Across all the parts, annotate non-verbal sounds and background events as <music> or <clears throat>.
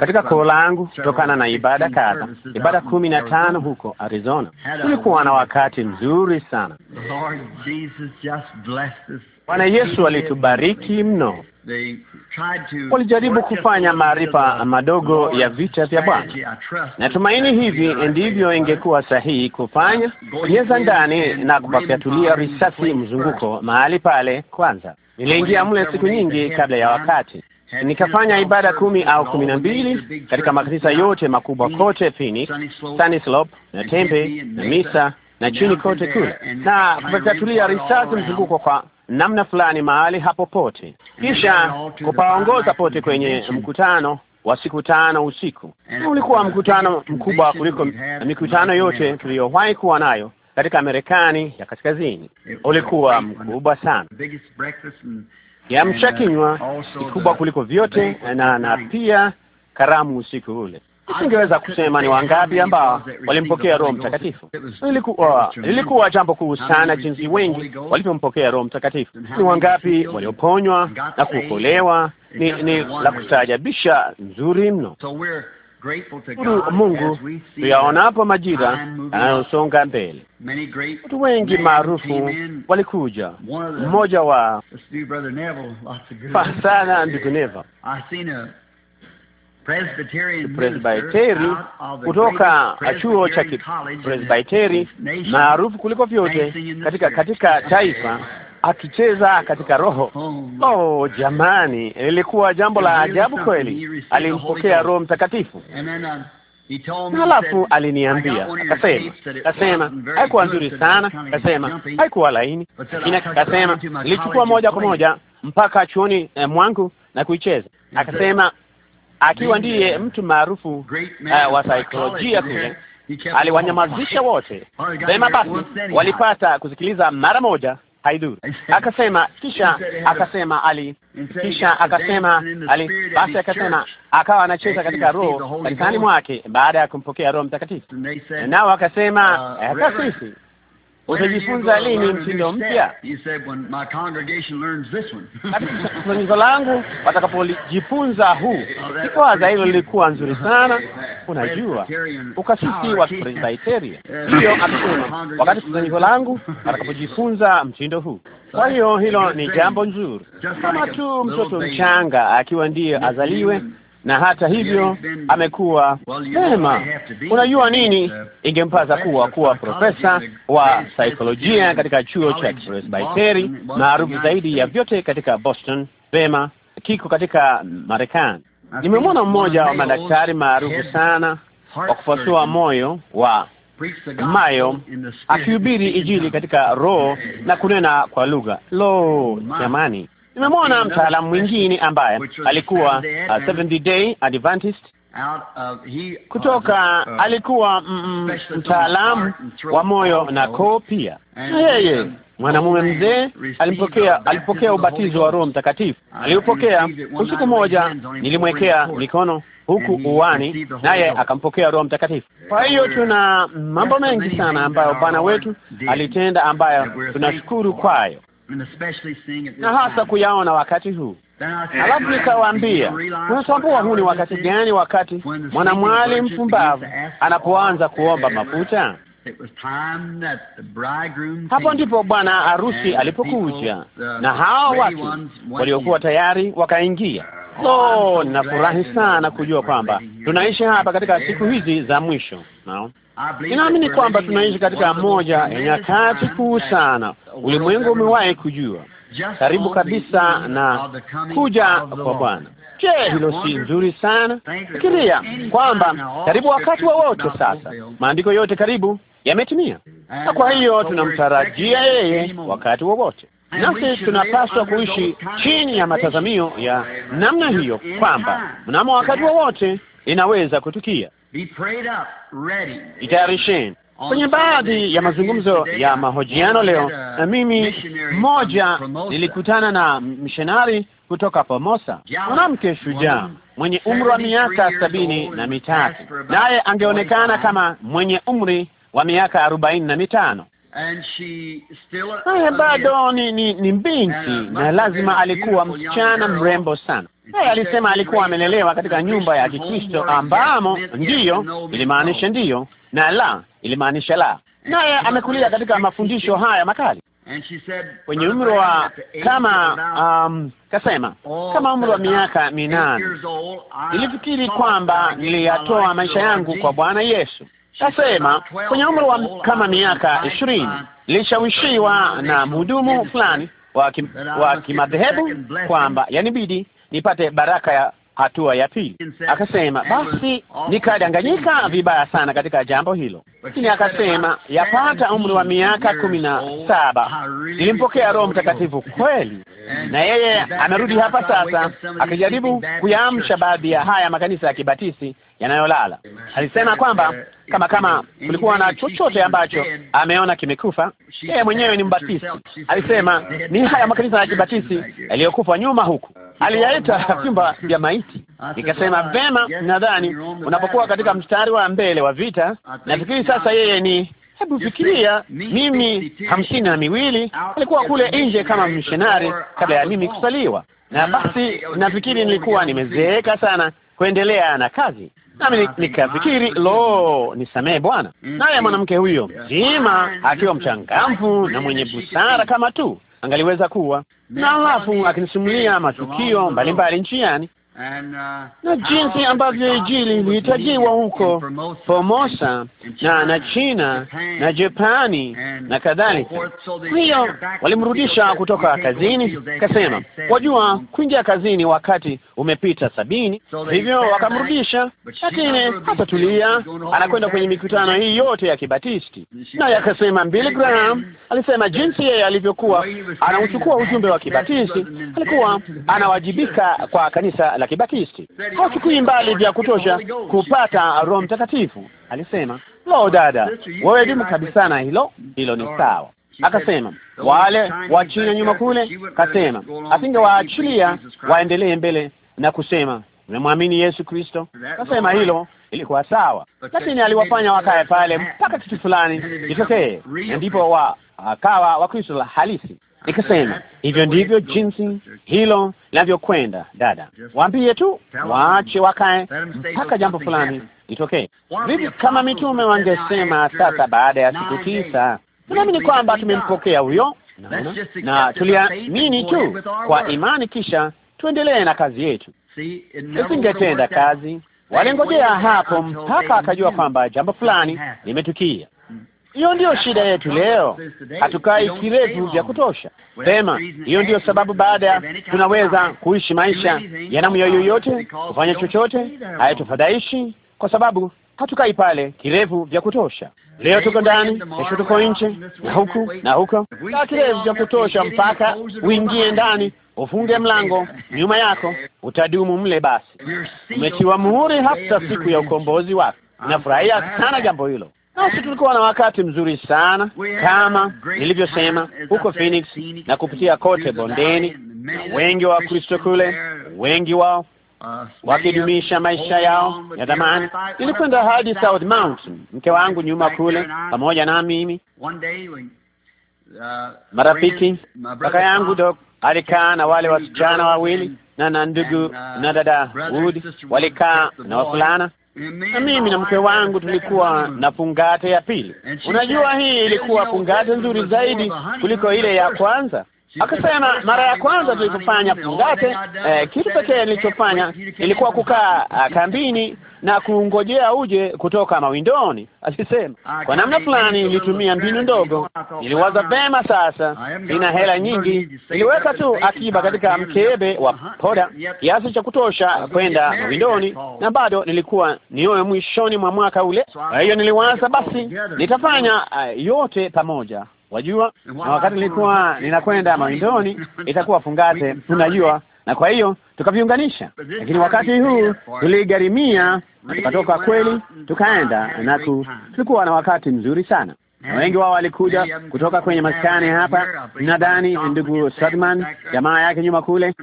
katika koo langu kutokana na ibada kadha, ibada kumi na tano huko Arizona. Tulikuwa na wakati mzuri sana. Bwana Yesu alitubariki mno. Walijaribu kufanya maarifa madogo ya vita vya Bwana. Natumaini hivi ndivyo ingekuwa sahihi kufanya, kunyeza ndani na kupafyatulia risasi mzunguko mahali pale. Kwanza niliingia mle siku nyingi kabla ya wakati nikafanya ibada kumi au kumi na mbili katika makanisa yote makubwa kote Phoenix, Sunny Slope na Tempe na Misa na chini kote kule, na kufatatulia risasi mzunguko kwa namna fulani mahali hapo pote, kisha kupaongoza pote kwenye mkutano wa siku tano usiku. Ulikuwa mkutano mkubwa kuliko mikutano yote tuliyowahi kuwa nayo katika Marekani ya kaskazini. Ulikuwa mkubwa sana kiamsha kinywa kikubwa kuliko vyote na na pia karamu usiku ule. isingeweza kusema ni wangapi ambao walimpokea Roho Mtakatifu. Ilikuwa ilikuwa jambo kuu sana jinsi wengi walivyompokea Roho Mtakatifu. Ni wangapi walioponywa na kuokolewa? Ni, ni la kustaajabisha nzuri mno. Shukuru Mungu tuyaonapo majira yanayosonga mbele. Watu wengi maarufu walikuja, mmoja wa sana ndugu Neva Presbiteri kutoka chuo cha Presbiteri maarufu kuliko vyote katika katika taifa akicheza katika roho. Oh, oh jamani, lilikuwa jambo la ajabu kweli. Alimpokea Roho Mtakatifu. Um, Halafu aliniambia akasema, kasema haikuwa nzuri sana, kasema haikuwa laini, lakini akasema ilichukua moja kwa moja mpaka chuoni eh, mwangu na kuicheza. Akasema akiwa ndiye uh, mtu maarufu uh, wa saikolojia kule, aliwanyamazisha wote. Sema basi, walipata kusikiliza mara moja haidhuru. Akasema kisha akasema ali kisha akasema ali basi, akasema akawa anacheza katika roho kanisani mwake baada ya kumpokea Roho Mtakatifu, nao akasema kasisi uh, eh, utajifunza lini mtindo mpya? Katika langu watakapojifunza huu. <laughs> Oh, Kikwaza hilo lilikuwa nzuri uh-huh. sana, unajua ukasisi wa Hiyo akasema, wakati kusanyiko langu <laughs> watakapojifunza mtindo huu. Kwa hiyo hilo ni jambo nzuri, kama tu mtoto mchanga akiwa ndiye azaliwe na hata hivyo amekuwa sema, unajua nini, uh, ingempasa kuwa kuwa profesa wa saikolojia katika chuo cha Presbiteri maarufu zaidi ya vyote katika Boston. Vema, kiko katika Marekani. Nimemwona mmoja wa madaktari maarufu sana wa kupasua moyo wa Mayo akihubiri Injili katika roho na kunena kwa lugha. Lo, jamani! Nimemwona mtaalamu mwingine ambaye alikuwa uh, Seventh Day Adventist uh, kutoka uh, alikuwa mm, mm, mtaalamu wa moyo na koo pia, na yeye uh, mwanamume mzee alipokea alipokea ubatizo wa Roho Mtakatifu. Uh, Aliupokea usiku mmoja, nilimwekea mikono huku uwani, naye akampokea Roho Mtakatifu. Kwa hiyo tuna mambo mengi sana ambayo Bwana wetu alitenda, ambayo tunashukuru kwayo na hasa kuyaona wakati huu. alafu nikawaambia, unatambua huu ni wakati gani? Wakati mwanamwali mpumbavu anapoanza kuomba mafuta. Hapo ndipo bwana arusi alipokuja, na hao watu waliokuwa tayari wakaingia So ninafurahi sana kujua kwamba tunaishi hapa katika siku hizi za mwisho. Naam, ninaamini kwamba tunaishi katika moja ya nyakati kuu sana ulimwengu umewahi kujua, karibu kabisa na kuja kwa Bwana. Je, hilo si nzuri sana? Fikiria kwamba karibu wakati wowote wa sasa, maandiko yote karibu yametimia, na kwa hiyo tunamtarajia yeye wakati wowote wa nasi tunapaswa kuishi chini ya matazamio ya namna hiyo, kwamba mnamo wakati wowote inaweza kutukia. Itayarisheni kwenye baadhi ya mazungumzo ya mahojiano leo, na mimi mmoja nilikutana na mishonari kutoka Pomosa, mwanamke shujaa mwenye umri wa miaka sabini na mitatu, naye angeonekana kama mwenye umri wa miaka arobaini na mitano naye bado ni, ni, ni binti na lazima alikuwa msichana mrembo sana. Naye alisema alikuwa amelelewa katika nyumba ya Kikristo ambamo ndiyo ilimaanisha ndiyo na la ilimaanisha la. Naye amekulia katika mafundisho haya makali kwenye umri wa kama um, kasema oh, kama umri wa miaka minane, nilifikiri kwamba niliyatoa maisha yangu kwa Bwana Yesu. Nasema kwenye umri wa kama miaka ishirini nilishawishiwa na mhudumu fulani wa kimadhehebu kwamba yanibidi nipate baraka ya hatua ya pili. Akasema basi, nikadanganyika vibaya sana katika jambo hilo, lakini akasema yapata umri wa miaka kumi na saba nilimpokea Roho Mtakatifu kweli, na yeye amerudi hapa sasa akijaribu kuyaamsha baadhi ya haya makanisa ya kibatisi yanayolala. Alisema kwamba kama kama kulikuwa na chochote ambacho ameona kimekufa, yeye mwenyewe ni mbatisti. Alisema ni haya makanisa ya kibatisti yaliyokufa nyuma huku, aliyaita vyumba vya maiti. Nikasema vema, nadhani unapokuwa katika mstari wa mbele wa vita, nafikiri sasa yeye ni Hebu fikiria, mimi hamsini na miwili alikuwa kule nje kama mishonari kabla ya mimi kusaliwa, na basi nafikiri nilikuwa nimezeeka sana kuendelea na kazi, nami nikafikiri, lo, nisamehe Bwana. Mm. Naye mwanamke huyo mzima akiwa mchangamfu na mwenye busara kama tu angaliweza kuwa na, alafu akinisimulia matukio mbalimbali njiani Uh, na jinsi ambavyo Injili ilihitajiwa huko Formosa na na China na Japani na kadhalika. Kwa hiyo walimrudisha kutoka kazini, kasema wajua, hmm. kuingia kazini wakati umepita sabini, hivyo wakamrudisha, lakini hatatulia anakwenda kwenye mikutano hii yote ya Kibatisti. Naye akasema Billy Graham alisema jinsi yeye alivyokuwa anauchukua ujumbe wa Kibatisti, alikuwa anawajibika kwa kanisa la Kibatisti. Hachukui mbali vya kutosha kupata Roho Mtakatifu. Alisema, lo, dada wewe dimu kabisa na hilo hilo, ni sawa. Akasema wale wa China nyuma kule, kasema asingewaachilia waendelee mbele na kusema umemwamini Yesu Kristo. Kasema hilo ilikuwa sawa, lakini aliwafanya wakae pale mpaka kitu fulani kitokee, ndipo wa akawa Wakristo halisi nikasema hivyo ndivyo jinsi hilo linavyokwenda. Dada, waambie tu waache wakae mpaka jambo fulani litokee. Vipi kama mitume wangesema sasa, baada ya siku tisa, tunaamini kwamba tumempokea huyo na, na tuliamini tu kwa imani, kisha tuendelee na kazi yetu. Tusingetenda kazi. Walingojea hapo mpaka akajua kwamba jambo fulani limetukia. Hiyo ndiyo shida yetu leo, hatukai kirefu vya kutosha. Sema hiyo ndiyo sababu, baada ya tunaweza kuishi maisha ya namna yoyote, kufanya chochote, hayatufadhaishi kwa sababu hatukai pale kirefu vya kutosha. Leo tuko ndani, kesho tuko nje, na huku na huko, kaa kirefu vya kutosha mpaka uingie ndani, ufunge mlango nyuma yako, utadumu mle. Basi umetiwa muhuri hata siku ya ukombozi wako. Nafurahia sana jambo hilo. Nasi ah, tulikuwa na wakati mzuri sana, kama nilivyosema, huko Phoenix na kupitia kote bondeni, na wengi wa Kristo kule, wengi wao uh, wakidumisha maisha yao ya zamani Nilikwenda hadi South Mountain, mke wangu nyuma kule pamoja na mimi, uh, marafiki, kaka yangu Dok alikaa na wale wasichana wawili na na ndugu uh, na dada Wood walikaa na wafulana na mimi na mke wangu tulikuwa na fungate ya pili. Unajua, hii ilikuwa fungate nzuri zaidi kuliko ile ya kwanza. Akasema mara ya kwanza tulipofanya fungate, eh, kitu pekee nilichofanya ilikuwa kukaa eh, kambini na kungojea uje kutoka mawindoni. Alisema kwa namna fulani nilitumia mbinu ndogo. Niliwaza vema, sasa ina hela nyingi, niliweka tu akiba katika mkebe wa poda kiasi cha kutosha kwenda mawindoni, na bado nilikuwa nioyo mwishoni mwa mwaka ule. Kwa hiyo niliwaza basi nitafanya uh, yote pamoja wajua, na wakati nilikuwa ninakwenda mawindoni itakuwa fungate, tunajua na kwa hiyo tukaviunganisha, lakini wakati huu tuligharimia na tukatoka kweli, tukaenda na ku, tulikuwa na wakati mzuri sana. Wengi wao walikuja kutoka kwenye maskani hapa, nadhani ndugu Sodman, jamaa yake nyuma kule,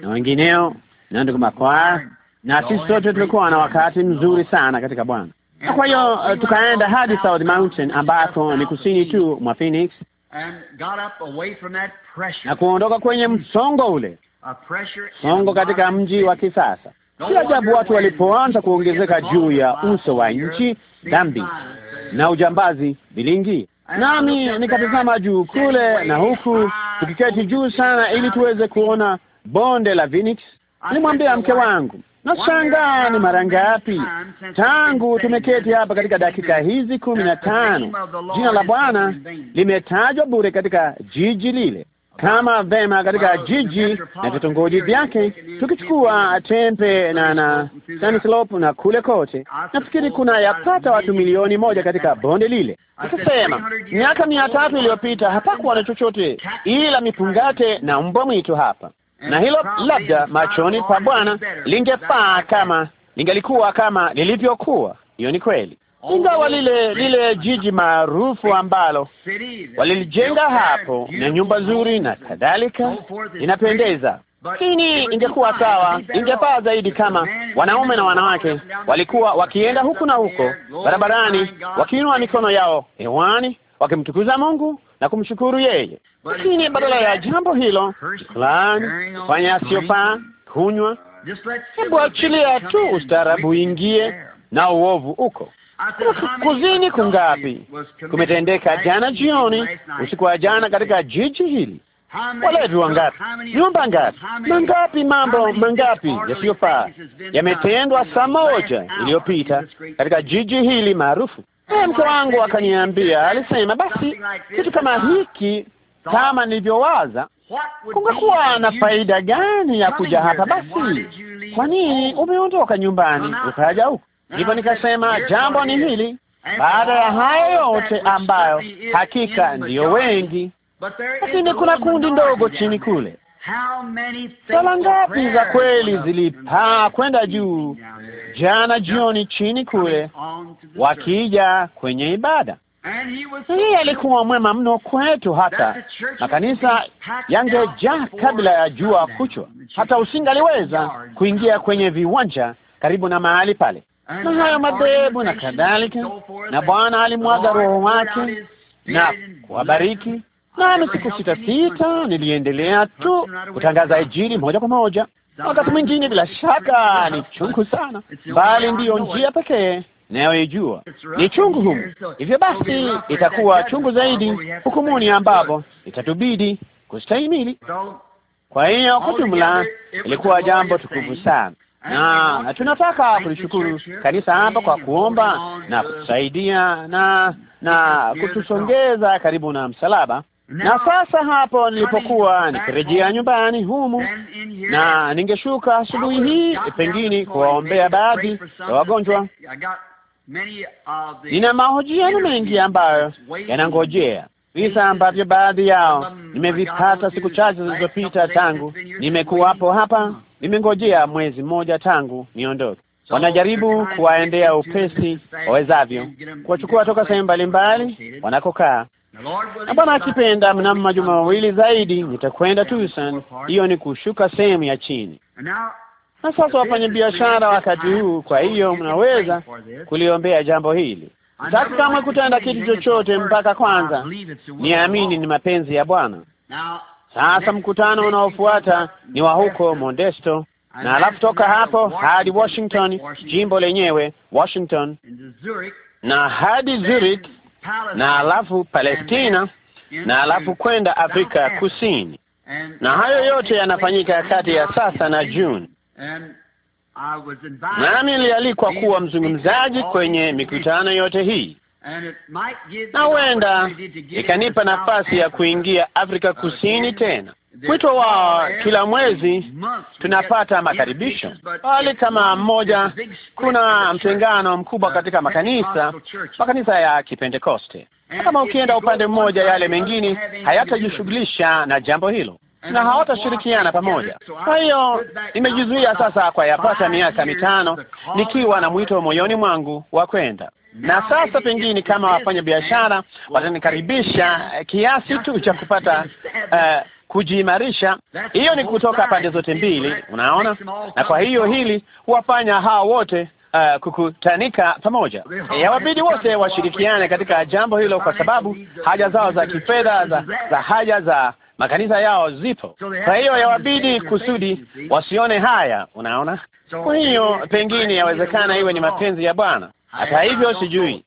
na wengineo na ndugu Makwaa, na sisi sote tulikuwa na wakati mzuri sana katika Bwana. Kwa hiyo uh, tukaenda hadi South Mountain ambako ni kusini tu mwa Phoenix na kuondoka kwenye hmm. msongo ule msongo katika mji wa kisasa. Si ajabu watu walipoanza kuongezeka juu ya uso wa nchi, dhambi na ujambazi viliingia. Nami nikatazama juu kule na huku, tukiketi juu sana ili tuweze kuona bonde la Phoenix. Nilimwambia mke wangu, Nashangaa ni mara ngapi tangu tumeketi hapa katika dakika hizi kumi na tano jina la Bwana limetajwa bure katika jiji lile kama vema katika jiji na vitongoji vyake, tukichukua Tempe na na Stanislop na kule kote, nafikiri kuna yapata watu milioni moja katika bonde lile. Nikasema miaka mia tatu iliyopita hapakuwa na chochote ila mipungate na mbwa mwitu hapa na hilo labda machoni pa Bwana lingefaa kama lingelikuwa kama lilivyokuwa. Hiyo ni kweli, ingawa lile lile jiji maarufu ambalo walilijenga hapo na nyumba nzuri na kadhalika inapendeza, lakini ingekuwa sawa, ingefaa zaidi kama wanaume na wanawake walikuwa wakienda huku na huko barabarani, wakiinua mikono yao hewani wakimtukuza Mungu na kumshukuru yeye. Lakini badala ya jambo hilo fulani kufanya asiyofaa, kunywa, uh, hebu achilia tu ustaarabu ingie na uovu uko kuzini. Kungapi kumetendeka jana jioni, usiku wa jana, katika jiji hili? Walevi wangapi, nyumba ngapi, mangapi, mambo mangapi yasiyofaa yametendwa saa moja iliyopita katika jiji hili maarufu. Eh, mke wangu akaniambia, alisema, basi kitu kama hiki kama nilivyowaza, kungekuwa na faida gani ya kuja hapa? Basi kwa nini umeondoka nyumbani ukaja huko Ndipo nikasema jambo ni hili, baada ya hayo yote ambayo hakika ndiyo wengi, lakini kuna kundi ndogo chini kule Sala ngapi za kweli zilipaa kwenda juu jana jioni chini kule, wakija kwenye ibada hii. Alikuwa mwema mno kwetu, hata makanisa yangejaa kabla ya jua kuchwa, hata usingaliweza kuingia kwenye viwanja karibu na mahali pale, na hayo madhehebu na kadhalika. Na Bwana alimwaga Roho wake na kuwabariki nami sikusita-sita, niliendelea tu kutangaza Injili moja kwa moja. Wakati mwingine, bila shaka, ni chungu sana, bali ndiyo njia pekee nayoijua ni chungu humu. Hivyo basi, itakuwa chungu zaidi hukumuni, ambapo itatubidi kustahimili. Kwa hiyo, kwa jumla, ilikuwa jambo tukufu sana, na tunataka kulishukuru kanisa hapa kwa kuomba na kutusaidia na na kutusongeza karibu na msalaba. Na sasa hapo nilipokuwa nikirejea nyumbani humu, na ningeshuka asubuhi hii pengine kuwaombea baadhi ya wagonjwa, nina mahojiano mengi ambayo yanangojea visa ambavyo baadhi yao nimevipata siku chache zilizopita, tangu nimekuwapo hapa. Nimengojea mwezi mmoja tangu niondoke. Wanajaribu kuwaendea upesi wawezavyo, kuwachukua toka sehemu mbalimbali wanakokaa na Bwana akipenda, mnamo majuma mawili zaidi nitakwenda Tucson. Hiyo ni kushuka sehemu ya chini. Na sasa wafanya biashara wakati huu, kwa hiyo mnaweza kuliombea jambo hili. Sitaki kama kutenda kitu chochote mpaka kwanza niamini ni mapenzi ya Bwana. Sasa mkutano unaofuata ni wa huko Modesto, na alafu toka hapo hadi Washington, jimbo lenyewe Washington, na hadi Zurich na alafu Palestina na alafu kwenda Afrika ya Kusini, na hayo yote yanafanyika kati ya sasa na Juni. Nami nilialikwa kuwa mzungumzaji kwenye mikutano yote hii, na huenda ikanipa nafasi ya kuingia Afrika uh, Kusini tena. Mwito wa kila mwezi tunapata makaribisho pale. Kama mmoja, kuna mtengano mkubwa katika makanisa makanisa ya Kipentekoste. Kama ukienda upande mmoja, yale mengine hayatajishughulisha na jambo hilo na hawatashirikiana pamoja. Kwa hiyo nimejizuia sasa kwa yapata miaka mitano nikiwa na mwito moyoni mwangu wa kwenda, na sasa pengine kama wafanya biashara watanikaribisha kiasi tu cha kupata uh, kujiimarisha. Hiyo ni kutoka pande zote mbili, unaona. Na kwa hiyo hili huwafanya hao wote uh, kukutanika pamoja. Yawabidi eh, wote washirikiane katika jambo hilo, kwa sababu haja zao za kifedha za, za haja za makanisa yao zipo. Kwa hiyo yawabidi kusudi wasione haya, unaona. Kwa hiyo pengine yawezekana iwe ni mapenzi ya Bwana. Hata hivyo, sijui,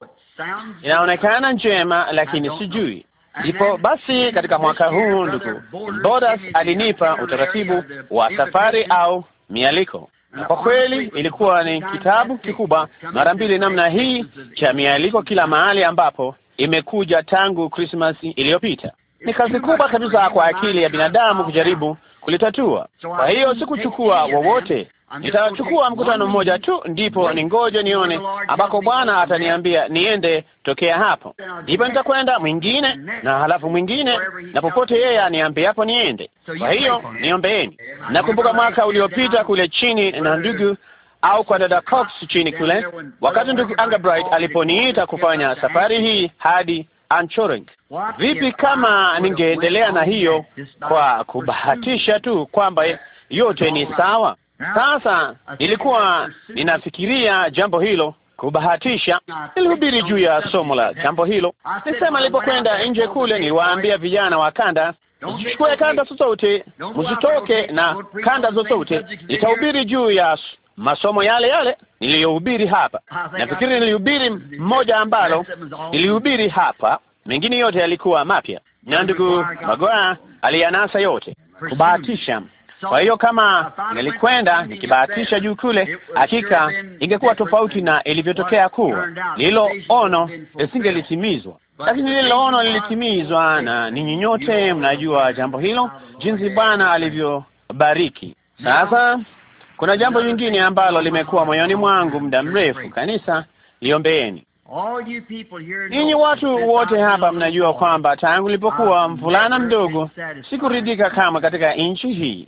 inaonekana njema, lakini sijui Ndipo basi katika mwaka huu ndugu Bodas alinipa utaratibu wa safari au mialiko, na kwa kweli ilikuwa ni kitabu kikubwa mara mbili namna hii cha mialiko kila mahali ambapo imekuja tangu Christmas iliyopita. Ni kazi kubwa kabisa kwa akili ya binadamu kujaribu kulitatua. Kwa hiyo sikuchukua wowote, Nitachukua mkutano mmoja tu, ndipo ningoje nione ambako Bwana ataniambia niende tokea hapo, ndipo nitakwenda mwingine na halafu mwingine na popote yeye aniambie hapo niende. Kwa hiyo niombeeni. Nakumbuka mwaka uliopita kule chini na ndugu au kwa dada Cox chini kule, wakati ndugu Angabright aliponiita kufanya safari hii hadi Anchoring. Vipi kama ningeendelea na hiyo kwa kubahatisha tu kwamba yote ni sawa? Sasa ilikuwa ninafikiria jambo hilo kubahatisha nilihubiri juu ya somo la jambo hilo. Nisema nilipokwenda nje kule, niliwaambia vijana wa kanda, msichukue kanda zozote, msitoke na kanda zozote, nitahubiri juu ya masomo yale yale niliyohubiri hapa. Nafikiri nilihubiri mmoja ambalo nilihubiri hapa, mengine yote yalikuwa mapya, na ndugu Magoa aliyanasa yote kubahatisha kwa hiyo kama nilikwenda nikibahatisha juu kule, hakika ingekuwa tofauti na ilivyotokea kuwa lilo ono lisingelitimizwa, lakini lilo ono lilitimizwa, na ninyi nyote mnajua jambo hilo, jinsi Bwana alivyobariki. Sasa kuna jambo lingine ambalo limekuwa moyoni mwangu muda mrefu. Kanisa, liombeeni. Ninyi watu wote hapa mnajua kwamba tangu nilipokuwa mvulana mdogo sikuridhika kamwe katika nchi hii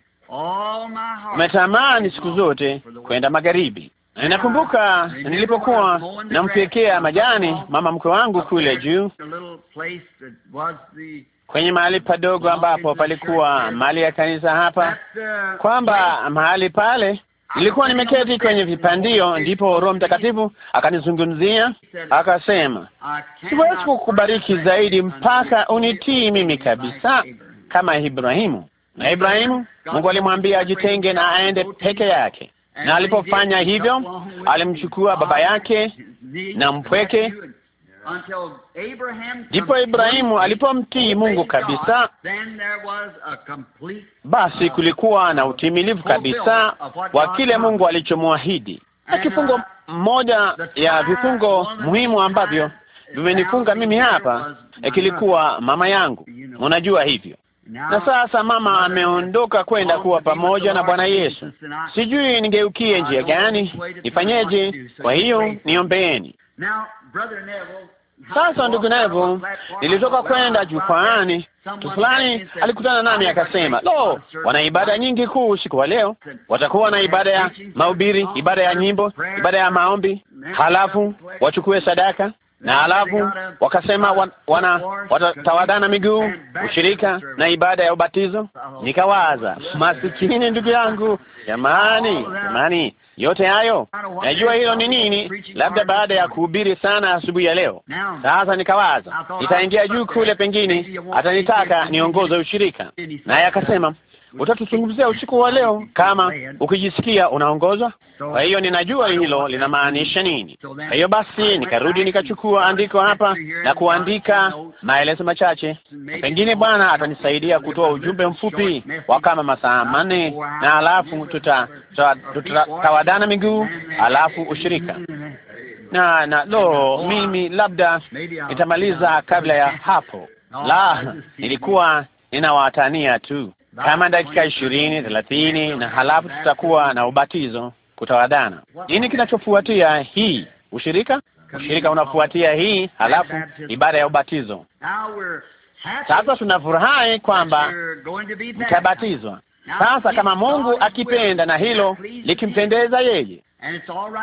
umetamani siku zote kwenda magharibi. ninakumbuka nilipokuwa nampekea majani mama mkwe wangu kule juu kwenye mahali padogo ambapo palikuwa mahali ya kanisa hapa, kwamba mahali pale nilikuwa nimeketi kwenye vipandio, ndipo Roho Mtakatifu akanizungumzia akasema, siwezi kukubariki zaidi mpaka unitii mimi kabisa kama Ibrahimu na Ibrahimu, Mungu alimwambia ajitenge na aende peke yake, na alipofanya hivyo alimchukua baba yake na mpweke. Ndipo Ibrahimu alipomtii Mungu kabisa, basi kulikuwa na utimilifu kabisa wa kile Mungu alichomwahidi. Na kifungo mmoja ya vifungo muhimu ambavyo vimenifunga mimi hapa eh, kilikuwa mama yangu, unajua hivyo na sasa mama ameondoka kwenda kuwa pamoja na Bwana Yesu. Sijui nigeukie njia gani, nifanyeje? Kwa hiyo niombeeni. Sasa ndugu Neville, nilitoka kwenda jukwaani, mtu fulani alikutana nami akasema, lo, wana ibada nyingi kuu usiku wa leo. Watakuwa na ibada ya mahubiri, ibada ya nyimbo, ibada ya maombi, halafu wachukue sadaka na alafu wakasema wan, wana watawadana miguu, ushirika na ibada ya ubatizo. Nikawaza, masikini ndugu yangu, jamani, jamani, yote hayo najua hilo ni nini, labda baada ya kuhubiri sana asubuhi ya leo. Sasa nikawaza nitaingia juu kule, pengine atanitaka niongoze ushirika, naye akasema utatuzungumzia usiku wa leo kama ukijisikia unaongoza. Kwa hiyo ninajua hilo linamaanisha nini. Kwa hiyo basi nikarudi nikachukua andiko hapa na kuandika maelezo machache, pengine Bwana atanisaidia kutoa ujumbe mfupi wa kama masaa manne, na alafu tutatawadana miguu, alafu ushirika na na lo, mimi labda nitamaliza kabla ya hapo. La, nilikuwa ninawatania tu kama dakika ishirini thelathini, na halafu tutakuwa na ubatizo kutawadana. Nini kinachofuatia hii? Ushirika, ushirika unafuatia hii, halafu ibada ya ubatizo. Sasa tunafurahi kwamba mtabatizwa sasa, kama Mungu akipenda na hilo likimpendeza yeye,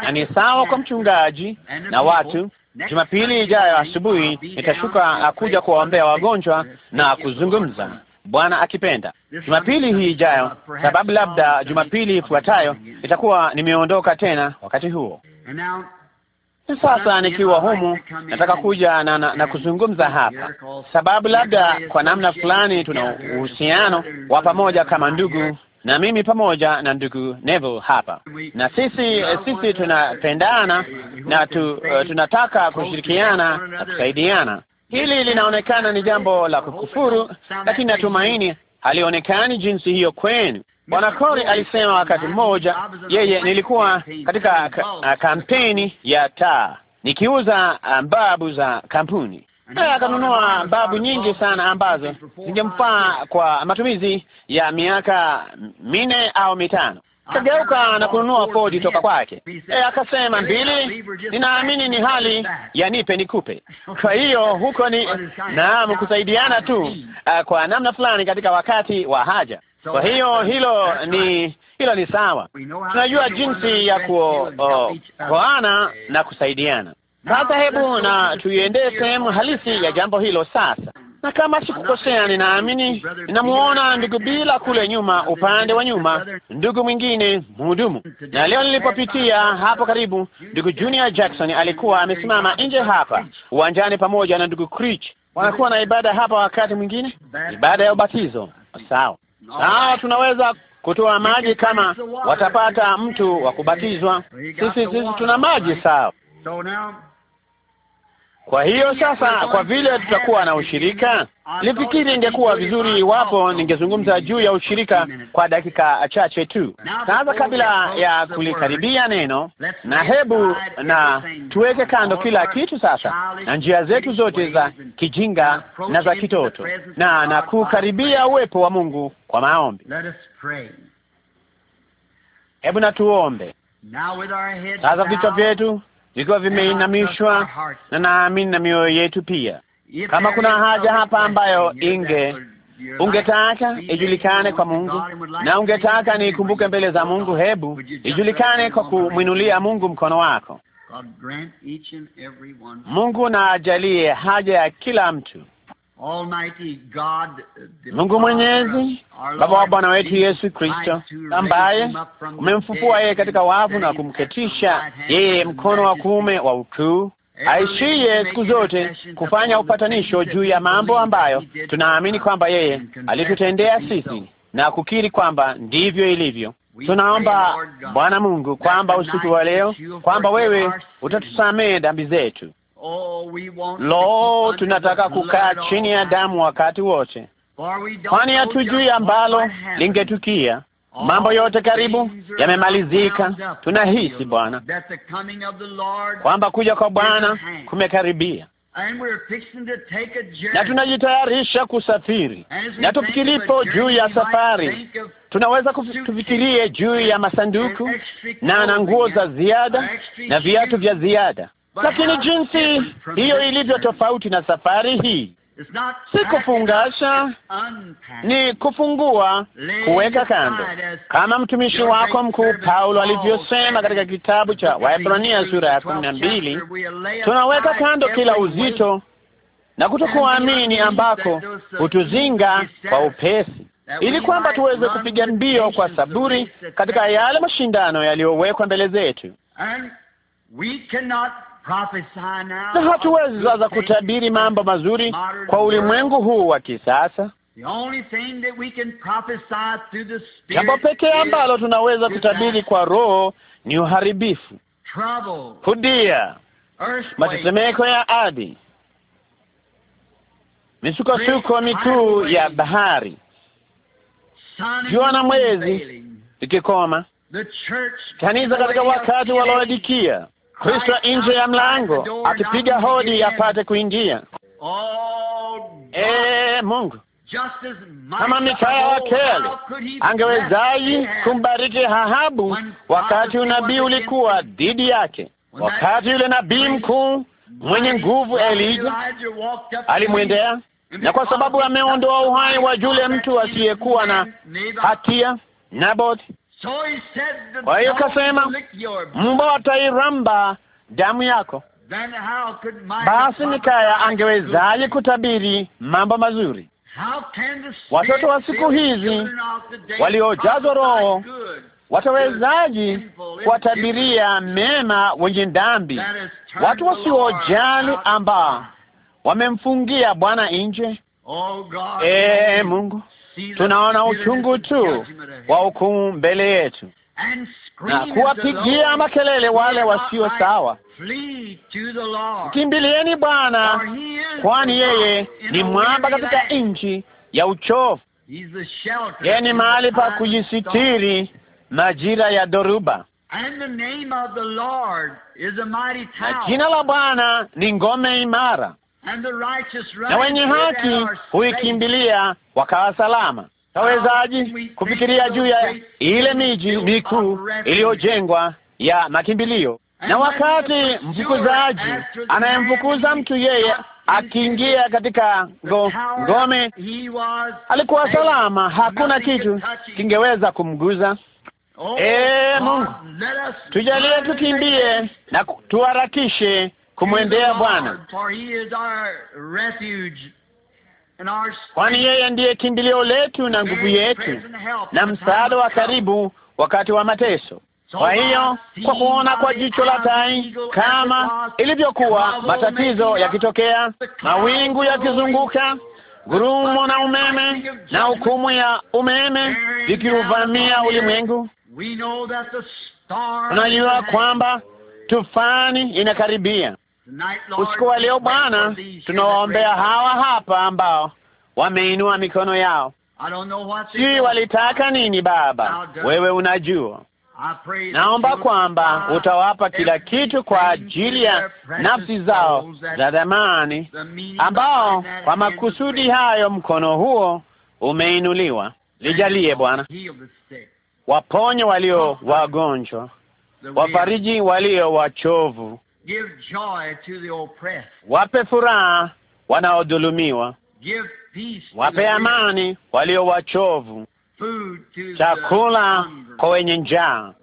na ni sawa kwa mchungaji na watu. Jumapili ijayo asubuhi nitashuka akuja kuwaombea wagonjwa na kuzungumza Bwana akipenda, Jumapili hii ijayo, sababu labda Jumapili ifuatayo itakuwa nimeondoka tena wakati huo. Sasa nikiwa humu nataka kuja na, na, na kuzungumza hapa, sababu labda kwa namna fulani tuna uhusiano wa pamoja kama ndugu na mimi pamoja na ndugu Neville hapa, na sisi sisi tunapendana na tu, uh, tunataka kushirikiana na kusaidiana. Hili linaonekana ni jambo la kukufuru, lakini natumaini halionekani jinsi hiyo kwenu. Bwana kori alisema wakati mmoja, yeye nilikuwa katika kampeni ya taa nikiuza mbabu za kampuni naye akanunua babu nyingi sana ambazo zingemfaa kwa matumizi ya miaka minne au mitano akageuka ah, na kununua Ford toka kwake. E, akasema mbili, ninaamini ni hali ya nipe nikupe. <laughs> Kwa hiyo huko ni naam, kusaidiana tu eh, kwa namna fulani katika wakati wa haja. Kwa hiyo hilo ni hilo ni sawa, tunajua jinsi ya oh, kuoana na kusaidiana. Sasa hebu na tuiendee sehemu halisi ya jambo hilo sasa na kama sikukosea, ninaamini ninamuona ndugu bila kule nyuma, upande wa nyuma, ndugu mwingine mhudumu. Na leo nilipopitia hapo karibu, ndugu Junior Jackson alikuwa amesimama nje hapa uwanjani pamoja na ndugu Creech. Wanakuwa na ibada hapa wakati mwingine, ibada ya ubatizo. Sawa sawa, tunaweza kutoa maji kama watapata mtu wa kubatizwa. Sisi sisi tuna maji, sawa. Kwa hiyo sasa, kwa vile tutakuwa na ushirika, nilifikiri ingekuwa vizuri iwapo ningezungumza juu ya ushirika kwa dakika chache tu. Sasa, kabla ya kulikaribia neno, na hebu na tuweke kando kila kitu sasa na njia zetu zote za kijinga na za kitoto, na na kukaribia uwepo wa Mungu kwa maombi. Hebu na tuombe sasa, vichwa vyetu vikiwa vimeinamishwa na naamini na mioyo yetu pia. Kama kuna haja hapa ambayo inge ungetaka ijulikane kwa Mungu na ungetaka niikumbuke mbele za Mungu, hebu ijulikane kwa kumwinulia Mungu mkono wako. Mungu na ajalie haja ya kila mtu. Mungu uh, Mwenyezi, Baba wa Bwana wetu Yesu Kristo, ambaye umemfufua yeye katika wavu na kumketisha yeye mkono wa kuume wa ukuu, aishiye siku zote kufanya upatanisho juu ya mambo ambayo tunaamini kwamba yeye alitutendea sisi na kukiri kwamba ndivyo ilivyo. Tunaomba Bwana Mungu kwamba usiku wa leo kwamba wewe utatusamehe dhambi zetu Oh, Lo, tunataka kukaa chini ya damu wakati wote, kwani hatujui ambalo lingetukia. Mambo yote karibu yamemalizika. Tunahisi Bwana kwamba kuja kwa Bwana kumekaribia, na tunajitayarisha kusafiri. Na tufikiripo juu ya safari, tunaweza tufikirie juu ya masanduku na na nguo za ziada na viatu vya ziada lakini jinsi hiyo ilivyo tofauti na safari hii, si kufungasha, ni kufungua, kuweka kando, kama mtumishi wako mkuu Paulo alivyosema katika kitabu cha Waebrania sura ya kumi na mbili, tunaweka kando kila uzito na kutokuamini ambako hutuzinga kwa upesi, ili kwamba tuweze kupiga mbio kwa saburi katika yale mashindano yaliyowekwa mbele zetu na hatuweza za kutabiri mambo mazuri kwa ulimwengu huu wa kisasa. Jambo pekee ambalo tunaweza kutabiri kwa roho ni uharibifu, hudia, matetemeko ya ardhi, misukosuko mikuu ya bahari, jua na mwezi ikikoma, kanisa katika wakati wa Laodikia Kristo nje ya mlango akipiga hodi apate kuingia. Ee Mungu, kama Mikaeli angewezaji kumbariki Ahabu wakati unabii ulikuwa dhidi yake, wakati yule nabii mkuu mwenye nguvu Elija alimwendea, na kwa sababu ameondoa uhai wa yule mtu asiyekuwa na hatia Naboth kwa hiyo kasema, mbwa watairamba damu yako. Basi Mikaya angewezaje kutabiri mambo mazuri? Watoto wa siku hizi waliojazwa roho watawezaji kuwatabiria mema wenye dhambi, watu wasiojali ambao wamemfungia Bwana nje? Oh, e, Mungu tunaona uchungu tu wa hukumu mbele yetu na kuwapigia makelele wale wasio sawa, kimbilieni Bwana, kwani yeye ni mwamba katika nchi ya uchovu. Yeye ni mahali pa kujisitiri majira ya dhoruba. Na jina la Bwana ni ngome imara na wenye haki huikimbilia wakawa salama. Tawezaji kufikiria juu ya ile miji mikuu iliyojengwa ya makimbilio. Na wakati mfukuzaji anayemfukuza mtu yeye akiingia katika go, ngome alikuwa salama, hakuna kitu kingeweza kumguza. Oh, e Mungu tujalie, tukimbie na tuharakishe kumwendea Bwana, kwani yeye ndiye kimbilio letu na nguvu yetu na msaada wa karibu wakati wa mateso. Kwa hiyo kwa kuona kwa jicho la tai, kama ilivyokuwa matatizo yakitokea, mawingu yakizunguka, gurumo na umeme na hukumu ya umeme vikiuvamia ulimwengu, tunajua kwamba tufani inakaribia. Usiku wa leo Bwana, tunawaombea hawa hapa ambao wameinua mikono yao, si walitaka nini Baba, wewe unajua. Naomba kwamba utawapa kila kitu kwa ajili ya nafsi zao za dhamani, ambao kwa makusudi hayo mkono huo umeinuliwa. Lijalie Bwana, waponye walio wagonjwa, wafariji walio wachovu wape furaha wanaodhulumiwa, wape amani walio wachovu, chakula kwa wenye njaa,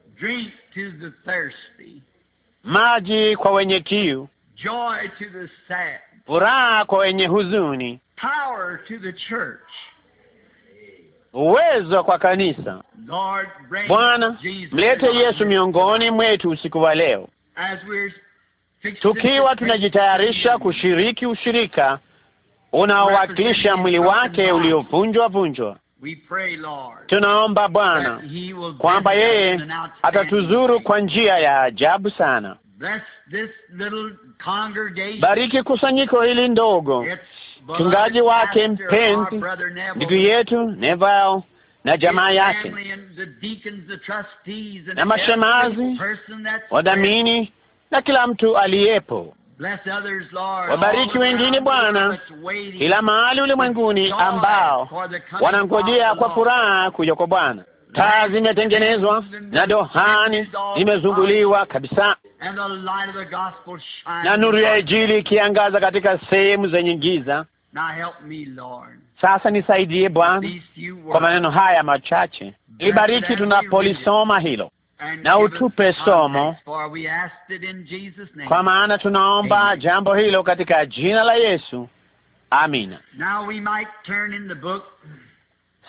maji kwa wenye kiu, furaha kwa wenye huzuni, uwezo kwa kanisa. Bwana, mlete Yesu miongoni mwetu usiku wa leo tukiwa tunajitayarisha kushiriki ushirika unaowakilisha mwili wake uliovunjwa vunjwa. Tunaomba Bwana kwamba yeye atatuzuru kwa njia ya ajabu sana. Bariki kusanyiko hili ndogo, mchungaji wake mpenzi, ndugu yetu Nevao na jamaa yake na mashemazi, wadhamini na kila mtu aliyepo. Wabariki wengine Bwana, kila mahali ulimwenguni ambao wanangojea kwa furaha kuja kwa Bwana. Taa zimetengenezwa na dohani imezunguliwa kabisa, na nuru ya Injili ikiangaza katika sehemu zenye giza. Sasa nisaidie Bwana kwa maneno haya machache, ibariki tunapolisoma hilo na utupe somo, kwa maana tunaomba jambo hilo katika jina la Yesu, amina.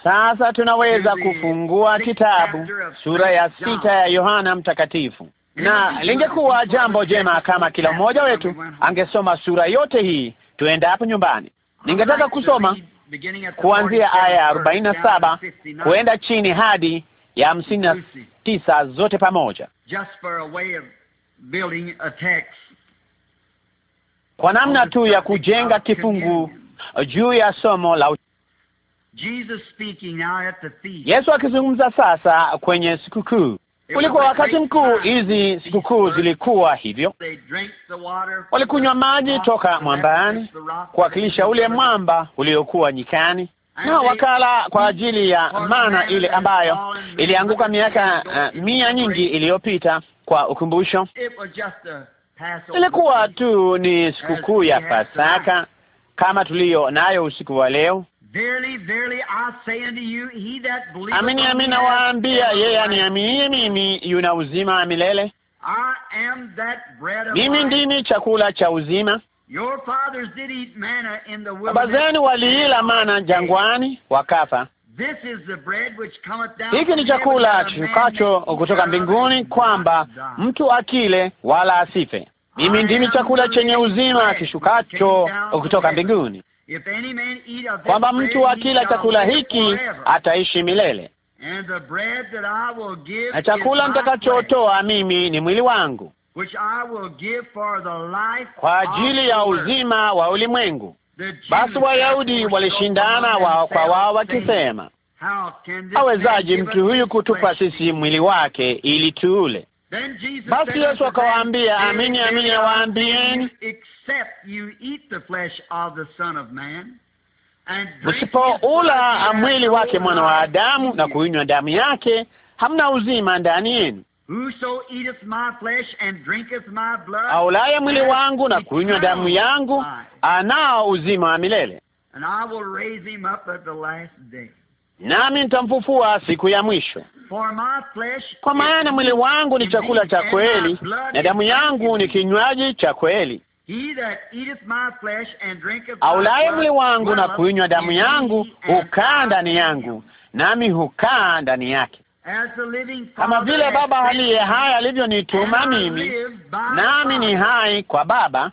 Sasa tunaweza kufungua kitabu sura ya sita ya Yohana Mtakatifu, na lingekuwa jambo jema kama kila mmoja wetu angesoma sura yote hii tuenda hapo nyumbani. Ningetaka kusoma kuanzia aya ya arobaini na saba kuenda chini hadi ya hamsini na tisa zote pamoja, kwa namna tu ya kujenga kifungu juu ya somo la Yesu akizungumza sasa kwenye sikukuu. Ulikuwa wakati mkuu, hizi sikukuu zilikuwa hivyo. Walikunywa maji toka mwambani kuwakilisha ule mwamba uliokuwa nyikani, nao wakala kwa ajili ya mana ile ambayo ilianguka miaka uh, mia nyingi iliyopita kwa ukumbusho. Ilikuwa tu ni sikukuu ya Pasaka kama tuliyo nayo usiku wa leo. Amini amini nawaambia, yeye aniaminie mimi yuna uzima wa milele. Mimi ndimi chakula cha uzima. Baba zenu waliila mana jangwani wakafa. Hiki ni chakula kishukacho kutoka mbinguni, kwamba mtu akile wala asife. Mimi ndimi chakula chenye uzima kishukacho kutoka mbinguni, kwamba mtu akila chakula hiki ataishi milele, na chakula nitakachotoa mimi ni mwili wangu kwa ajili ya uzima wa ulimwengu. Basi Wayahudi walishindana wao kwa wao wakisema, awezaje mtu huyu kutupa sisi mwili wake ili tuule? Basi Yesu akawaambia, amini amini nawaambieni, msipoula mwili wake mwana wa Adamu na kuinywa damu yake, hamna uzima ndani yenu aulaye mwili wangu na kunywa damu yangu anao uzima wa milele, nami nitamfufua siku ya mwisho. Kwa maana mwili wangu ni chakula cha kweli na damu yangu ni kinywaji cha kweli. Aulaye mwili wangu na kuinywa damu yangu hukaa ndani yangu, nami hukaa ndani yake kama vile Baba aliye hai alivyonituma mimi, nami ni hai kwa Baba,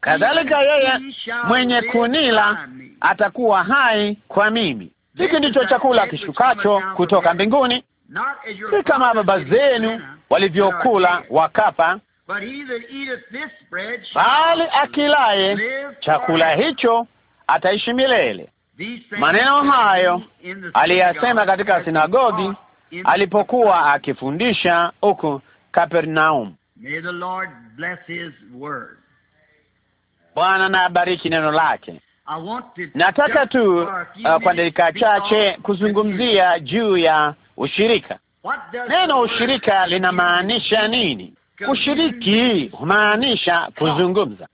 kadhalika yeye mwenye kunila atakuwa hai kwa mimi. Hiki ndicho chakula kishukacho kutoka mbinguni, si kama baba zenu walivyokula wakapa bali akilaye chakula hicho ataishi milele. Maneno hayo aliyasema katika sinagogi alipokuwa akifundisha huko Kapernaum. Bwana na abariki neno lake. Nataka tu uh, kwa dakika chache kuzungumzia juu ya ushirika. Neno ushirika linamaanisha nini? Ushiriki humaanisha kuzungumza,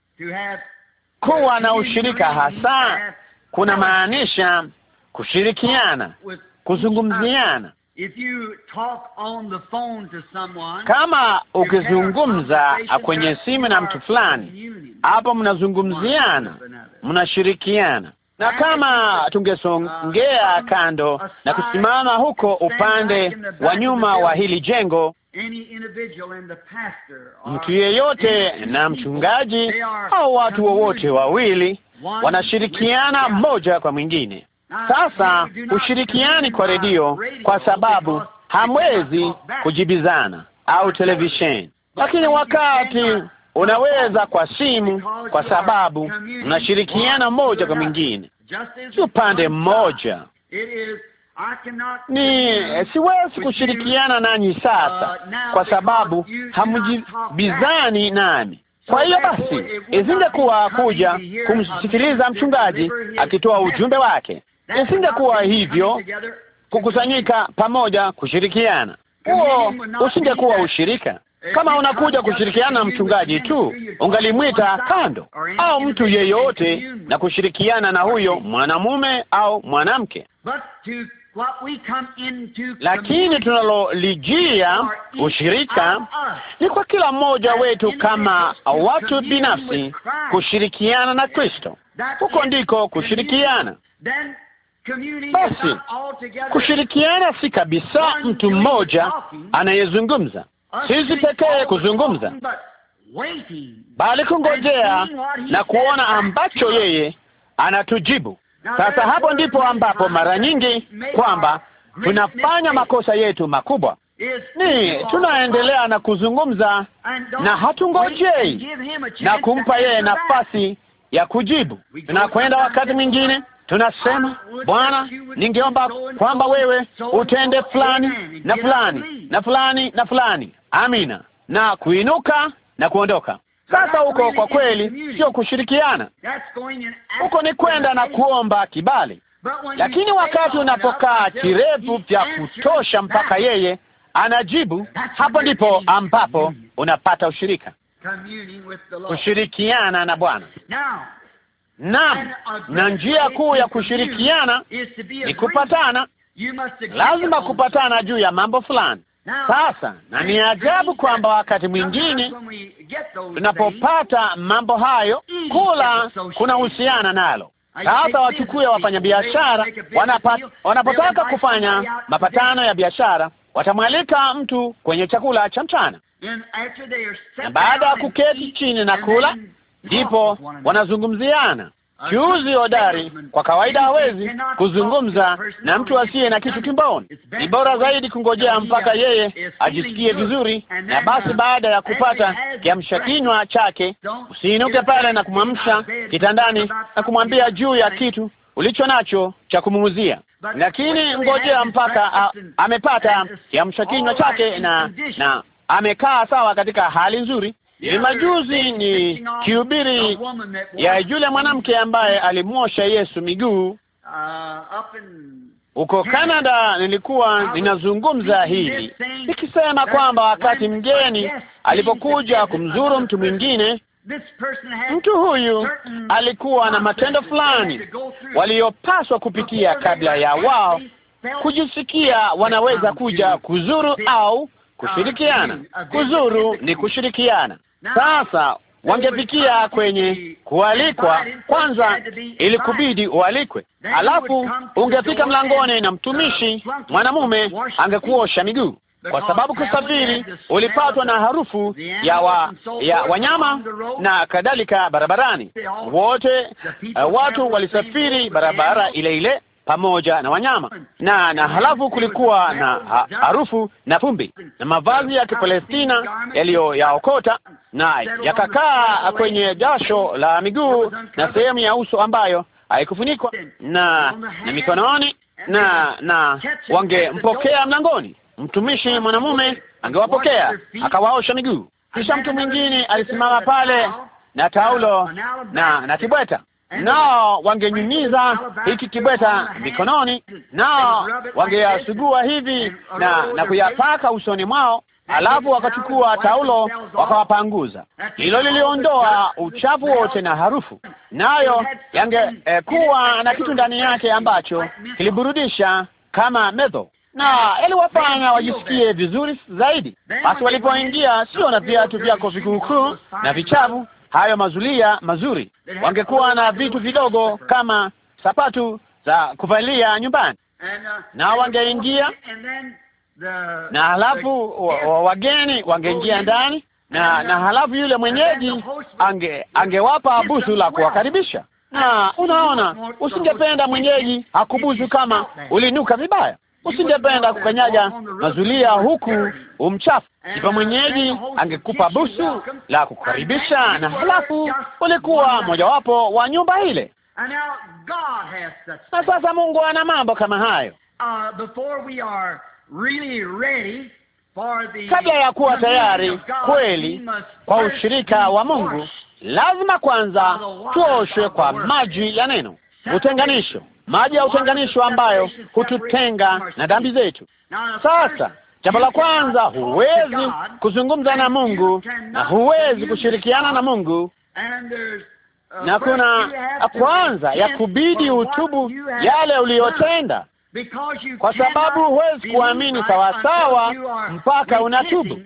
kuwa na ushirika hasa kuna maanisha kushirikiana, kuzungumziana. Kama ukizungumza kwenye simu na mtu fulani, hapo mnazungumziana, mnashirikiana. Na kama tungesongea uh, kando na kusimama huko upande wa nyuma wa hili jengo, mtu yeyote na mchungaji au watu wowote wawili wanashirikiana mmoja kwa mwingine. Sasa hushirikiani kwa redio kwa sababu hamwezi kujibizana au televisheni, lakini wakati unaweza kwa simu, kwa sababu mnashirikiana mmoja kwa mwingine, si upande mmoja. Ni eh, siwezi kushirikiana nanyi sasa, kwa sababu hamjibizani nami kwa hiyo basi, isingekuwa kuja kumsikiliza mchungaji akitoa ujumbe wake, isingekuwa hivyo kukusanyika pamoja kushirikiana, huo usingekuwa ushirika. Eh, Kama unakuja kushirikiana na mchungaji tu, ungalimwita kando au mtu yeyote na kushirikiana na huyo mwanamume au mwanamke, lakini tunalolijia ushirika ni kwa kila mmoja wetu kama watu binafsi kushirikiana na Kristo. Huko ndiko kushirikiana. Basi kushirikiana si kabisa mtu mmoja anayezungumza, sisi pekee kuzungumza, bali kungojea na kuona ambacho yeye anatujibu. Sasa hapo ndipo ambapo mara nyingi kwamba tunafanya makosa yetu makubwa ni tunaendelea na kuzungumza na hatungojei na kumpa yeye nafasi ya kujibu. Tunakwenda wakati mwingine tunasema, Bwana, ningeomba kwamba wewe utende fulani na fulani na fulani na fulani, amina, na kuinuka na kuondoka. Sasa huko kwa kweli sio kushirikiana, huko ni kwenda na kuomba kibali. Lakini wakati unapokaa kirefu vya kutosha mpaka yeye anajibu, hapo ndipo ambapo unapata ushirika, kushirikiana na Bwana. Naam, na njia kuu ya kushirikiana ni kupatana. Lazima kupatana juu ya mambo fulani. Sasa na ni ajabu kwamba wakati mwingine tunapopata mambo hayo, kula kunahusiana nalo. Sasa wachukue biashara wanapotaka kufanya mapatano ya biashara, watamwalika mtu kwenye chakula cha mchana, na baada ya kuketi chini na kula, ndipo wanazungumziana Kiuzi hodari kwa kawaida hawezi kuzungumza na mtu asiye na kitu tumboni. Ni bora zaidi kungojea mpaka yeye ajisikie vizuri, na basi baada ya kupata kiamsha kinywa chake, usiinuke pale na kumwamsha kitandani na kumwambia juu ya kitu ulicho nacho cha kumuuzia, lakini ngojea mpaka a, amepata kiamsha kinywa chake na na amekaa sawa katika hali nzuri ni majuzi ni kiubiri ya yule mwanamke ambaye alimwosha Yesu miguu huko Canada. Nilikuwa ninazungumza hili nikisema kwamba wakati mgeni alipokuja kumzuru mtu mwingine, mtu huyu alikuwa na matendo fulani waliopaswa kupitia kabla ya wao kujisikia wanaweza kuja kuzuru au kushirikiana. Kuzuru ni kushirikiana sasa wangefikia kwenye kualikwa kwanza, ilikubidi ualikwe, alafu ungefika mlangoni na mtumishi mwanamume angekuosha miguu, kwa sababu kusafiri ulipatwa na harufu ya wa, ya wanyama na kadhalika barabarani. Wote uh, watu walisafiri barabara ile ile pamoja na wanyama na na, halafu kulikuwa na harufu na vumbi na mavazi ya Kipalestina yaliyoyaokota na yakakaa kwenye jasho la miguu na sehemu ya uso ambayo haikufunikwa na na mikononi na na wangempokea mlangoni. Mtumishi mwanamume angewapokea akawaosha miguu, kisha mtu mwingine alisimama pale na taulo na na kibweta Eh? nao wangenyunyiza hiki kibweta mikononi, nao wangeyasugua hivi na na kuyapaka usoni mwao, alafu wakachukua taulo wakawapanguza. Hilo liliondoa uchafu wote na harufu, nayo yangekuwa eh, na kitu ndani yake ambacho kiliburudisha kama medho na yaliwafanya wajisikie vizuri zaidi. Basi walipoingia, sio na viatu vyako vikuukuu na vichafu hayo mazulia mazuri, wangekuwa na vitu vidogo kama sapatu za kuvalia nyumbani, na wangeingia na halafu wageni wangeingia ndani na na halafu yule mwenyeji ange- angewapa busu la kuwakaribisha. Na unaona, usingependa mwenyeji akubusu kama ulinuka vibaya usingependa kukanyaga mazulia huku umchafu. Ipa mwenyeji angekupa busu la kukaribisha, na halafu ulikuwa mojawapo wa nyumba ile. Na sasa Mungu ana mambo kama hayo. Uh, Kabla ya kuwa tayari kweli kwa ushirika wa Mungu, lazima kwanza tuoshwe kwa maji ya neno, utenganisho maji ya utenganisho ambayo hututenga na dhambi zetu. Sasa jambo la kwanza, huwezi kuzungumza na Mungu na huwezi kushirikiana na Mungu, na kuna kwanza ya kubidi utubu yale uliyotenda, kwa sababu huwezi kuamini sawasawa mpaka unatubu.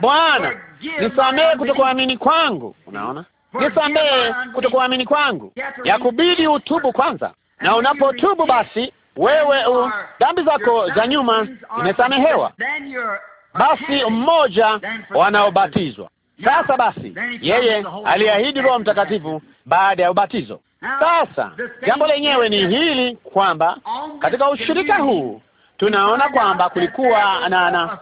Bwana, nisamehe kutokuamini kwangu. Unaona, nisamehe kutokuamini kwangu. Ya kubidi utubu kwanza na unapotubu basi wewe u dhambi zako za nyuma zimesamehewa. Basi mmoja wanaobatizwa sasa. Basi yeye aliahidi Roho Mtakatifu baada ya ubatizo. Sasa jambo lenyewe ni hili kwamba katika ushirika huu tunaona kwamba kulikuwa na, na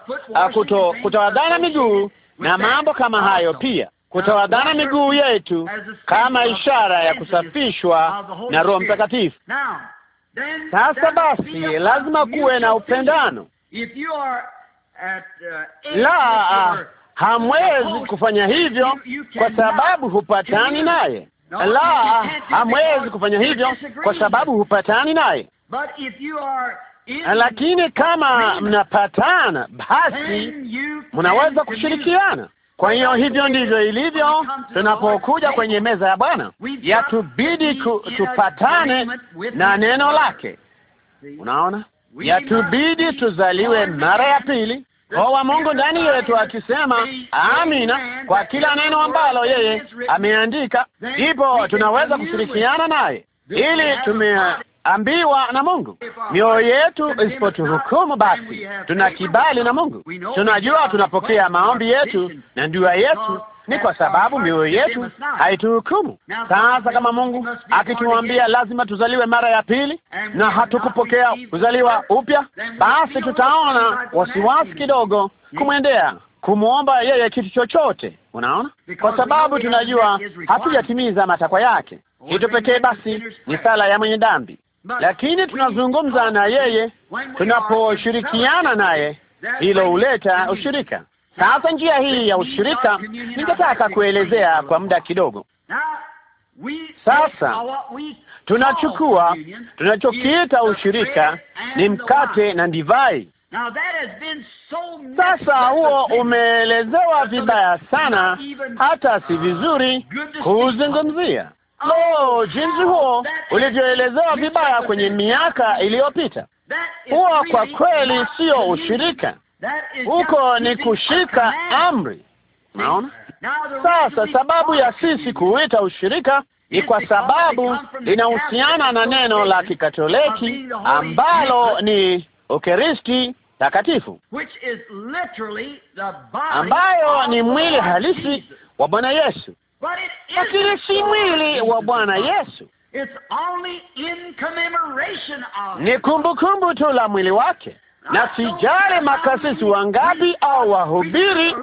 kuto kutawadhana miguu na mambo kama hayo pia kutawadhana miguu yetu kama ishara ya kusafishwa na Roho Mtakatifu. Sasa basi, lazima kuwe na upendano la hamwezi kufanya hivyo kwa sababu hupatani naye. La, hamwezi kufanya hivyo kwa sababu hupatani naye. Lakini kama mnapatana, basi mnaweza kushirikiana. Kwa hiyo hivyo ndivyo ilivyo, tunapokuja kwenye meza ya Bwana yatubidi tupatane na neno lake. Unaona, yatubidi tuzaliwe mara ya pili ko wa Mungu ndani yetu akisema amina kwa kila neno ambalo yeye ameandika, ndipo tunaweza kushirikiana naye, ili tume ambiwa na Mungu. Mioyo yetu isipotuhukumu, basi tuna kibali na Mungu, tunajua tunapokea maombi yetu na dua yetu ni kwa sababu mioyo yetu haituhukumu. Sasa kama Mungu akituambia lazima tuzaliwe mara ya pili na hatukupokea kuzaliwa upya, basi tutaona wasiwasi kidogo kumwendea kumwomba yeye kitu chochote, unaona, kwa sababu tunajua hatujatimiza matakwa yake. Kitu pekee basi ni sala ya mwenye dhambi lakini tunazungumza na yeye, tunaposhirikiana naye, hilo huleta ushirika. Sasa njia hii ya ushirika ningetaka kuelezea kwa muda kidogo. Sasa tunachukua tunachokiita ushirika ni mkate na divai. Sasa huo umeelezewa vibaya sana, hata si uh, vizuri kuzungumzia Lo, oh, jinsi huo ulivyoelezewa vibaya kwenye miaka iliyopita, huo kwa kweli sio ushirika, huko ni kushika amri. Naona sasa, sababu ya sisi kuita ushirika ni kwa sababu inahusiana na neno la Kikatoliki ambalo ni Ukaristi takatifu ambayo ni mwili halisi wa Bwana Yesu lakini si mwili wa Bwana Yesu, ni kumbukumbu tu la mwili wake. Na sijali makasisi wangapi au wahubiri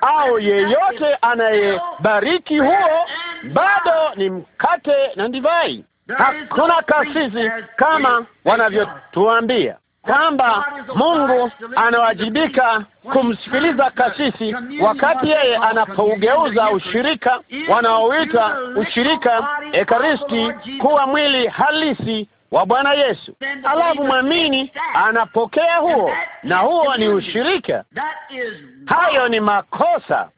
au yeyote anayebariki huo, bado ni mkate na divai. Hakuna kasisi kama wanavyotuambia kwamba Mungu anawajibika kumsikiliza kasisi wakati yeye anapougeuza ushirika wanaoita ushirika Ekaristi kuwa mwili halisi wa Bwana Yesu. Alafu mwamini anapokea huo, na huo ni ushirika. Hayo ni makosa.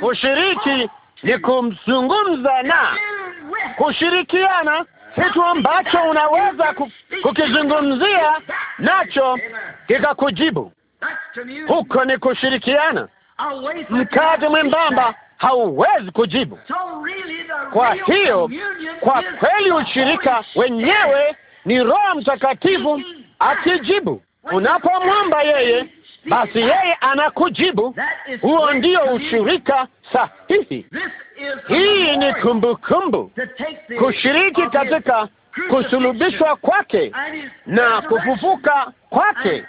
Kushiriki ni kumzungumza na kushirikiana kitu ambacho unaweza kukizungumzia nacho kikakujibu. Huko ni kushirikiana. Mkate mwembamba hauwezi kujibu. Kwa hiyo, kwa kweli ushirika wenyewe ni Roho Mtakatifu akijibu unapomwomba yeye basi yeye anakujibu. Huo ndio ushirika sahihi. Hii ni kumbukumbu, kushiriki katika kusulubishwa kwake na kufufuka kwake,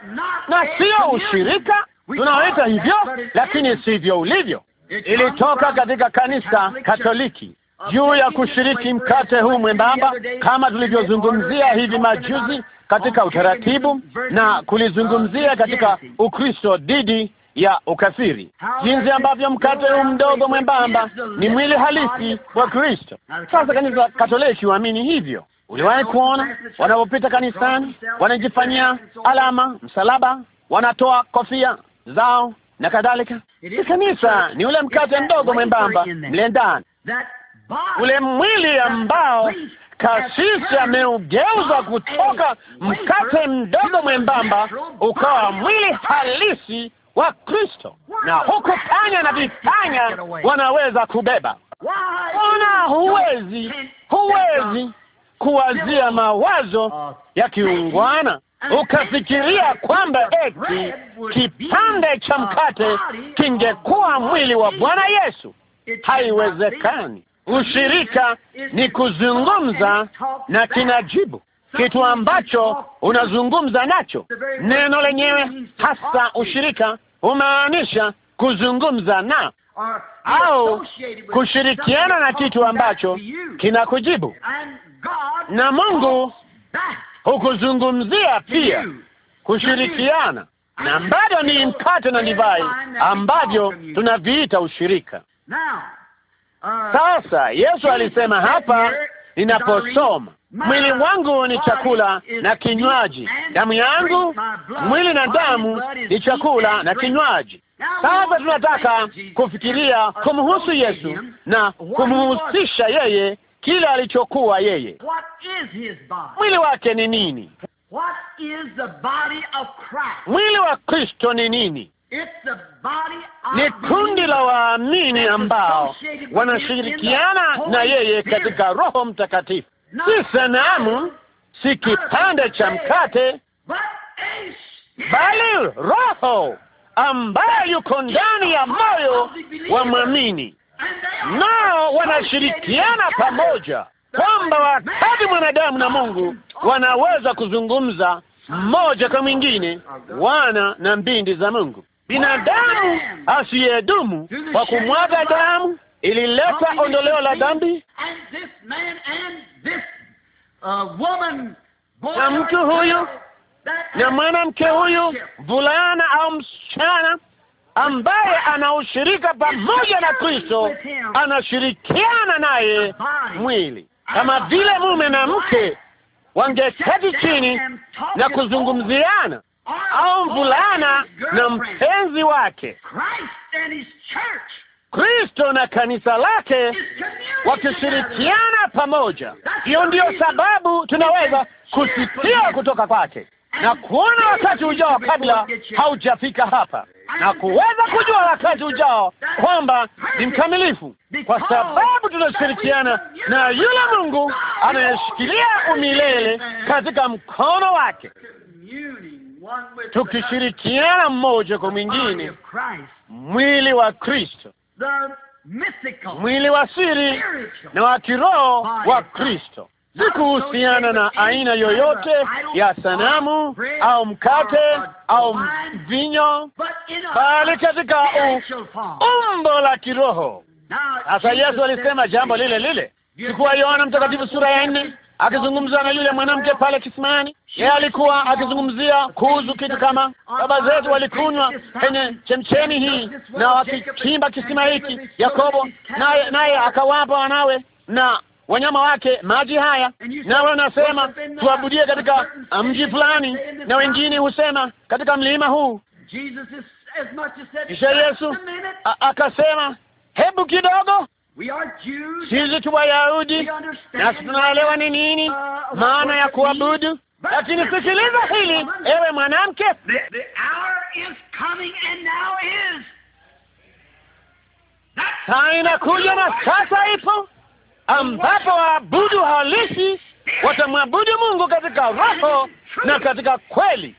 na sio ushirika tunaweta hivyo, lakini sivyo ulivyo. Ilitoka katika kanisa Katoliki juu ya kushiriki mkate huu mwembamba, kama tulivyozungumzia hivi majuzi katika utaratibu na kulizungumzia katika Ukristo dhidi ya ukafiri, jinsi ambavyo mkate huu mdogo mwembamba ni mwili halisi wa Kristo. Sasa kanisa Katoliki waamini hivyo. Uliwahi kuona wanapopita kanisani, wanajifanyia alama msalaba, wanatoa kofia zao na kadhalika. Si kanisa ni ule mkate mdogo mwembamba mle ndani, ule mwili ambao Kasisi ameugeuza kutoka mkate mdogo mwembamba ukawa mwili halisi wa Kristo, na huku panya na vipanya wanaweza kubeba. Ona, huwezi huwezi kuwazia mawazo uh, ya kiungwana ukafikiria kwamba eti kipande cha mkate kingekuwa mwili wa Bwana Yesu. Haiwezekani. Ushirika ni kuzungumza na kinajibu kitu ambacho unazungumza nacho. Neno lenyewe hasa ushirika umaanisha kuzungumza na au kushirikiana na kitu ambacho kinakujibu, na Mungu hukuzungumzia pia kushirikiana, na bado ni mkate na divai ambavyo tunaviita ushirika. Ah. Sasa Yesu alisema hapa ninaposoma, mwili wangu ni chakula na kinywaji, damu yangu, mwili na damu ni chakula na kinywaji. Sasa tunataka kufikiria kumhusu Yesu na kumhusisha yeye, kile alichokuwa yeye. Mwili wake ni nini? Mwili wa Kristo ni nini? ni kundi la waamini ambao wanashirikiana na yeye katika Roho Mtakatifu, si sanamu, si kipande cha mkate, bali Roho ambayo yuko ndani ya moyo wa mwamini, nao wanashirikiana pamoja, kwamba wakati mwanadamu na Mungu wanaweza kuzungumza mmoja kwa mwingine, wana na mbindi za Mungu binadamu asiyedumu kwa kumwaga damu ilileta ondoleo la dhambi, uh, na mtu huyu na mwanamke huyu, vulana au msichana, ambaye anaushirika pamoja na Kristo, anashirikiana naye mwili, kama vile mume na mke wangeketi chini na kuzungumziana au mvulana na mpenzi wake, Kristo na kanisa lake wakishirikiana pamoja. Hiyo ndiyo sababu tunaweza kusikia kutoka kwake na kuona wakati ujao kabla haujafika hapa na kuweza kujua wakati ujao kwamba ni mkamilifu, kwa sababu tunashirikiana na yule Mungu anayeshikilia umilele katika mkono wake tukishirikiana mmoja kwa mwingine, mwili wa Kristo, mwili wa siri na wa kiroho wa Kristo, si kuhusiana na aina yoyote ya sanamu au mkate au mvinyo, bali katika umbo la kiroho. Sasa Yesu alisema jambo lile lile, sikuwa Yohana Mtakatifu sura ya nne akizungumza na yule mwanamke pale kisimani. Yeye alikuwa akizungumzia kuhusu kitu kama baba zetu walikunywa kwenye chemchemi hii na wakichimba kisima hiki, Yakobo naye naye akawapa wanawe na wanyama wake maji haya, nawe wanasema tuabudie katika mji fulani, na wengine husema katika mlima huu. Kisha Yesu akasema, hebu kidogo sisi tu Wayahudi nasi tunaelewa ni nini uh, maana ya kuabudu. Lakini sikiliza hili, ewe mwanamke, saa inakuja na sasa ipo, ambapo waabudu halisi watamwabudu Mungu katika roho na katika kweli.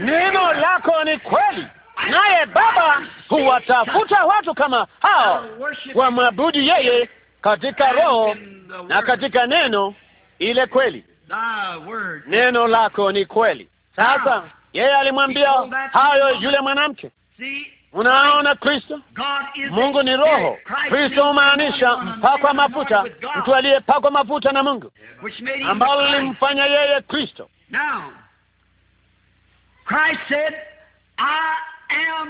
Neno lako ni kweli naye Baba huwatafuta watu kama hao wamwabudu yeye katika roho na katika neno, ile kweli. Neno lako ni kweli. Sasa yeye alimwambia hayo yule mwanamke. Unaona, Kristo, Mungu ni roho. Kristo humaanisha mpakwa mafuta, mtu aliyepakwa mafuta na Mungu, ambalo lilimfanya yeye Kristo.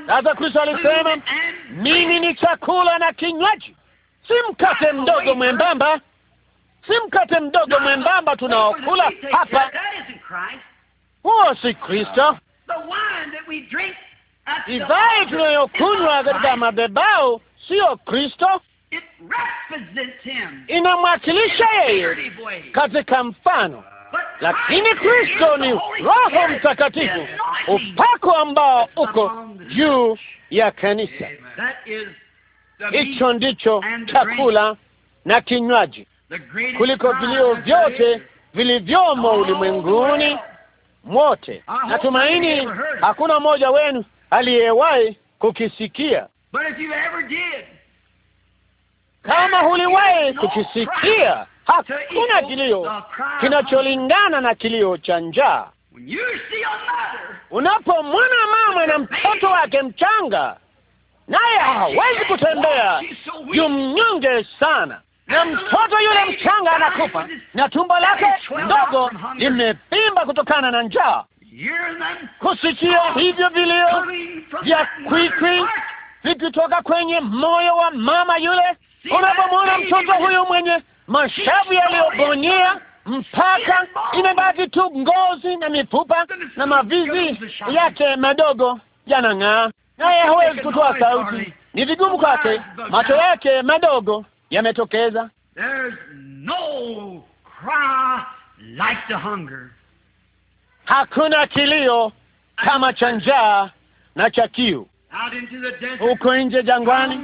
Sasa Kristo alisema mimi ni chakula na kinywaji, si mkate mdogo mwembamba, si mkate mdogo mwembamba tunaokula hapa. Huo si Kristo. Divai tunayokunywa katika madhabahu siyo Kristo, inamwakilisha yeye katika mfano lakini Kristo ni Roho Mtakatifu, upako ambao uko juu ya kanisa. Hicho ndicho chakula na kinywaji kuliko vilio vyote vilivyomo ulimwenguni mwote. Natumaini hakuna mmoja wenu aliyewahi kukisikia. Kama huliwahi kukisikia hakuna kilio kinacholingana na kilio cha njaa. Unapomwona mama na mtoto wake mchanga, naye hawezi kutembea, yu mnyonge sana, na mtoto yule mchanga anakufa, na tumbo lake ndogo limepimba kutokana na njaa. Kusikia hivyo vilio vya kwikwi vikitoka kwenye moyo wa mama yule, unapomwona mtoto huyu mwenye mashavu yaliyobonyea mpaka imebaki tu ngozi na mifupa na mavizi yake madogo yanang'aa, naye hawezi kutoa sauti, ni vigumu kwake. Macho yake madogo yametokeza. No, like hakuna kilio kama cha njaa na cha kiu huko nje jangwani.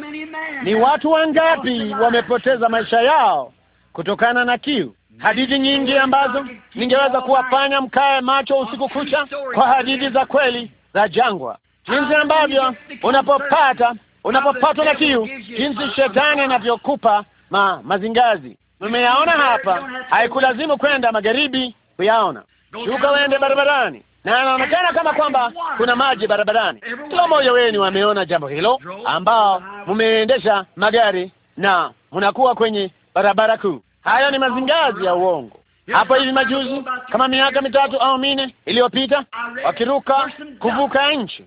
Ni watu wangapi wamepoteza maisha yao kutokana na kiu. Hadithi nyingi ambazo ningeweza kuwafanya mkae macho usiku kucha kwa hadithi za kweli za jangwa, jinsi ambavyo unapopata unapopatwa na kiu, jinsi shetani anavyokupa ma, mazingazi. Nimeyaona hapa, haikulazimu kwenda magharibi kuyaona. Shuka uende barabarani, na anaonekana kama kwamba kuna maji barabarani. Kila mmoja wenu wameona jambo hilo, ambao mmeendesha magari na mnakuwa kwenye barabara kuu. Hayo ni mazingazi ya uongo. Hapo hivi majuzi, kama miaka mitatu au minne iliyopita, wakiruka kuvuka nchi,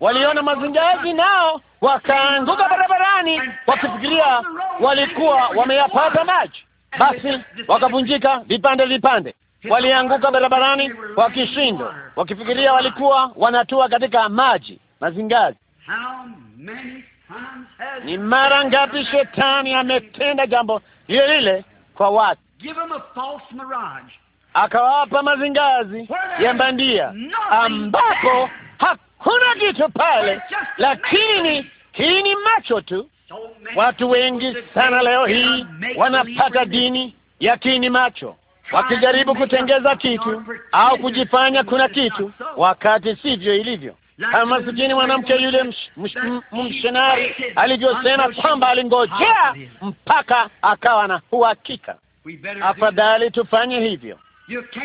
waliona mazingazi nao wakaanguka barabarani, wakifikiria walikuwa wameyapata maji, basi wakavunjika vipande vipande. Walianguka barabarani wakishindwa, wakifikiria walikuwa wanatua katika maji. Mazingazi. Ni mara ngapi shetani ametenda jambo lile lile kwa watu, akawapa mazingazi ya bandia ambapo hakuna kitu pale, lakini hii ni macho tu. Watu wengi sana leo hii wanapata dini ya kini macho, wakijaribu kutengeza kitu au kujifanya kuna kitu, wakati sivyo ilivyo kama masikini mwanamke yule mshinari alivyosema kwamba alingojea mpaka akawa na uhakika. Afadhali tufanye hivyo.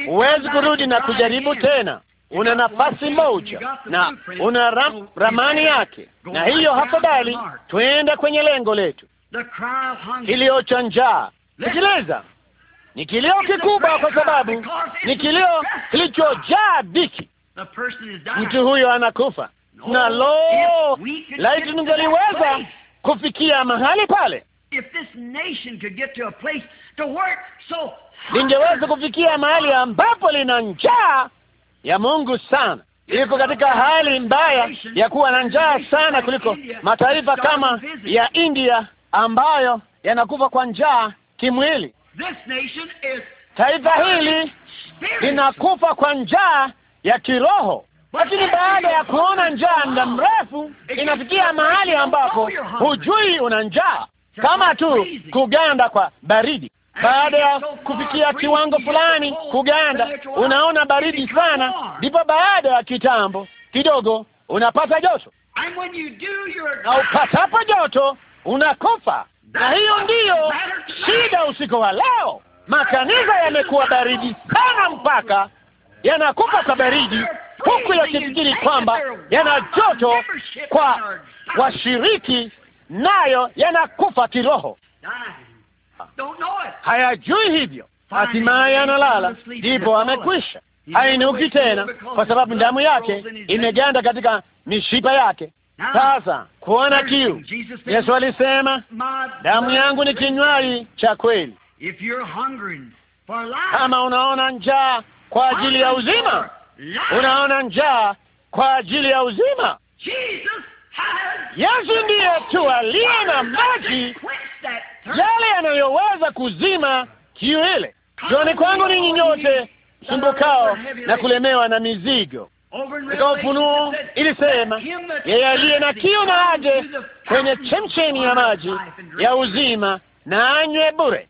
Huwezi kurudi na kujaribu tena. Una nafasi moja na una ram, ramani yake, na hiyo hafadhali twende kwenye lengo letu. Kilio cha njaa, sikiliza, ni kilio kikubwa, kwa sababu ni kilio kilichojaa dhiki mtu huyo anakufa no. Na lo, laiti ningeliweza kufikia mahali pale, ningeweza kufikia mahali ambapo lina njaa ya Mungu sana. Iko katika hali mbaya ya kuwa na njaa sana kuliko mataifa kama ya India ambayo yanakufa kwa njaa kimwili. Taifa hili linakufa kwa njaa ya kiroho, lakini baada ya kuona njaa muda mrefu, inafikia mahali ambapo hujui una njaa, kama tu kuganda kwa baridi. Baada ya kufikia kiwango fulani, kuganda, unaona baridi sana, ndipo baada ya kitambo kidogo unapata joto, na upatapo joto unakufa. Na hiyo ndiyo shida usiku wa leo. Makanisa yamekuwa baridi sana mpaka yanakufa kwa ah, baridi, huku yakifikiri kwamba yana joto kwa washiriki, nayo yanakufa kiroho. Hayajui hivyo, hatimaye analala, ndipo amekwisha. Hainuki tena, kwa sababu damu yake imeganda katika mishipa yake. Sasa kuona kiu, Yesu alisema damu yangu ni kinywaji cha kweli. Kama unaona njaa kwa ajili ya uzima. Unaona, njaa kwa ajili ya uzima. Yesu ndiye tu aliye na maji yale yanayoweza kuzima kiu ile. Joni kwangu ninyi nyote sumbukao na kulemewa na mizigo. Katika Ufunuo ilisema yeye aliye na kiu na aje kwenye chemchemi ya maji ya uzima na anywe bure.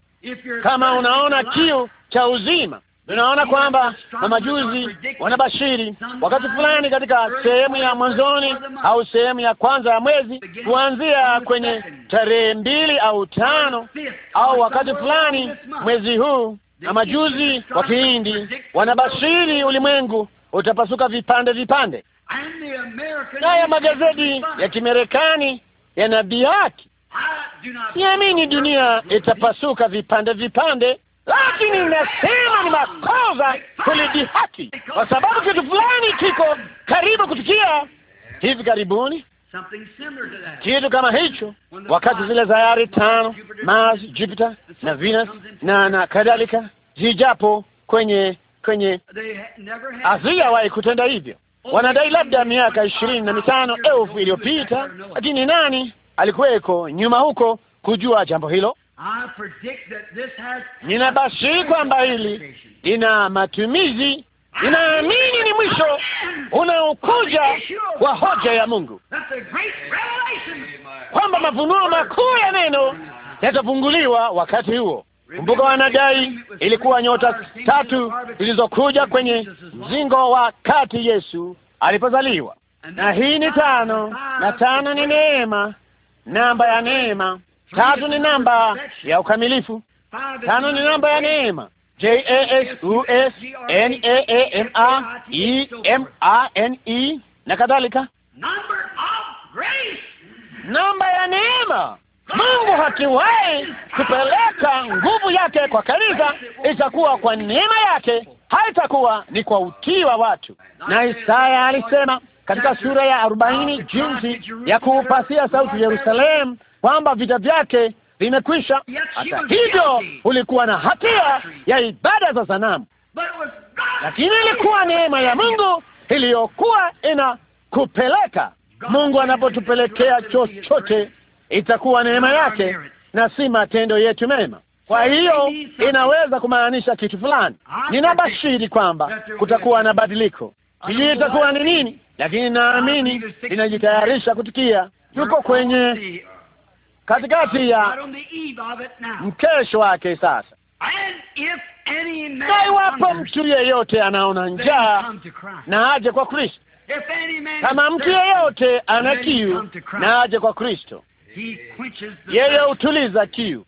Kama unaona kiu cha uzima Tunaona kwamba mamajuzi wanabashiri wakati fulani katika sehemu ya mwanzoni au sehemu ya kwanza ya mwezi, kuanzia kwenye tarehe mbili au tano au wakati fulani mwezi huu, na majuzi wa Kihindi wanabashiri ulimwengu utapasuka vipande vipande. naya magazeti ya Kimarekani yanabii siamini dunia itapasuka vipande vipande lakini nasema ni makosa kulidhihaki kwa sababu kitu fulani kiko karibu kutukia hivi karibuni, kitu kama hicho, wakati zile sayari tano Mars, Jupiter na Venus na na kadhalika zijapo kwenye kwenye hazijawahi kutenda hivyo. Wanadai labda miaka ishirini na mitano elfu iliyopita, lakini nani alikuweko nyuma huko kujua jambo hilo? ninabashiri kwamba hili ina matumizi. Ninaamini ni mwisho unaokuja wa hoja ya Mungu, kwamba mafunuo makuu ya neno yatafunguliwa wakati huo. Kumbuka, wanadai ilikuwa nyota tatu zilizokuja kwenye mzingo wa kati Yesu alipozaliwa, na hii ni tano, na tano ni neema, namba ya neema Tatu ni namba ya ukamilifu. Tano ni namba ya neema. J A S U S N A A M A E M A N E na kadhalika. Namba ya neema. Mungu hakiwahi kupeleka nguvu yake kwa kanisa, itakuwa kwa neema yake, haitakuwa ni kwa utii wa watu. Na Isaya alisema katika sura ya arobaini jinsi ya kuupasia sauti Yerusalemu kwamba vita vyake vimekwisha. Hata hivyo, ulikuwa na hatia ya ibada za sanamu, lakini ilikuwa neema ya Mungu iliyokuwa inakupeleka. Mungu anapotupelekea chochote, itakuwa neema yake na si matendo yetu mema. Kwa hiyo inaweza kumaanisha kitu fulani. Ninabashiri kwamba kutakuwa na badiliko, sijui itakuwa ni nini, lakini naamini inajitayarisha kutukia. Tuko kwenye katikati ya mkesho wake. Sasa na iwapo mtu yeyote anaona njaa na aje kwa Kristo, kama mtu yeyote ana kiu na aje kwa Kristo, yeye hutuliza kiu,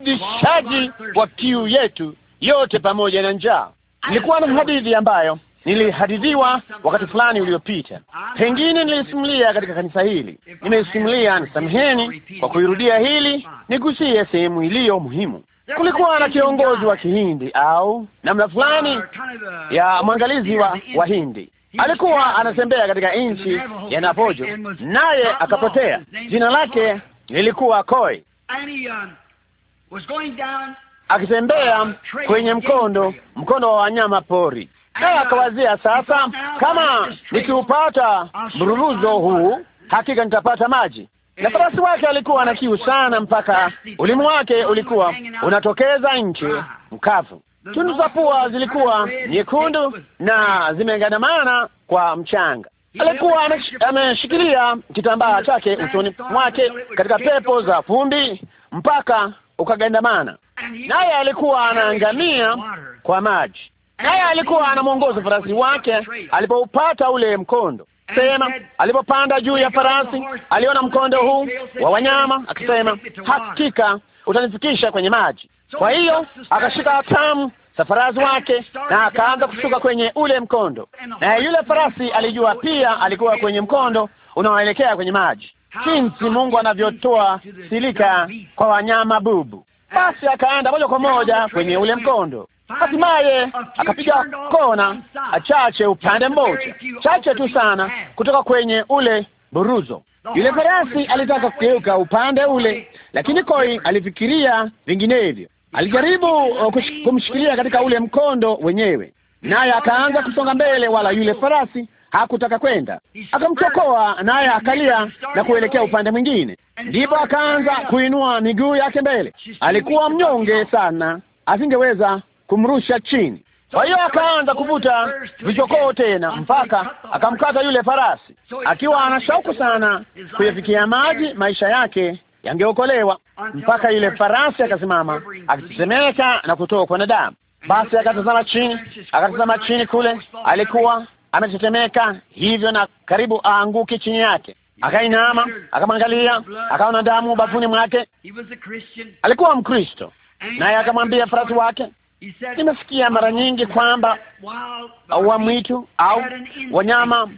dishaji wa kiu yetu yote pamoja na njaa. Nilikuwa na hadithi ambayo Nilihadithiwa wakati fulani uliopita, pengine nilisimulia katika kanisa hili. Nimesimulia, nisameheni kwa kuirudia hili, nigusie sehemu iliyo muhimu. Kulikuwa na kiongozi wa Kihindi au namna fulani ya mwangalizi wa Wahindi, alikuwa anatembea katika nchi ya Napojo, naye akapotea. Jina lake lilikuwa Koi. Akitembea kwenye mkondo mkondo wa wanyama pori kama akawazia sasa, kama nikiupata mruruzo huu hakika nitapata maji. Na farasi wake alikuwa na kiu sana, mpaka ulimu wake ulikuwa unatokeza nchi mkavu. Tundu za pua zilikuwa nyekundu na zimegandamana kwa mchanga. Alikuwa ameshikilia kitambaa chake usoni mwake katika pepo za vumbi mpaka ukagandamana, naye alikuwa anaangamia kwa maji naye alikuwa anamwongoza farasi wake alipoupata ule mkondo sema alipopanda juu ya farasi aliona mkondo huu wa wanyama, akisema hakika utanifikisha kwenye maji. Kwa hiyo akashika hatamu za farasi wake na akaanza kushuka kwenye ule mkondo, na yule farasi alijua pia alikuwa kwenye mkondo unaoelekea kwenye maji, jinsi Mungu anavyotoa silika kwa wanyama bubu. Basi akaenda moja kwa moja kwenye ule mkondo Hatimaye akapiga kona achache upande mmoja, chache tu sana kutoka kwenye ule buruzo. Yule farasi alitaka kugeuka upande ule, lakini Koi alifikiria vinginevyo. Alijaribu uh, kumshikilia katika ule mkondo wenyewe, naye akaanza kusonga mbele, wala yule farasi hakutaka kwenda. Akamchokoa naye akalia na kuelekea upande mwingine, ndipo akaanza kuinua miguu yake mbele. Alikuwa mnyonge sana, asingeweza kumrusha chini. Kwa hiyo akaanza kuvuta vichokoo tena mpaka akamkata yule farasi. Akiwa ana shauku sana kuyafikia maji, maisha yake yangeokolewa, mpaka yule farasi akasimama akitetemeka na kutokwa na damu. Basi akatazama chini, akatazama chini kule, alikuwa ametetemeka hivyo na karibu aanguke chini yake. Akainama, akamwangalia, akaona damu bafuni mwake. Alikuwa Mkristo, naye akamwambia farasi wake Nimesikia mara nyingi kwamba wa mwitu au wanyama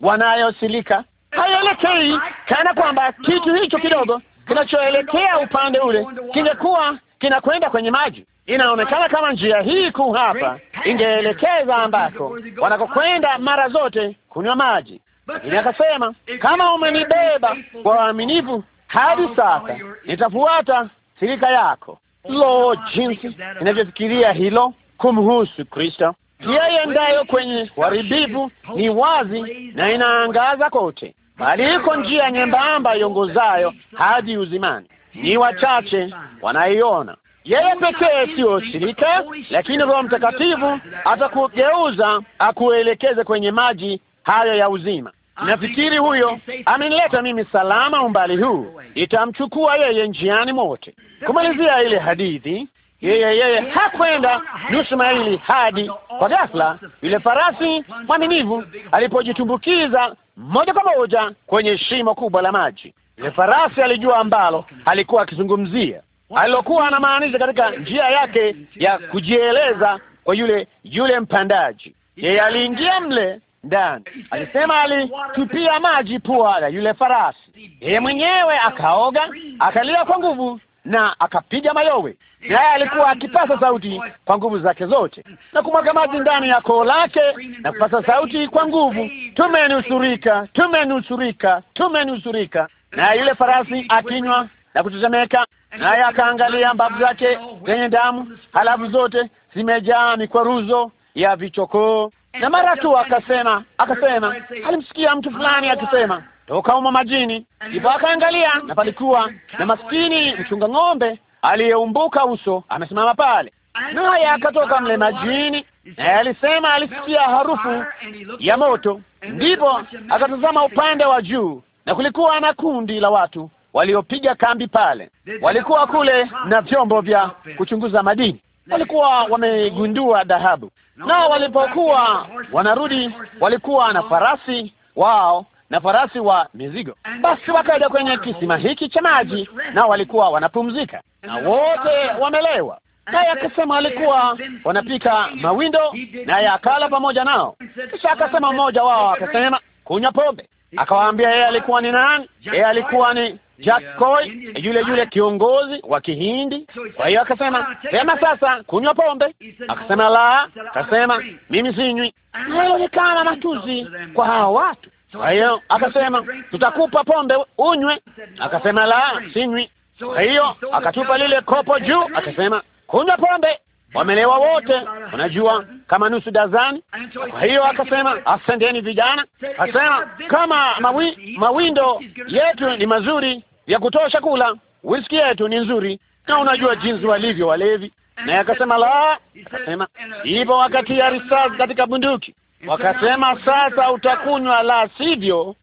wanayosilika haielekei, kana kwamba kitu hicho kidogo kinachoelekea upande ule kingekuwa kinakwenda kwenye maji. Inaonekana kama njia hii kuu hapa ingeelekeza ambako wanakokwenda mara zote kunywa maji, lakini akasema, kama umenibeba kwa uaminifu hadi sasa, nitafuata silika yako. Lo, jinsi inavyofikiria hilo kumhusu Kristo, yeye ndayo kwenye uharibifu ni wazi na inaangaza kote, bali iko njia nyembamba iongozayo hadi uzimani, ni wachache wanaiona. Yeye pekee siyo shirika, lakini Roho Mtakatifu atakugeuza akuelekeze kwenye maji hayo ya uzima. Nafikiri huyo amenileta mimi salama umbali huu, itamchukua yeye njiani mote. Kumalizia ile hadithi, yeye yeye hakwenda nusu maili hadi kwa ghafla yule farasi mwaminivu alipojitumbukiza moja kwa moja kwenye shimo kubwa la maji. Yule farasi alijua ambalo alikuwa akizungumzia, alilokuwa anamaanisha katika njia yake ya kujieleza kwa yule yule mpandaji. Yeye aliingia mle ndani. Alisema alitupia maji pua la yule farasi, yeye mwenyewe akaoga, akalia kwa nguvu na akapiga mayowe, naye alikuwa akipasa sauti kwa nguvu zake zote na kumwaga maji ndani ya koo lake na kupasa sauti kwa nguvu, tumenusurika, tumenusurika, tumenusurika, na yule farasi akinywa na kutetemeka, naye akaangalia mbavu zake zenye damu, halafu zote zimejaa mikwaruzo ya vichokoo na mara tu akasema akasema, alimsikia mtu fulani akisema toka umo majini. Ndipo akaangalia na palikuwa na maskini mchunga ng'ombe aliyeumbuka uso amesimama pale, naye akatoka mle majini, naye alisema alisikia harufu ya moto. Ndipo akatazama upande wa juu, na kulikuwa na kundi la watu waliopiga kambi pale. Walikuwa kule na vyombo vya kuchunguza madini, walikuwa wamegundua dhahabu. Nao walipokuwa wanarudi, walikuwa na farasi wao na farasi wa mizigo. Basi wakaenda kwenye kisima hiki cha maji, nao walikuwa wanapumzika, na wote wamelewa. Naye akasema walikuwa wanapika mawindo, naye akala pamoja nao. Kisha akasema mmoja wao akasema, kunywa pombe akawaambia yeye alikuwa ni nani. Yeye alikuwa ni Jack Coy, yule yule kiongozi wa Kihindi. Kwa hiyo akasema, sema sasa, kunywa pombe. Akasema la, akasema mimi sinywi. Alionekana matuzi kwa hao watu. Kwa hiyo akasema, tutakupa pombe unywe. Akasema la, sinywi. Kwa hiyo akatupa lile kopo juu, akasema kunywa pombe wamelewa wote, unajua kama nusu dazani. Kwa hiyo akasema asendeni vijana, akasema kama mawi, mawindo yetu ni mazuri ya kutosha kula, whisky yetu ni nzuri, na unajua jinsi walivyo walevi. Naye akasema la, akasema hivyo wakati ya risasi katika bunduki. Wakasema sasa utakunywa, la sivyo.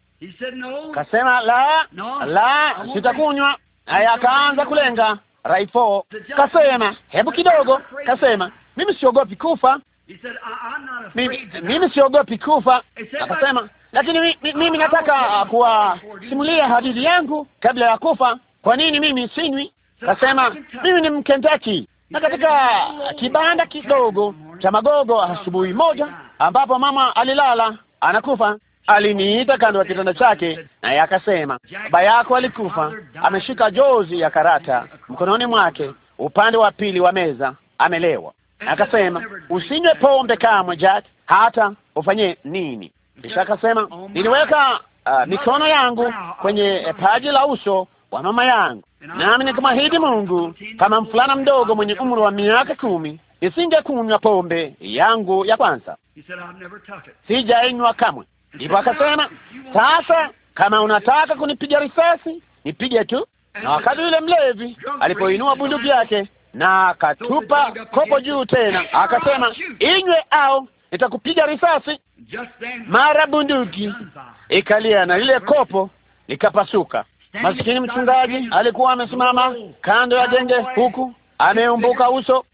Akasema la, la, sitakunywa. Naye akaanza kulenga Raifo kasema, hebu kidogo. Kasema, mimi siogopi kufa, mimi siogopi kufa. Akasema, lakini mimi nataka kuwasimulia hadithi yangu kabla ya kufa. Kwa nini mimi sinywi? Kasema, mimi ni Mkentaki, na katika kibanda kidogo cha magogo asubuhi moja ambapo mama alilala anakufa aliniita kando ya kitanda chake, naye akasema, baba yako alikufa. Ameshika jozi ya karata mkononi mwake, upande wa pili wa meza, amelewa. Akasema, usinywe pombe kamwe, Jack, hata ufanye nini. Kisha akasema, niliweka uh, mikono yangu kwenye eh, paji la uso wa mama yangu, nami nikamwahidi Mungu kama mfulana mdogo mwenye umri wa miaka kumi nisingekunywa pombe yangu ya kwanza, sijainywa kamwe. Ndipo akasema sasa, kama unataka kunipiga risasi nipige tu. Na wakati yule mlevi alipoinua bunduki yake na akatupa kopo juu tena, akasema inywe au nitakupiga risasi. Mara bunduki ikalia na lile kopo likapasuka. Masikini mchungaji alikuwa amesimama kando ya genge, huku ameumbuka uso,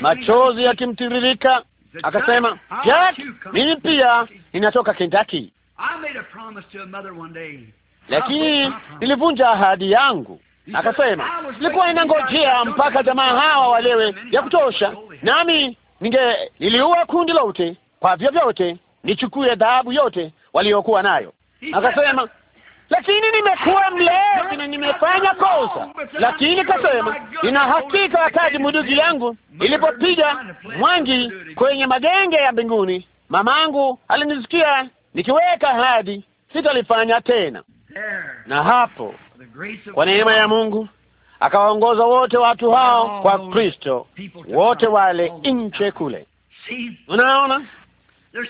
machozi yakimtiririka akasema, Jack, mimi pia ninatoka Kentucky, lakini nilivunja ahadi yangu. Akasema, nilikuwa ninangojea mpaka jamaa hawa walewe ya kutosha, nami ninge niliua kundi lote kwa vyovyote, nichukue dhahabu yote waliokuwa nayo. Akasema lakini nimekuwa mlevi na nimefanya kosa, lakini kasema, nina hakika wakati bunduki yangu ilipopiga mwangi kwenye magenge ya mbinguni, mamangu alinisikia nikiweka hadi sitalifanya tena. Na hapo kwa neema ya Mungu akawaongoza wote watu hao kwa Kristo, wote wale nche kule. Unaona,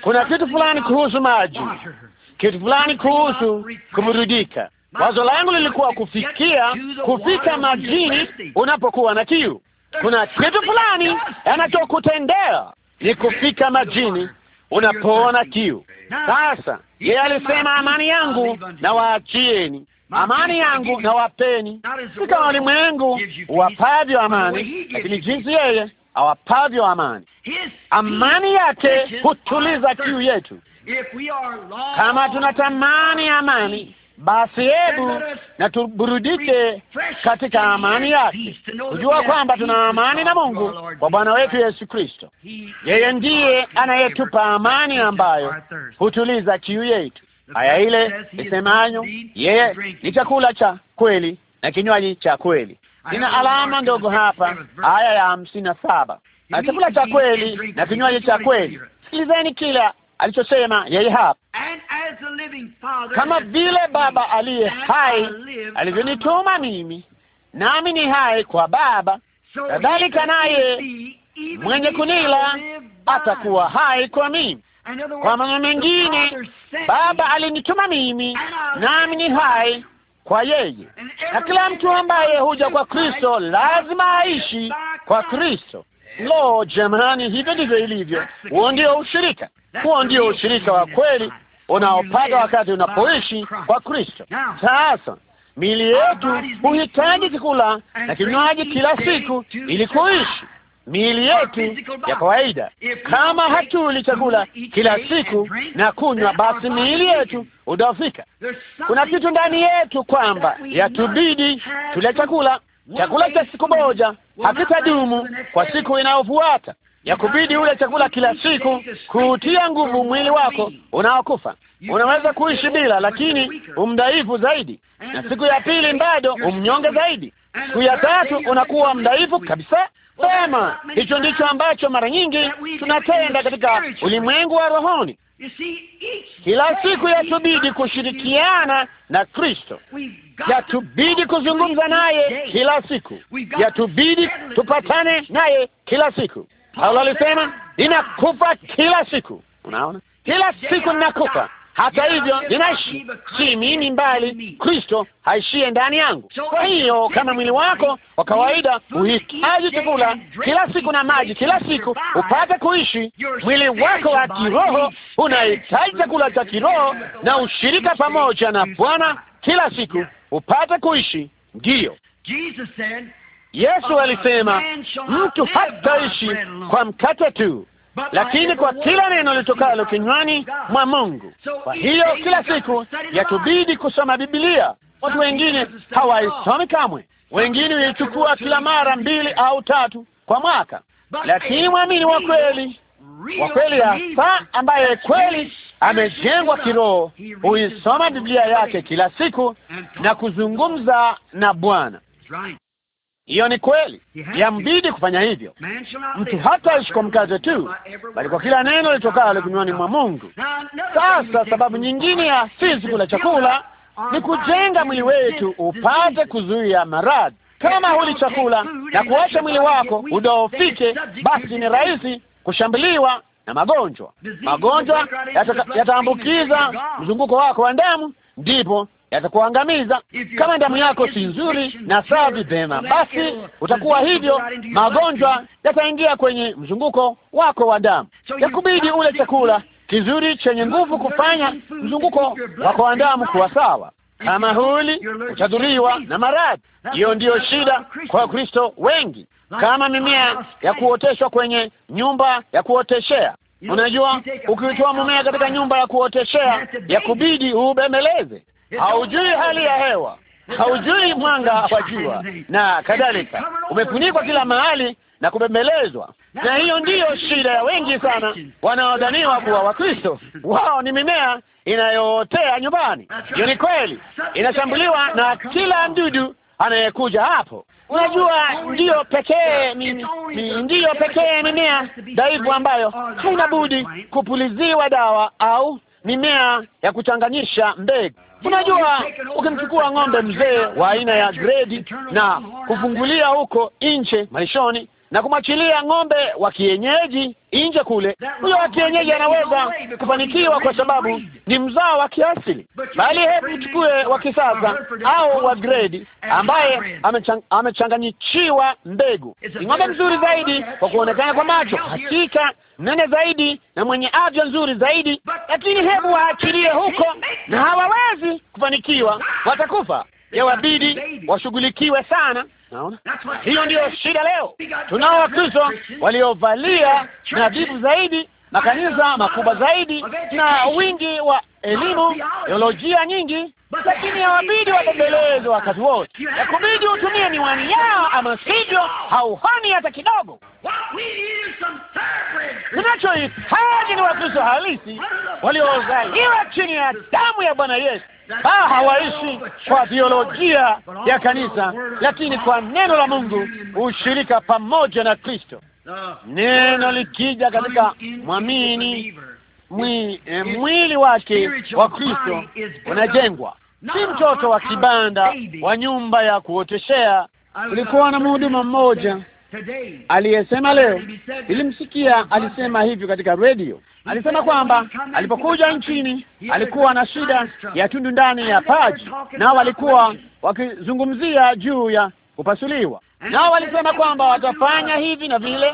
kuna kitu fulani kuhusu maji kitu fulani kuhusu kuburudika. Wazo langu lilikuwa kufikia kufika majini unapokuwa na kiu. Kuna kitu fulani anachokutendea ni kufika majini unapoona kiu. Sasa yeye alisema, amani yangu na waachieni, amani yangu na wapeni, si kama ulimwengu wapavyo amani, lakini jinsi yeye awapavyo amani. Amani yake hutuliza kiu yetu. Kama tunatamani amani, basi hebu na tuburudike katika amani yake, kujua kwamba tuna amani na Mungu kwa Bwana wetu Yesu Kristo. Yeye ndiye anayetupa amani ambayo hutuliza kiu yetu. Aya ile isemanyo, yeye ni chakula cha kweli na kinywaji cha kweli. Nina alama ndogo hapa, aya ya hamsini na saba. Chakula cha kweli na kinywaji cha kweli, sikilizeni kila alichosema yeye hapa, kama vile Baba aliye hai alivyonituma mimi, nami ni hai kwa Baba, kadhalika naye mwenye kunila atakuwa hai kwa mimi. Kwa maneno mengine, Baba alinituma mimi, nami ni hai kwa yeye, na kila mtu ambaye huja kwa Kristo lazima aishi kwa Kristo. Lo, jamani, hivyo ndivyo ilivyo. Huo ndio ushirika. Huo ndio ushirika wa kweli unaopata wakati unapoishi kwa Kristo. Sasa miili yetu huhitaji chakula na kinywaji kila siku ili kuishi. Miili yetu ya kawaida, kama hatuli chakula kila siku na kunywa, basi miili yetu udafika. Kuna kitu ndani yetu kwamba yatubidi tule chakula. Chakula cha siku moja hakitadumu kwa siku inayofuata ya kubidi ule chakula kila siku kutia nguvu mwili wako unaokufa. Unaweza kuishi bila, lakini umdhaifu zaidi, na siku ya pili bado umnyonge zaidi, siku ya tatu unakuwa mdhaifu kabisa. Sema hicho ndicho ambacho mara nyingi tunatenda katika ulimwengu wa rohoni. Kila siku yatubidi kushirikiana na Kristo, yatubidi kuzungumza naye kila siku, yatubidi tupatane naye kila siku. Paulo alisema ninakufa kila siku. Unaona, kila siku ninakufa, hata hivyo ninaishi, si mimi mbali Kristo haishie ndani yangu. Kwa hiyo kama mwili wako wa kawaida uhitaji chakula kila siku na maji kila siku upate kuishi, mwili wako wa kiroho unahitaji chakula cha kiroho na ushirika pamoja na Bwana kila siku upate kuishi. Ndiyo Yesu alisema mtu hataishi kwa mkate tu, lakini kwa kila neno litokalo kinywani mwa Mungu. Kwa hiyo kila siku yatubidi kusoma Biblia. Watu wengine hawaisomi kamwe, wengine huichukua kila mara mbili au tatu kwa mwaka, lakini mwamini wa kweli wa kweli hasa ambaye kweli amejengwa kiroho huisoma Biblia yake kila siku na kuzungumza na Bwana. Hiyo ni kweli, yambidi kufanya hivyo. Mtu hataishi kwa mkate tu, bali kwa kila neno litokalo kinywani mwa Mungu. Sasa sababu nyingine ya sisi kula chakula ni kujenga mwili wetu upate kuzuia maradhi. Kama huli chakula na kuacha mwili wako udhoofike, basi ni rahisi kushambuliwa na magonjwa. Magonjwa yataambukiza yata mzunguko wako wa damu, ndipo yatakuangamiza. Kama damu yako si nzuri na safi, vema basi utakuwa hivyo. Magonjwa yataingia kwenye mzunguko wako wa damu, yakubidi ule chakula kizuri chenye nguvu kufanya mzunguko wako wa damu kuwa sawa. Kama huli utadhuriwa na maradhi. Hiyo ndiyo shida kwa Wakristo wengi, kama mimea ya kuoteshwa kwenye nyumba ya kuoteshea. Unajua, ukiutoa mumea katika nyumba ya kuoteshea, yakubidi ubembeleze haujui hali ya hewa, haujui mwanga wa jua na kadhalika. Umefunikwa kila mahali na kubembelezwa, na hiyo ndiyo shida ya wengi sana wanaodhaniwa kuwa Wakristo. Wao ni mimea inayootea nyumbani. Hiyo ni kweli, inashambuliwa na kila mdudu anayekuja hapo. Unajua, ndiyo pekee ndiyo pekee mimea dhaifu ambayo haina budi kupuliziwa dawa au mimea ya kuchanganyisha mbegu. Unajua, ukimchukua ng'ombe mzee wa aina ya gredi na kufungulia huko nje malishoni, na kumwachilia ng'ombe wa kienyeji nje kule. Huyo wa kienyeji anaweza kufanikiwa kwa sababu ni mzao wa kiasili, bali hebu mchukue wa kisasa au wa grade ambaye amechang, mbegu. Ni ng'ombe mzuri zaidi kwa kuonekana kwa macho, hakika nene zaidi na mwenye afya nzuri zaidi, lakini hebu waachilie huko na hawawezi kufanikiwa, watakufa. Yawabidi washughulikiwe sana Naona hiyo ndiyo shida leo. Tunao Wakristo waliovalia nadhifu zaidi, makanisa makubwa zaidi na wingi wa elimu, teolojia nyingi, lakini hawabidi wabembelezwe wakati wote. Yakubidi utumie miwani yao, ama sivyo hauhoni hata kidogo. Tunachohitaji ni Wakristo halisi waliozaliwa chini ya damu ya Bwana Yesu. Ha, ah, hawaishi kwa biolojia ya kanisa, lakini kwa neno la Mungu, ushirika pamoja na Kristo. Neno likija katika mwamini mwi, eh, mwili wake wa Kristo unajengwa, si mtoto wa kibanda wa nyumba ya kuoteshea. Kulikuwa na mhuduma mmoja aliyesema leo, ilimsikia alisema hivyo katika redio alisema kwamba alipokuja nchini alikuwa na shida ya tundu ndani ya paji, nao walikuwa wakizungumzia juu ya kupasuliwa, nao walisema kwamba watafanya hivi na vile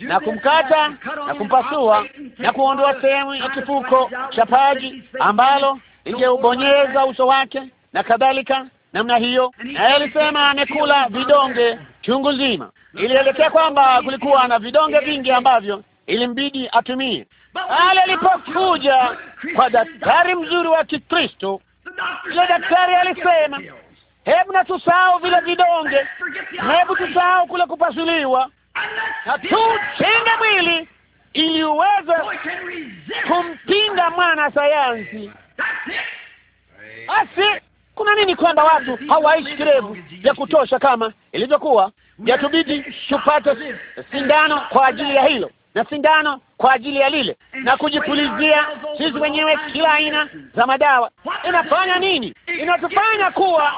na kumkata na kumpasua na kuondoa sehemu ya kifuko cha paji ambalo ingeubonyeza uso wake na kadhalika namna hiyo. Naye alisema amekula vidonge chungu nzima. Ilielekea kwamba kulikuwa na vidonge vingi ambavyo ilimbidi atumie pale alipokuja kwa daktari mzuri wa Kikristo, yule daktari alisema, hebu na tusahau vile vidonge, hebu tusahau kule kupasuliwa na tuchenge mwili ili uweze kumpinga mwana sayansi. Basi kuna nini kwamba watu hawaishi kirevu ya kutosha kama ilivyokuwa? Yatubidi tupate sindano kwa ajili ya hilo na sindano kwa ajili ya lile na kujipulizia sisi wenyewe kila aina za madawa. Inafanya nini? Inatufanya kuwa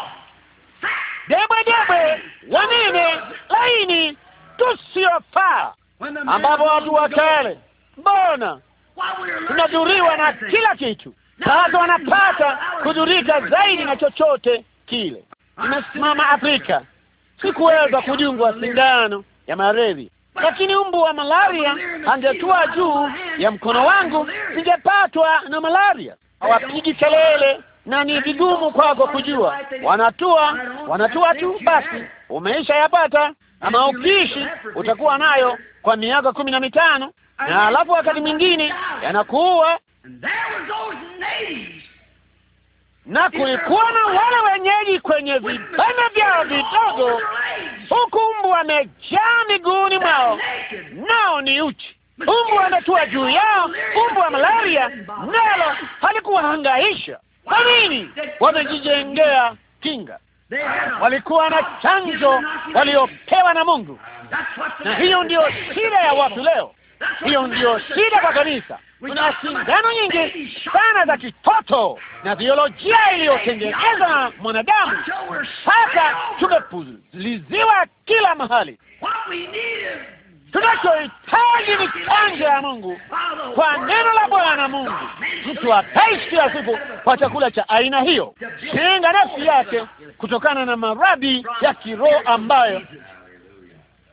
debwedebwe, wanene, laini, tusiofaa, ambapo watu wa kale, mbona tunadhuriwa na kila kitu, sasa wanapata kudhurika zaidi na chochote kile. Nimesimama Afrika, sikuweza kujungwa sindano ya malaria lakini umbu wa malaria angetua juu ya mkono wangu, singepatwa na malaria. Hawapigi kelele na ni vigumu kwako kujua, wanatua wanatua tu. Basi umeisha yapata, ama ukiishi utakuwa nayo kwa miaka kumi na mitano, na alafu wakati mwingine yanakuua na kulikuwa na wale wenyeji kwenye vibanda vyao vidogo, huku mbu amejaa miguuni mwao, nao ni uchi. Mbu ametua juu yao, mbu wa malaria, nalo halikuwahangaisha. Kwa nini? Wamejijengea kinga, walikuwa na chanjo waliopewa na Mungu, na hiyo ndiyo shida ya watu leo. Hiyo ndiyo shida kwa kanisa. Kuna sindano nyingi sana za kitoto na biolojia iliyotengenezwa na mwanadamu. Sasa tumepuliziwa kila mahali. Tunachohitaji ni chanjo ya Mungu kwa neno la Bwana Mungu. Mtu ataishi kila siku kwa chakula cha aina hiyo, kinga nafsi yake kutokana na maradhi ya kiroho ambayo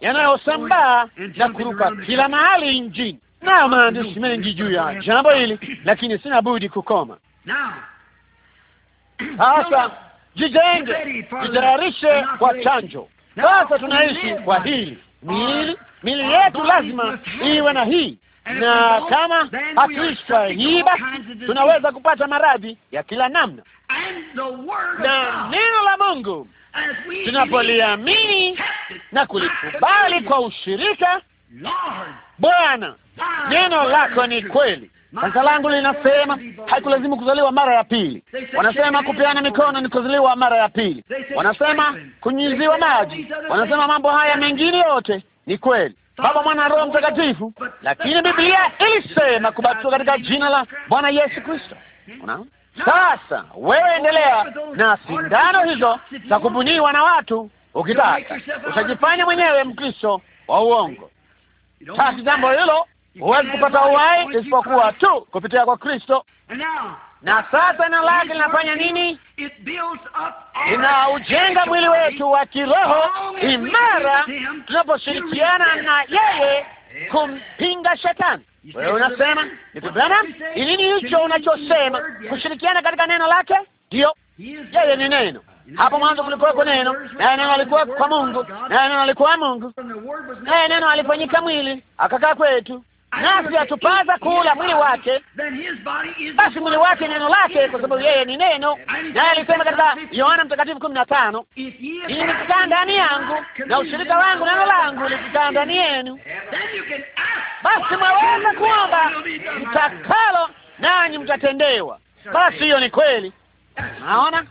yanayosambaa na kuruka kila mahali nchini, na maandishi mengi juu ya jambo hili, lakini sina budi kukoma <clears throat> sasa. Jijenge, jitayarishe kwa chanjo. Sasa tunaishi kwa hili miili, miili yetu lazima iwe na hii na kama hatuishi kwa hii basi tunaweza kupata maradhi ya kila namna, na neno la Mungu tunapoliamini na kulikubali kwa ushirika. Bwana, neno lako ni kweli. Kanisa langu linasema haikulazimu kuzaliwa mara ya pili. Wanasema kupeana mikono ni kuzaliwa mara ya pili. Wanasema kunyunyiziwa maji, wanasema mambo haya mengine yote ni kweli. Baba, Mwana, Roho Mtakatifu, lakini Biblia ilisema kubatizwa katika jina la Bwana Yesu Kristo. Unaona? Sasa wewe endelea na sindano hizo za kubuniwa na watu, ukitaka usajifanye mwenyewe Mkristo wa uongo. Sasa jambo hilo huwezi kupata uhai isipokuwa tu kupitia kwa Kristo. Na sasa neno lake linafanya nini? inaujenga mwili wetu wa kiroho imara, tunaposhirikiana na yeye kumpinga shetani. Wewe unasema nikutana, ni hicho unachosema? Kushirikiana katika neno lake. Ndio, yeye ni neno. Hapo mwanzo kulikuwako neno, naye neno alikuwa kwa Mungu, naye neno alikuwa Mungu, naye neno alifanyika mwili akakaa kwetu nasi atupaza kula mwili wake, basi mwili wake neno lake, kwa sababu yeye ni neno. Naye alisema katika Yohana Mtakatifu kumi na tano, ili nikikaa ndani yangu na ushirika wangu neno langu likikaa ndani yenu, basi mwaweza kuomba mtakalo, nanyi mtatendewa. Basi hiyo ni kweli. Naona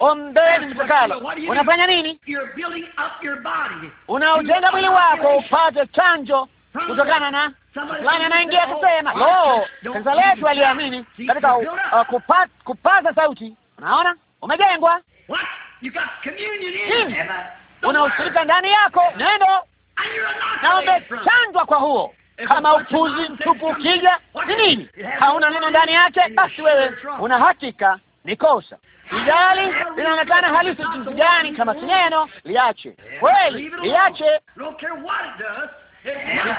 ombeni mtakalo. Unafanya nini? Unaujenga mwili wako upate chanjo kutokana na fulani anaingia kusema, lo, kanisa letu aliamini katika uh, kupaza sauti. Unaona, umejengwa ushirika ndani yako neno na umechanjwa kwa huo. Kama upuzi mtupu ukija, ni nini? Hauna neno ndani yake, basi wewe una hakika ni kosa. Ijali linaonekana halisi jinsi gani, kama si neno liache, kweli liache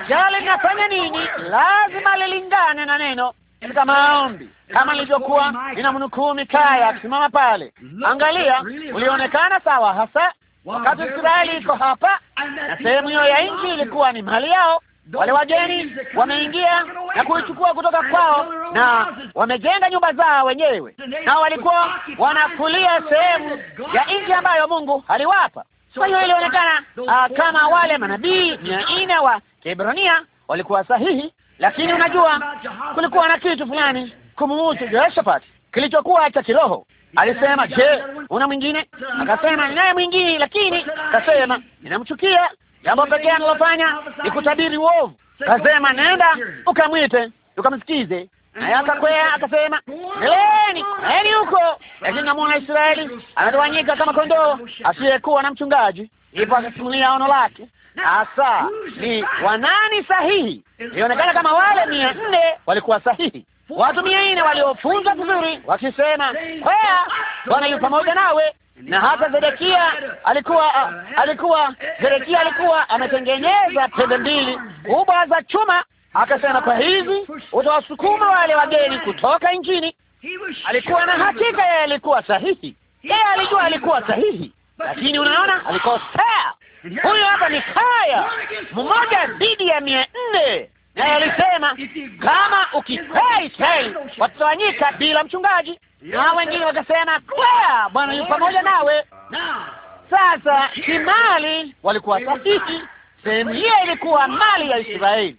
lijali linafanya nini, lazima lilingane na neno katika maombi kama nilivyokuwa ninamnukuu Mikaya akisimama pale. Angalia, ulionekana sawa hasa wakati Israeli iko hapa na sehemu hiyo ya nchi ilikuwa ni mali yao. Wale wageni wameingia na kuichukua kutoka kwao na wamejenga nyumba zao wenyewe, na walikuwa wanakulia sehemu ya nchi ambayo Mungu aliwapa. Kwa hiyo ilionekana uh, kama wale manabii mia nne wa Kiebrania walikuwa sahihi, lakini unajua, kulikuwa na kitu fulani kumuhusu Jehoshaphat kilichokuwa cha kiroho. Alisema, je, una mwingine? Akasema, ninaye mwingine, lakini akasema, ninamchukia. Jambo pekee analofanya ni kutabiri uovu. Akasema, nenda ukamwite ukamsikize Naye akakwea akasema, endeleeni, eni huko. Lakini namwona Israeli anatawanyika kama kondoo asiyekuwa na mchungaji. Ipo akasimulia ono lake, hasa ni wanani sahihi. Ilionekana kama wale mia nne walikuwa sahihi, watu mia nne waliofunzwa vizuri, wakisema kwea, Bwana yu pamoja nawe na hata Zedekia alikuwa alikuwa Zedekia alikuwa ametengeneza pembe mbili kubwa za chuma Akasema kwa hivi utawasukuma wale wageni kutoka nchini. Alikuwa na hakika yeye alikuwa sahihi, yeye alijua alikuwa sahihi, lakini unaona alikosea. Huyo hapa ni kaya mmoja dhidi ya mia nne, naye alisema kama ukikaa Israeli watatawanyika bila mchungaji, na wengine wakasema kwea, Bwana yu pamoja nawe. Sasa kimali walikuwa sahihi, sehemu hiyo ilikuwa mali ya Israeli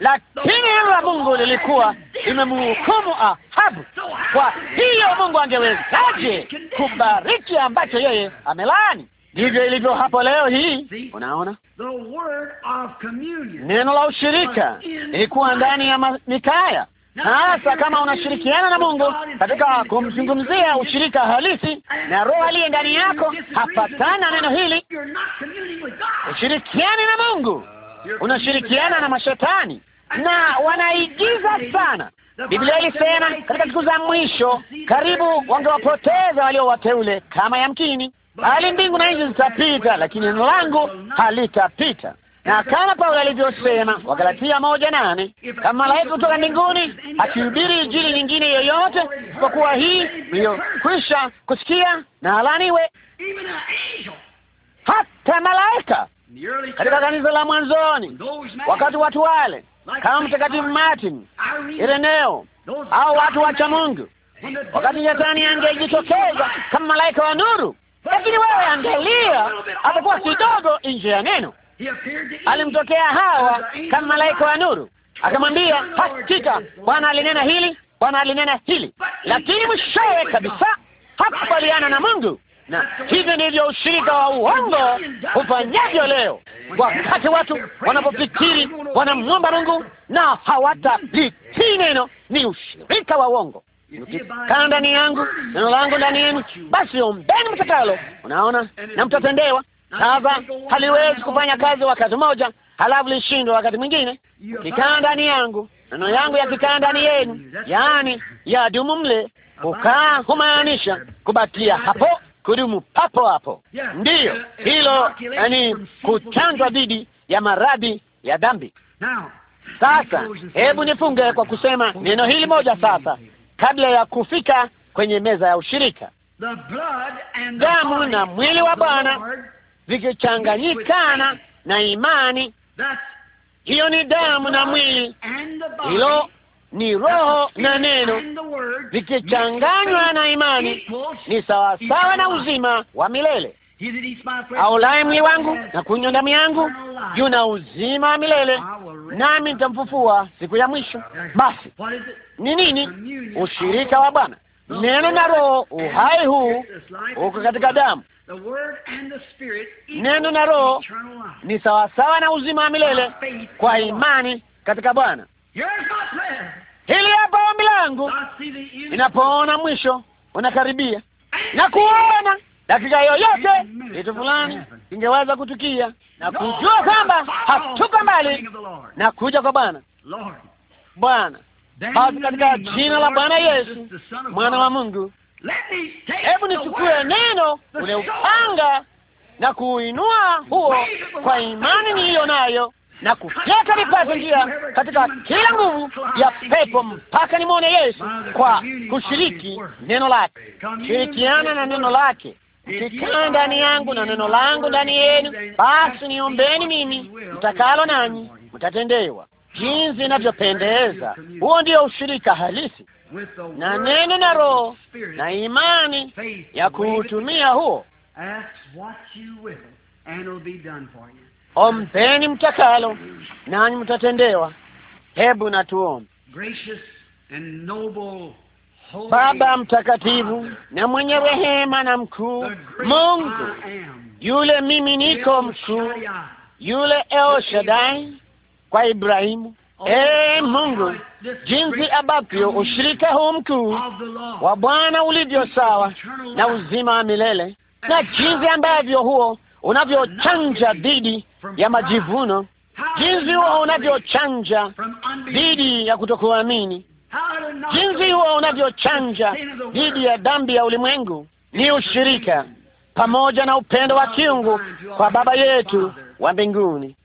lakini neno la Mungu lilikuwa limemhukumu Ahabu. Kwa hiyo Mungu angewezaje kubariki ambacho yeye amelaani? Ndivyo ilivyo hapo leo hii. Unaona, neno la ushirika ilikuwa ndani ya Mikaya. Sasa kama unashirikiana na Mungu katika kumzungumzia ushirika halisi na roho aliye ndani yako, hapatana neno hili, ushirikiani na Mungu, unashirikiana na mashetani na wanaigiza sana. Biblia ilisema katika siku za mwisho karibu wangewapoteza waliowateule kama yamkini, bali mbingu na nchi zitapita, lakini neno langu halitapita. Na kama Paulo alivyosema Wagalatia moja nane, kama malaika kutoka mbinguni akihubiri injili nyingine yoyote isipokuwa hii mliyokwisha kusikia, na alaniwe. Hata malaika katika kanisa la mwanzoni, wakati watu wale kama Mtakatifu Martin, Ireneo au watu wacha Mungu, wakati shetani angejitokeza kama malaika wa nuru. Lakini wewe angalia, apokuwa kidogo nje ya neno, alimtokea Hawa kama malaika wa nuru, akamwambia hakika Bwana alinena hili, Bwana alinena hili, lakini mwishowe kabisa hakukubaliana na Mungu na hivi ndivyo ushirika wa uongo hufanyavyo leo, wakati watu wanapofikiri wanamwomba Mungu na hawatalitii neno. Ni ushirika wa uongo. Mkikaa ndani yangu, neno langu ndani yenu, basi ombeni mtakalo. Unaona, na mtatendewa. Sasa haliwezi kufanya kazi wakati mmoja, halafu lishindwa wakati mwingine. kikaa ndani yangu, neno yangu yakikaa ndani yenu, yaani yadumu mle. Kukaa humaanisha kubakia hapo kudumu papo hapo. Ndiyo, uh, uh, hilo ni kuchanjwa dhidi ya maradhi ya dhambi. Sasa hebu nifunge kwa kusema neno hili moja sasa, kabla ya kufika kwenye meza ya ushirika. Damu na mwili wa Bwana vikichanganyikana na imani, hiyo ni damu na mwili, hilo ni roho na neno vikichanganywa na imani, ni sawasawa na uzima wa milele. Aulaye mwili wangu na kunywa damu yangu yuna uzima wa milele, nami nitamfufua siku ya mwisho. Basi ni nini ushirika wa Bwana? Neno na roho, uhai huu uko katika damu. Neno na roho ni sawasawa na uzima wa milele kwa imani katika Bwana. Hili hapa ombi langu, ninapoona mwisho unakaribia na kuona dakika yoyote kitu fulani kingeweza kutukia na kujua kwamba hatuko mbali na kuja kwa Bwana. Bwana, basi katika jina la Bwana Yesu mwana wa Mungu, hebu nichukue neno ule upanga na kuuinua huo kwa imani niliyo nayo na kufyeka mipaka njia katika kila nguvu ya pepo mpaka nimwone Yesu kwa kushiriki neno lake. Shirikiana na neno lake, mkikaa ndani yangu na neno langu ndani yenu, basi niombeni mimi, mtakalo nanyi mtatendewa, jinsi inavyopendeza. Huo ndio ushirika halisi na neno na roho na imani ya kuutumia huo Ompeni mtakalo nanyi mtatendewa. Hebu na tuombe. Baba mtakatifu na mwenye rehema na mkuu, Mungu yule mimi niko mkuu, yule El Shaddai kwa Ibrahimu. e Mungu, jinsi ambavyo ushirika huu mkuu wa Bwana ulivyo sawa na uzima wa milele na jinsi ambavyo huo unavyochanja dhidi ya majivuno, jinsi huo unavyochanja dhidi ya kutokuamini, jinsi huo unavyochanja dhidi ya dhambi ya ulimwengu, ni ushirika pamoja na upendo wa kiungu kwa Baba yetu wa mbinguni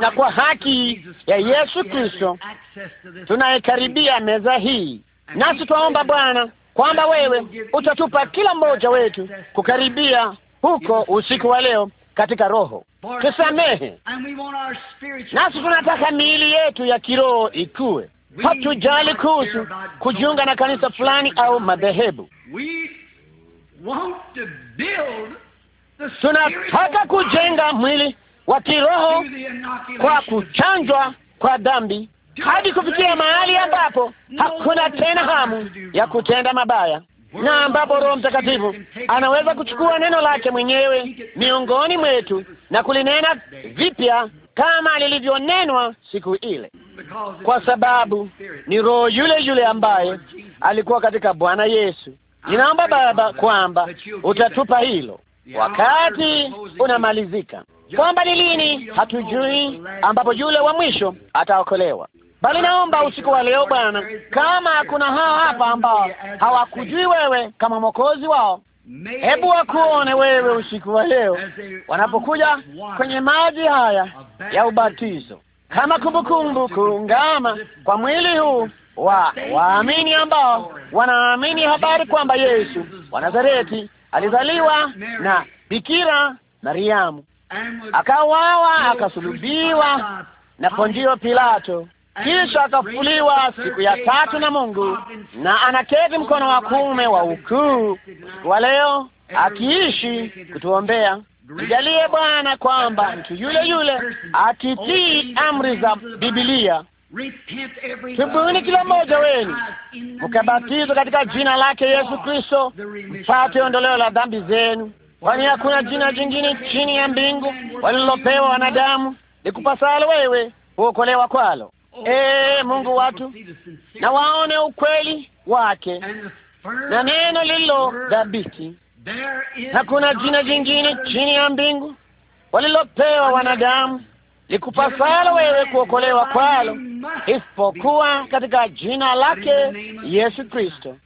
na kwa haki ya Yesu Kristo tunayekaribia meza hii, nasi twaomba Bwana kwamba wewe utatupa kila mmoja wetu kukaribia huko usiku wa leo katika roho. Tusamehe, nasi tunataka miili yetu ya kiroho ikue. Hatujali kuhusu kujiunga na kanisa fulani au madhehebu. Tunataka kujenga mwili wa kiroho kwa kuchanjwa kwa dhambi hadi kufikia mahali ambapo hakuna tena hamu ya kutenda mabaya na ambapo Roho Mtakatifu anaweza kuchukua neno lake mwenyewe miongoni mwetu na kulinena vipya kama lilivyonenwa siku ile, kwa sababu ni Roho yule yule ambaye alikuwa katika Bwana Yesu. Ninaomba Baba kwamba utatupa hilo wakati unamalizika, kwamba ni lini hatujui, ambapo yule wa mwisho ataokolewa. Bali naomba usiku wa leo Bwana, kama kuna hao hapa ambao hawakujui wewe kama mwokozi wao, hebu wakuone wewe usiku wa leo wanapokuja kwenye maji haya ya ubatizo, kama kumbukumbu kuungama kwa mwili huu wa waamini ambao wanaamini habari kwamba Yesu wa Nazareti alizaliwa na Bikira Mariamu, akawawa akasulubiwa na Pondio Pilato kisha akafufuliwa siku ya tatu na Mungu, na anaketi mkono wa kuume wa ukuu wa leo, akiishi kutuombea. Nijalie Bwana kwamba mtu yule yule akitii amri za Biblia, tubuni kila mmoja wenu mkabatizwe katika jina lake Yesu Kristo mpate ondoleo la dhambi zenu, kwani hakuna jina jingine chini ya mbingu walilopewa wanadamu likupasalo wewe huokolewa kwalo. Ee Mungu, watu na waone ukweli wake na neno lililo dhabiti. Hakuna jina jingine chini ya mbingu walilopewa wanadamu likupasalo wewe kuokolewa kwalo isipokuwa katika jina lake Yesu Kristo.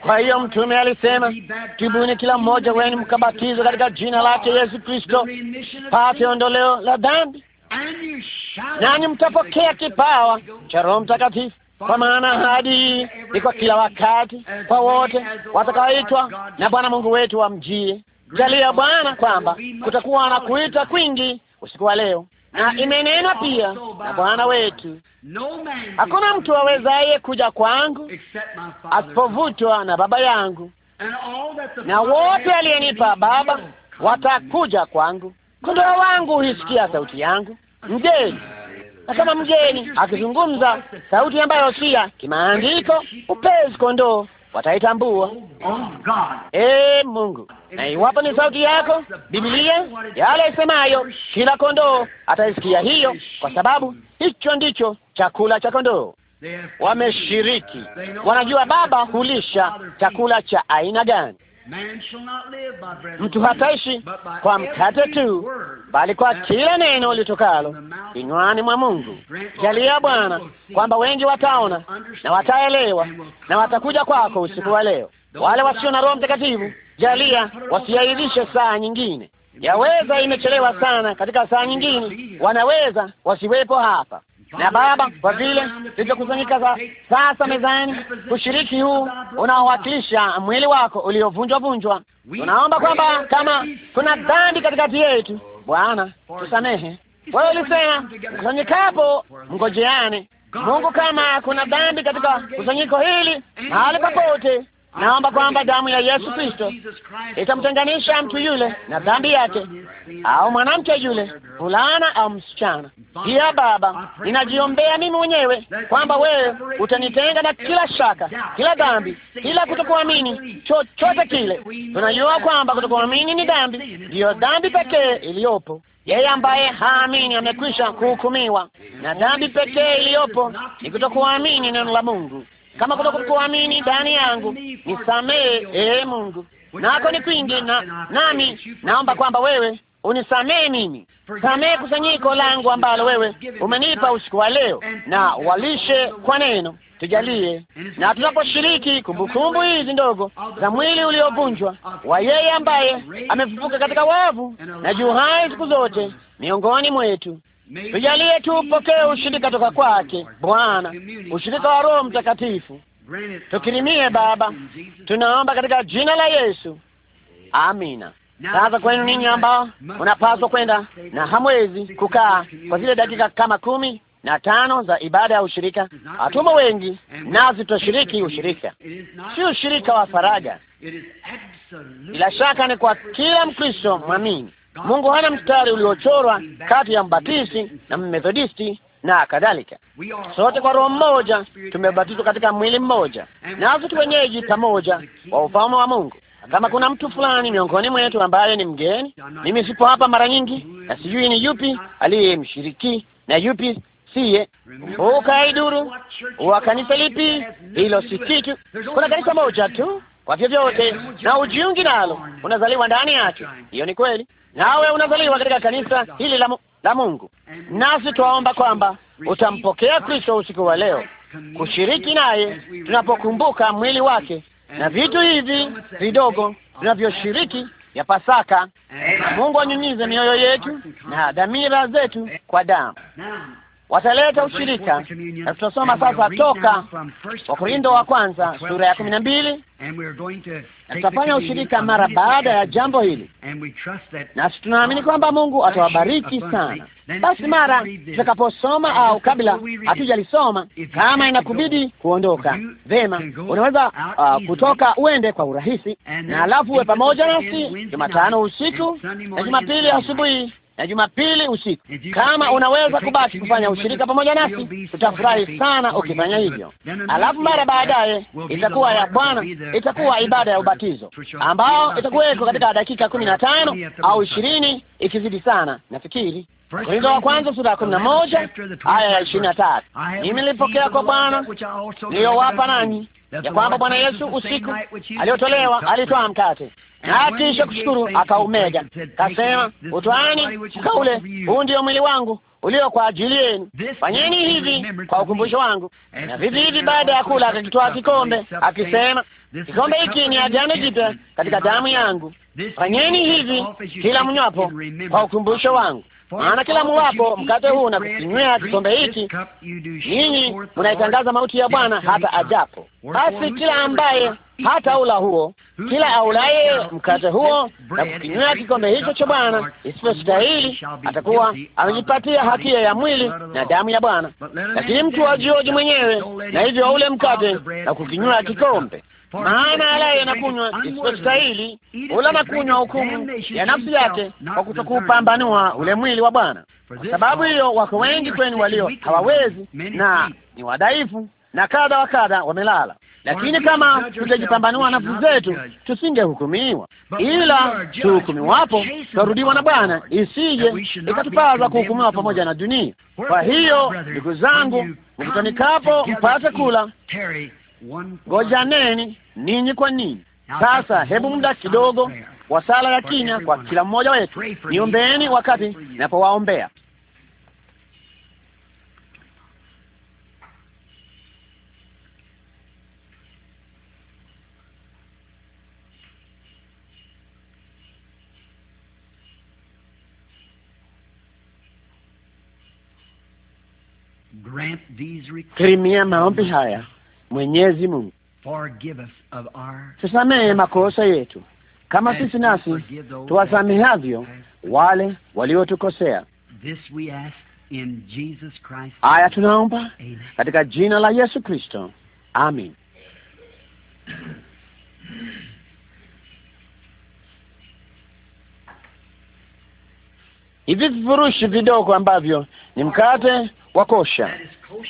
Kwa hiyo mtume alisema, tubuni kila mmoja wenu mkabatizwe katika jina lake Yesu Kristo pate ondoleo la dhambi nanyi mtapokea kipawa cha Roho Mtakatifu, kwa maana ahadi hii ni kwa kila wakati, kwa wote watakaoitwa na Bwana Mungu wetu wamjie. Jalia Bwana kwamba kutakuwa na kuita kwingi usiku wa leo, na imenena pia na Bwana wetu, hakuna mtu awezaye kuja kwangu asipovutwa na Baba yangu, na wote aliyenipa Baba watakuja kwangu kondoo wangu huisikia sauti yangu, mgeni na kama mgeni akizungumza sauti ambayo siya kimaandiko, upezi kondoo wataitambua. hey, eh, Mungu, na iwapo ni sauti yako, Biblia yale isemayo, kila kondoo ataisikia hiyo, kwa sababu hicho ndicho chakula cha kondoo. Wameshiriki, wanajua Baba hulisha chakula cha aina gani. Mtu hataishi kwa mkate tu, bali kwa kila neno litokalo kinywani mwa Mungu. Jalia Bwana kwamba wengi wataona na wataelewa na watakuja kwako usiku wa leo. Wale wasio na Roho Mtakatifu, jalia wasiaidishe saa nyingine. Yaweza imechelewa sana katika saa nyingine, wanaweza wasiwepo hapa na Baba kwa vile zilizokusanyika sasa mezani kushiriki huu unaowakilisha mwili wako uliovunjwa vunjwa, tunaomba kwamba kama kuna dhambi katikati yetu, Bwana tusamehe. Wewe ulisema kusanyikapo mngojeane Mungu. Kama kuna dhambi katika kusanyiko hili mahali popote, Naomba kwamba damu ya Yesu Kristo itamtenganisha mtu yule na dhambi yake, au mwanamke yule, fulana au msichana. Pia Baba, ninajiombea mimi mwenyewe kwamba wewe utanitenga na kila shaka, kila dhambi, kila kutokuamini, chochote kile. Tunajua kwamba kutokuamini ni dhambi, ndiyo dhambi pekee iliyopo. Yeye ambaye haamini amekwisha kuhukumiwa, na dhambi pekee iliyopo ni kutokuamini neno la Mungu kama kuto ndani yangu. Nisamehe ee Mungu, nako ni kwingi na nami naomba kwamba wewe unisamehe mimi, samehe kusanyiko langu ambalo wewe umenipa usiku wa leo, na walishe kwa neno tujalie na tunaposhiriki kumbukumbu hizi ndogo za mwili uliovunjwa wa yeye ambaye amefufuka katika wavu na juu hai siku zote miongoni mwetu, Tujalie upokee ushirika toka kwake Bwana, ushirika wa Roho Mtakatifu. Tukirimie Baba, tunaomba katika jina la Yesu, amina. Sasa kwenu ninyi ambao unapaswa kwenda na hamwezi kukaa kwa zile dakika kama kumi na tano za ibada ya ushirika, hatumo wengi, nasi tutashiriki ushirika. Si ushirika wa faraga, bila shaka ni kwa kila Mkristo mwamini. Mungu hana mstari uliochorwa kati ya mbatisi na mmethodisti na kadhalika. Sote kwa roho mmoja tumebatizwa katika mwili mmoja, nasi tu wenyeji pamoja wa ufalme wa Mungu. Kama kuna mtu fulani miongoni mwetu ambaye ni mgeni, mimi sipo hapa mara nyingi, na sijui ni yupi aliyemshiriki na yupi siye. ukaiduru iduru wa kanisa lipi hilo, si kitu. Kuna kanisa moja tu kwa vyovyote, na ujiungi nalo, unazaliwa ndani yake. Hiyo ni kweli nawe unazaliwa katika kanisa hili la, la Mungu, nasi twaomba kwamba utampokea Kristo usiku wa leo, kushiriki naye tunapokumbuka mwili wake na vitu hivi vidogo tunavyoshiriki ya Pasaka. Mungu anyunyize mioyo yetu na dhamira zetu kwa damu wataleta ushirika, na tutasoma sasa toka Wakorintho wa kwanza sura ya kumi na mbili na tutafanya ushirika mara baada ya jambo hili, na tunaamini kwamba Mungu atawabariki sana. Basi mara tutakaposoma au kabla hatujalisoma, kama inakubidi kuondoka vema, unaweza uh, kutoka uende kwa urahisi, na alafu uwe pamoja nasi Jumatano usiku na Jumapili asubuhi na Jumapili usiku. Kama unaweza kubaki kufanya ushirika pamoja nasi, tutafurahi sana oh, ukifanya hivyo. Alafu mara baadaye itakuwa ya Bwana, itakuwa ibada ya ubatizo ambao itakuweko katika dakika kumi na tano au ishirini ikizidi sana, nafikiri Wakorintho wa kwanza sura ya kumi na moja aya ya ishirini na tatu. Mimi nilipokea kwa Bwana niliyowapa nanyi ya kwamba Bwana Yesu usiku aliotolewa alitwaa mkate na akiisha kushukuru akaumega, kasema, utwani mkaule, huu ndio mwili wangu ulio kwa ajili yenu, fanyeni hivi kwa ukumbusho wangu. Na vivi hivi baada ya kula akakitwaa kikombe akisema, kikombe hiki ni agano jipya katika damu yangu, fanyeni hivi kila mnywapo kwa ukumbusho wangu maana kila mwapo mkate huu na kukinywea kikombe hiki, ninyi mnaitangaza mauti ya Bwana hata ajapo. Basi kila ambaye hata ula huo, kila aulaye mkate huo na kukinywea kikombe hicho cha Bwana isivyostahili, atakuwa amejipatia hatia ya mwili na damu ya Bwana. Lakini mtu ajioji mwenyewe, na hivyo aule mkate na kukinywea kikombe maana alaye yanakunywa isipostahili, ula nakunywa hukumu ya nafsi yake kwa kutokupambanua ule mwili wa Bwana. Kwa sababu hiyo, wako wengi kwenu walio hawawezi na ni wadhaifu na kadha wa kadha wamelala. Lakini kama tutajipambanua nafsi zetu, tusingehukumiwa, ila tuhukumiwapo tutarudiwa na Bwana, isije ikatupaza kuhukumiwa pamoja na dunia. Kwa hiyo, ndugu zangu, mkutanikapo mpate kula Ngojaneni ninyi kwa nini Sasa hebu muda kidogo wa sala ya kinya kwa kila mmoja wetu, niombeeni wakati ninapowaombea. Kirimia maombi haya Mwenyezi Mungu tusamehe makosa yetu kama sisi nasi tuwasamehavyo wale waliotukosea. Haya tunaomba katika jina la Yesu Kristo, amin. <clears throat> hivi vifurushi vidogo ambavyo ni mkate wa kosha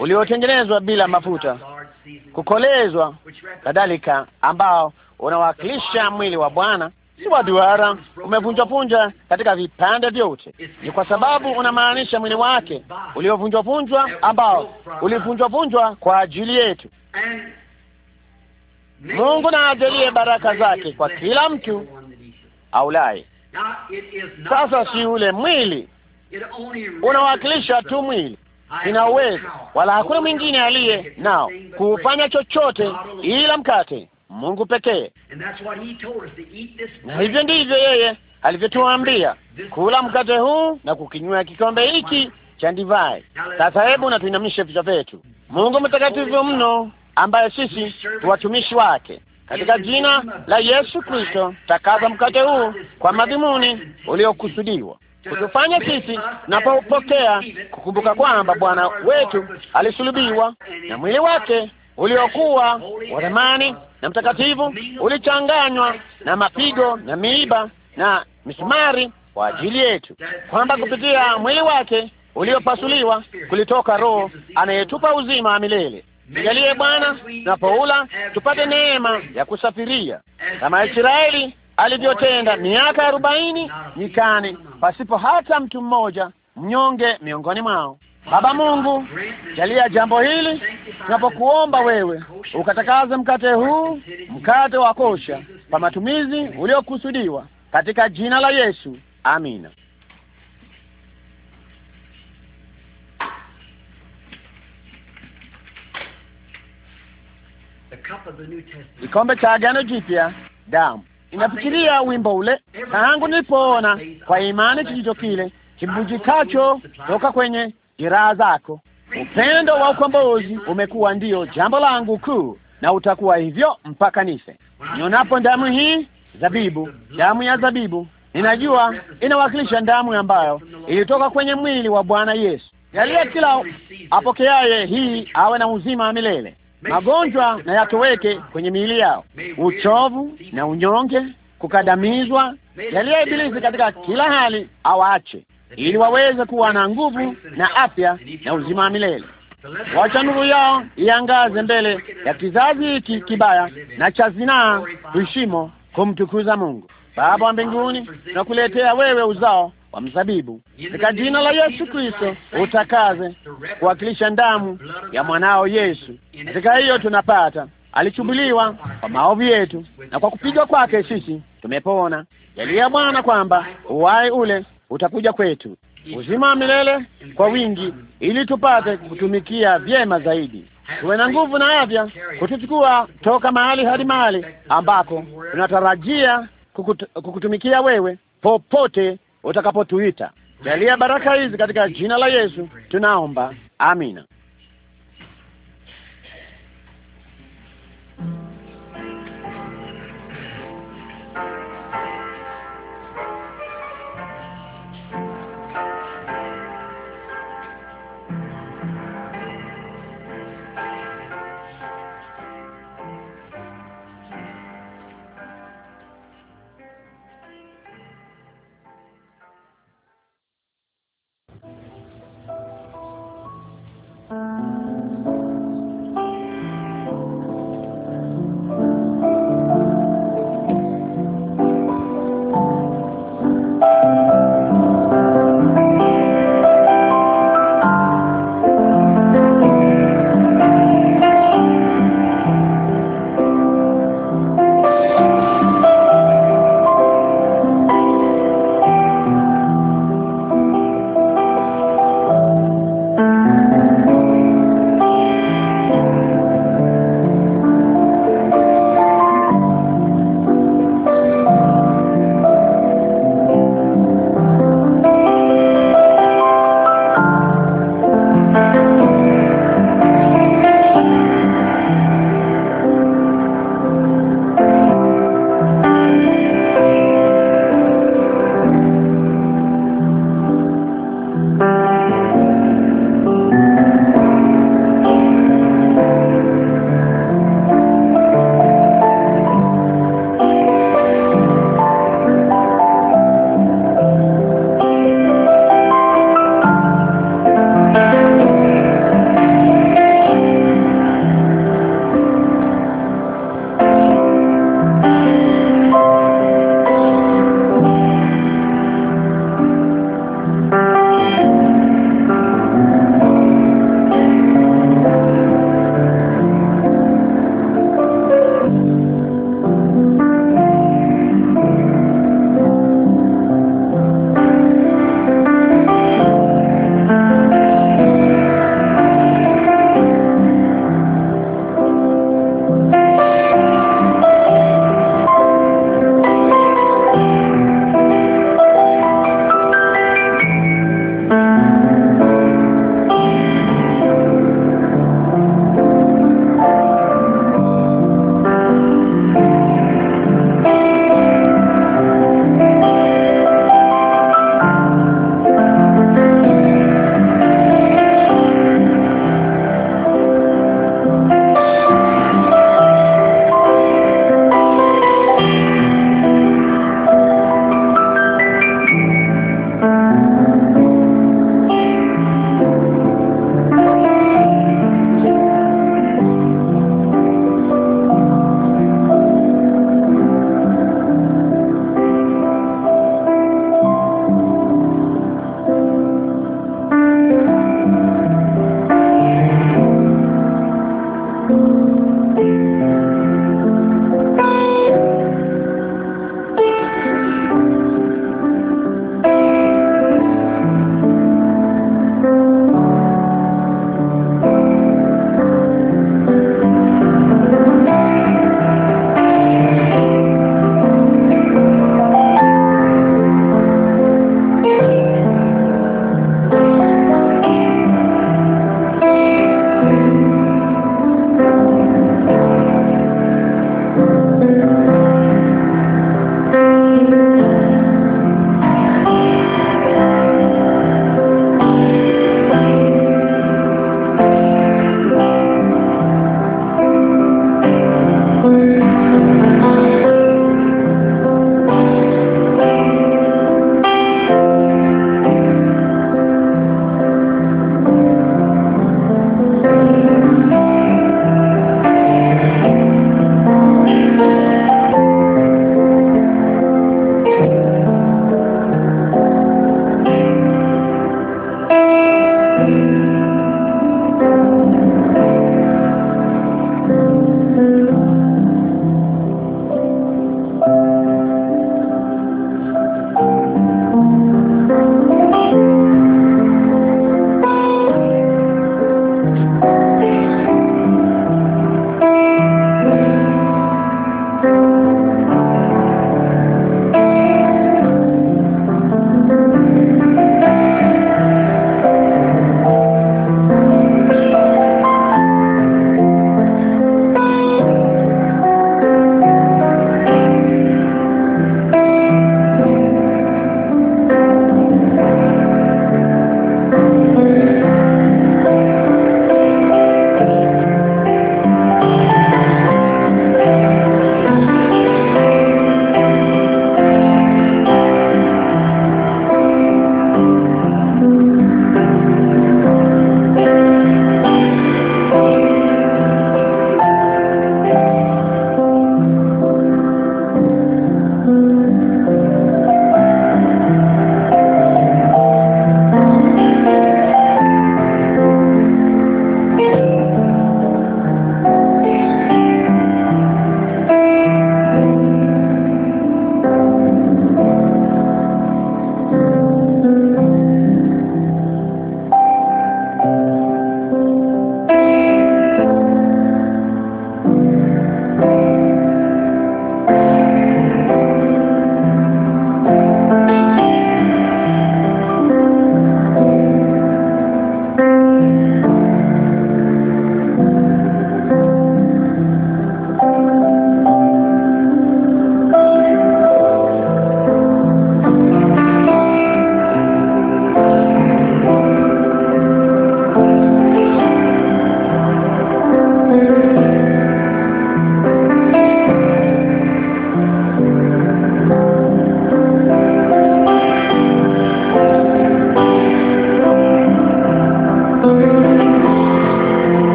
uliotengenezwa bila mafuta kukolezwa kadhalika, ambao unawakilisha mwili wa Bwana, si wa duara umevunjwavunjwa katika vipande vyote. Ni kwa sababu unamaanisha mwili wake uliovunjwavunjwa ambao ulivunjwavunjwa kwa ajili yetu. Mungu na ajalie baraka zake kwa kila mtu aulaye. Sasa si ule mwili unawakilisha tu mwili, ina uwezo wala hakuna mwingine aliye nao kufanya chochote ila mkate, Mungu pekee. Na hivyo ndivyo yeye alivyotuambia kula mkate huu na kukinywa kikombe hiki cha divai. Sasa hebu na tuinamishe vichwa vyetu. Mungu mtakatifu mno, ambaye sisi tuwatumishi wake katika jina la Yesu Kristo, takaza mkate huu kwa madhumuni uliokusudiwa kutufanya sisi tunapopokea kukumbuka kwamba Bwana wetu alisulubiwa na mwili wake uliokuwa wa thamani na mtakatifu ulichanganywa na mapigo na miiba na misumari kwa ajili yetu, kwamba kupitia mwili wake uliopasuliwa kulitoka Roho anayetupa uzima wa milele. Tujalie Bwana na Paula tupate neema ya kusafiria kama Israeli alivyotenda miaka arobaini nyikani, pasipo hata mtu mmoja mnyonge miongoni mwao. Baba Mungu, jalia jambo hili tunapokuomba wewe, ukatakaze mkate huu, mkate wa kosha, kwa matumizi uliokusudiwa, katika jina la Yesu, amina. kikombe cha agano jipya, damu. Inafikiria wimbo ule, tangu nilipoona kwa imani kijito kile kibujikacho toka kwenye jeraha zako, upendo wa ukombozi umekuwa ndiyo jambo langu kuu, na utakuwa hivyo mpaka nife. Nionapo damu hii zabibu, damu ya zabibu, ninajua inawakilisha damu ambayo ilitoka kwenye mwili wa Bwana Yesu. Jalia kila apokeaye hii awe na uzima wa milele magonjwa na yatoweke kwenye miili yao, uchovu na unyonge, kukadamizwa, yaliyo ibilisi katika kila hali awaache, ili waweze kuwa na nguvu na afya na uzima wa milele. Wacha nuru yao iangaze mbele ya kizazi hiki kibaya na cha zinaa, kuishimo kumtukuza Mungu Baba wa mbinguni, nakuletea wewe uzao wa mzabibu. Katika jina la Yesu Kristo utakaze kuwakilisha damu ya mwanao Yesu. Katika hiyo tunapata alichubuliwa kwa maovu yetu, na kwa kupigwa kwake sisi tumepona. Jalia Bwana kwamba uwai ule utakuja kwetu uzima wa milele kwa wingi, ili tupate kutumikia vyema zaidi, tuwe na nguvu na afya kutuchukua toka mahali hadi mahali ambako tunatarajia kukutumikia wewe popote utakapotuita. Jalia baraka hizi katika jina la Yesu tunaomba, amina.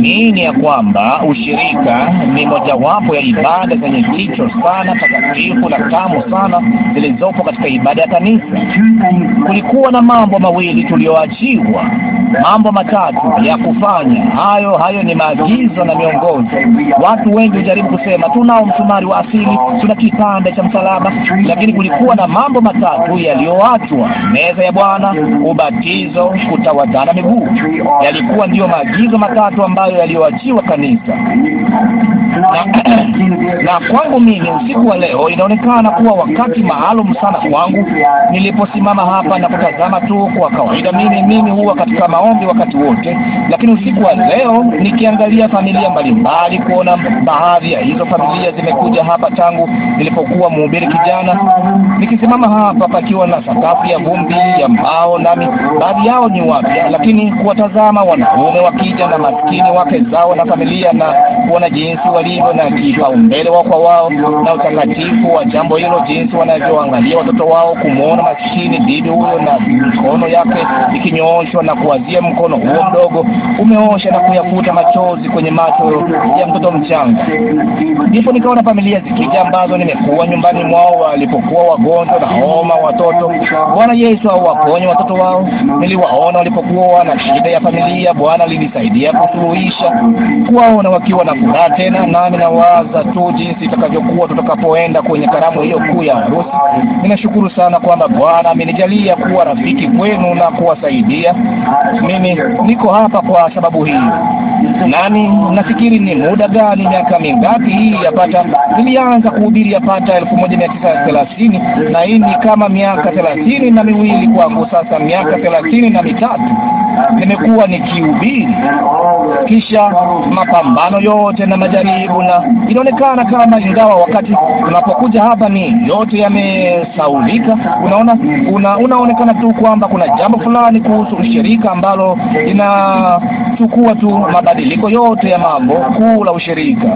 nini ya kwamba ushirika ni mojawapo ya ibada zenye jicho sana takatifu na tamu sana zilizopo katika ibada ya kanisa. Kulikuwa na mambo mawili tuliyoachiwa mambo matatu ya kufanya hayo. Hayo ni maagizo na miongozo. Watu wengi hujaribu kusema tunao msumari wa asili, tuna kipande cha msalaba, lakini kulikuwa na mambo matatu yaliyoachwa: meza ya Bwana, ubatizo, kutawadhana miguu. Yalikuwa ndiyo maagizo matatu ambayo yaliyoachiwa kanisa na kwangu mimi usiku wa leo inaonekana kuwa wakati maalum sana kwangu. Niliposimama hapa na kutazama tu, kwa kawaida mimi mimi huwa katika maombi wakati wote, lakini usiku wa leo nikiangalia familia mbalimbali, kuona baadhi ya hizo familia zimekuja hapa tangu nilipokuwa mhubiri kijana, nikisimama hapa pakiwa na sakafu ya vumbi ya mbao, nami baadhi yao ni wapya, lakini kuwatazama wanaume wakija na maskini wake zao na familia na kuona jinsi walivyo na kipaumbele wao kwa wao na utakatifu wa jambo hilo, jinsi wanavyoangalia watoto wao, kumwona maskini bibi huyo na mikono yake ikinyooshwa, na kuwazia mkono huo mdogo umeosha na kuyafuta machozi kwenye macho ya mtoto mchanga. Ndipo nikaona familia zikija ambazo nimekuwa nyumbani mwao walipokuwa wagonjwa na homa, watoto. Bwana Yesu awaponye watoto wao. Niliwaona walipokuwa na shida ya familia. Bwana lilisaidia kusuluhisha kuwaona wakiwa na na tena, nami nawaza tu jinsi itakavyokuwa tutakapoenda kwenye karamu hiyo kuu ya harusi. Ninashukuru sana kwamba Bwana amenijalia kuwa rafiki kwenu na kuwasaidia. Mimi niko hapa kwa sababu hii, nami nafikiri ni muda gani, miaka mingapi hii yapata, nilianza kuhubiri yapata 1930 na hii ni kama miaka thelathini na miwili kwangu sasa, miaka thelathini na mitatu nimekuwa nikihubiri, kisha mapambano yote na majaribu, na inaonekana kama, ingawa wakati unapokuja hapa ni yote yamesaulika. Unaona una, unaonekana tu kwamba kuna jambo fulani kuhusu ushirika ambalo linachukua tu mabadiliko yote ya mambo kuu la ushirika.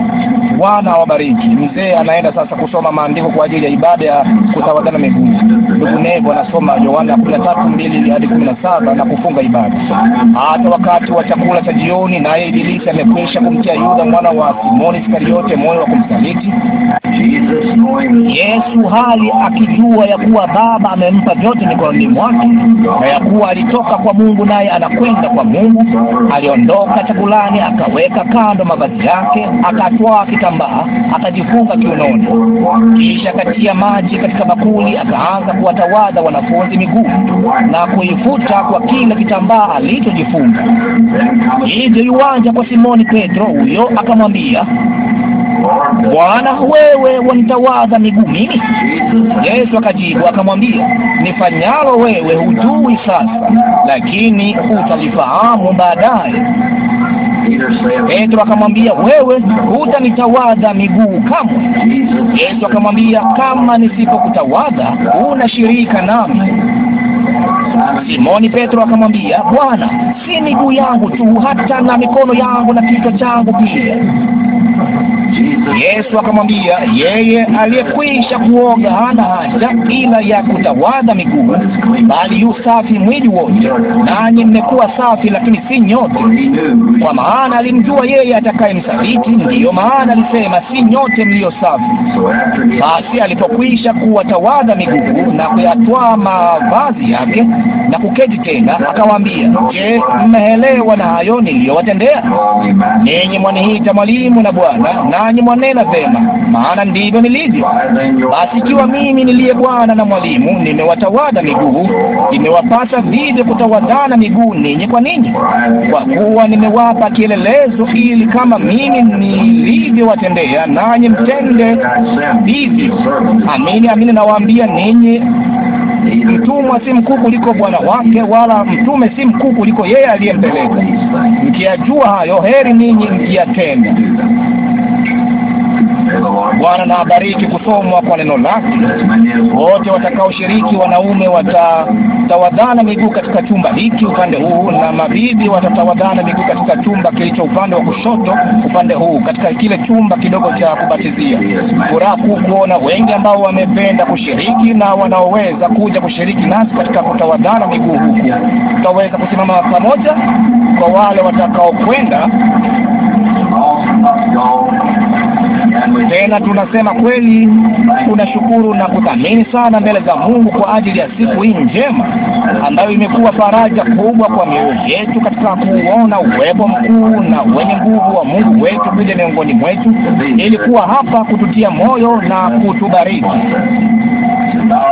Bwana awabariki. Mzee anaenda sasa kusoma maandiko kwa ajili ya ibada ya kutawadhana miguu. Ndugu Nevo anasoma Yohana kumi na tatu mbili hadi kumi na saba na kufunga ibada hata wakati wa chakula cha jioni, naye Ibilisi amekwisha kumtia Yuda mwana wa Simoni Iskariote moyo wa kumsaliti Yesu, hali akijua ya kuwa Baba amempa vyote mikononi mwake na ya kuwa alitoka kwa Mungu naye anakwenda kwa Mungu. Aliondoka chakulani, akaweka kando mavazi yake, akatwaa kitambaa, akajifunga kiunoni, kisha akatia maji katika bakuli, akaanza kuwatawadha wanafunzi miguu na kuifuta kwa kile kitambaa alichojifunza. Hivyo yuwanja kwa Simoni Petro, huyo akamwambia Bwana, wewe wanitawadha miguu mimi? Yesu akajibu akamwambia, nifanyalo wewe hujui sasa, lakini utalifahamu baadaye. Petro akamwambia, wewe hutanitawadha miguu kamwe. Yesu akamwambia, kama nisipokutawadha una shirika nami. Simoni Petro akamwambia, Bwana, si miguu yangu tu, hata na mikono yangu na kichwa changu pia. Yesu akamwambia yeye aliyekwisha kuoga hana haja ila ya kutawadha miguu, bali yu safi mwili wote, nanyi mmekuwa safi, lakini si nyote. Kwa maana alimjua yeye atakaye msafiti ndiyo maana alisema si nyote mlio safi. Basi alipokwisha kuwatawadha miguu na kuyatwaa mavazi yake na kuketi tena, akawaambia, je, mmehelewa na hayo niliyowatendea ninyi? Mwanihita mwalimu na Bwana, na nanyi mwanena vema, maana ndivyo nilivyo. Basi ikiwa mimi niliye Bwana na mwalimu nimewatawada miguu, imewapasa vivyo kutawadana miguu ninyi kwa ninyi, kwa kuwa nimewapa kielelezo, ili kama mimi nilivyowatendea nanyi mtende vivyo. Amini amini nawaambia ninyi, mtumwa si mkuu kuliko bwana wake, wala mtume si mkuu kuliko yeye aliyempeleka. Mkiyajua hayo, heri ninyi mkiyatenda. Bwana na abariki kusomwa kwa neno lake. Wote watakaoshiriki, wanaume watatawadhana miguu katika chumba hiki upande huu, na mabibi watatawadhana miguu katika chumba kilicho upande wa kushoto upande huu, katika kile chumba kidogo cha kubatizia. Furaha kuu kuona wengi ambao wamependa kushiriki na wanaoweza kuja kushiriki nasi katika kutawadhana miguu huku. Tutaweza kusimama pamoja kwa wale watakaokwenda tena tunasema kweli, tunashukuru na kuthamini sana mbele za Mungu kwa ajili ya siku hii njema ambayo imekuwa faraja kubwa kwa mioyo yetu katika kuona uwepo mkuu na wenye nguvu wa Mungu wetu kuja miongoni mwetu ili kuwa hapa kututia moyo na kutubariki.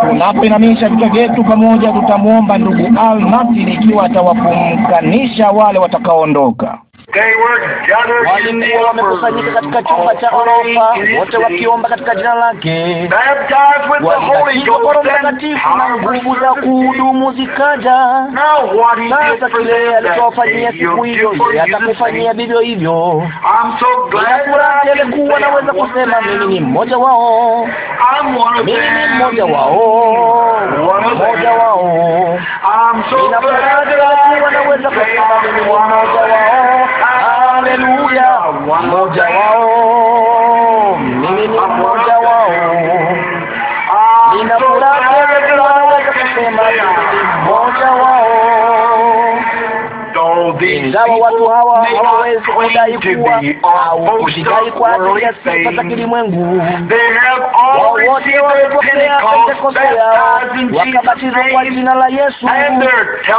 Tunapoinamisha vichwa vyetu pamoja, tutamwomba ndugu Al Martin ikiwa atawapumkanisha wale watakaoondoka walikuwa wamekusanyika katika chumba cha orofa, wote wakiomba katika jina lake, walibatizwa kwa Roho Mtakatifu na nguvu za kuhudumu zikaja. Sasa kile alichowafanyia siku hiyo, atakufanyia vivyo hivyo. Ninafuraha tele kuwa naweza kusema mimi ni mmoja wao, mimi ni mmoja wao, mmoja wao. Ninafuraha kuwa naweza kusema mimi ni mmoja wao. mão de ingawa watu hawa hawawezi kudai kuwa au kujidai kwa ajili ya sifa za kilimwengu, wote wamepokea Pentekoste yao wakabatizwa kwa jina la Yesu,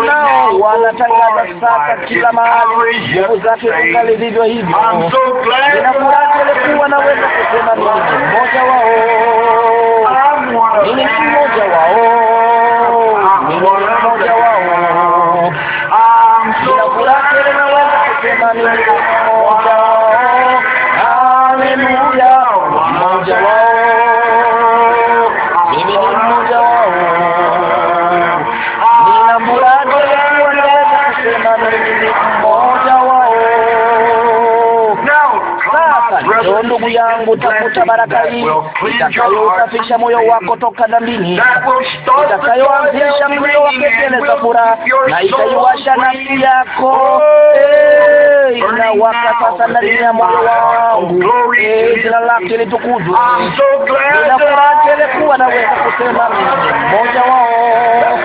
nao wanatangaza sasa kila mahali nguvu zake ungali vivyo hivyo. Ninafurahi tele kuwa naweza kusema mimi mmoja wao. yangu, tafuta baraka hii itakayosafisha moyo wako toka dhambini, itakayoanzisha mlio wa kengele za furaha na itaiwasha nafsi yako oh, inawaka waka sasa ndani ya moyo oh, wangu. Jina lake litukuzwe. Nina furaha tele kuwa naweza kusema mmoja wao,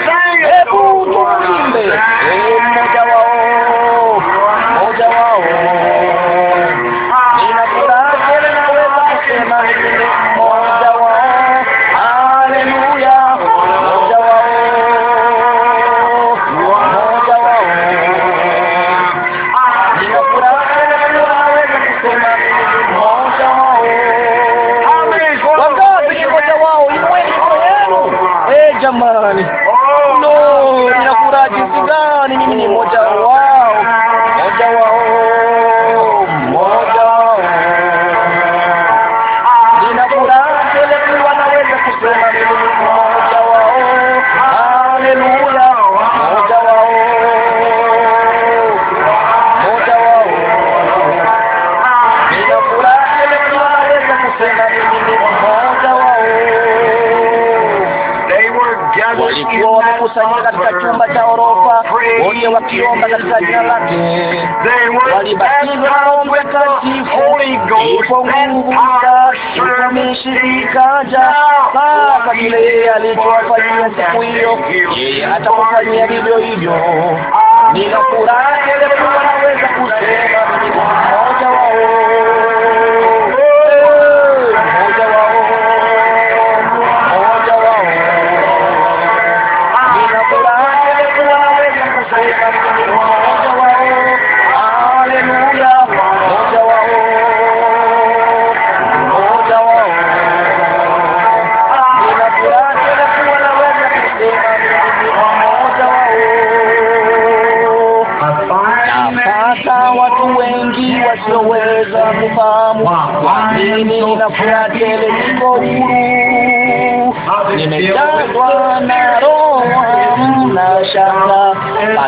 hebu tuimbe kama vile yeye alichowafanyia siku hiyo, yeye atakufanyia vivyo hivyo. Nina furaha tele kuwa naweza kusema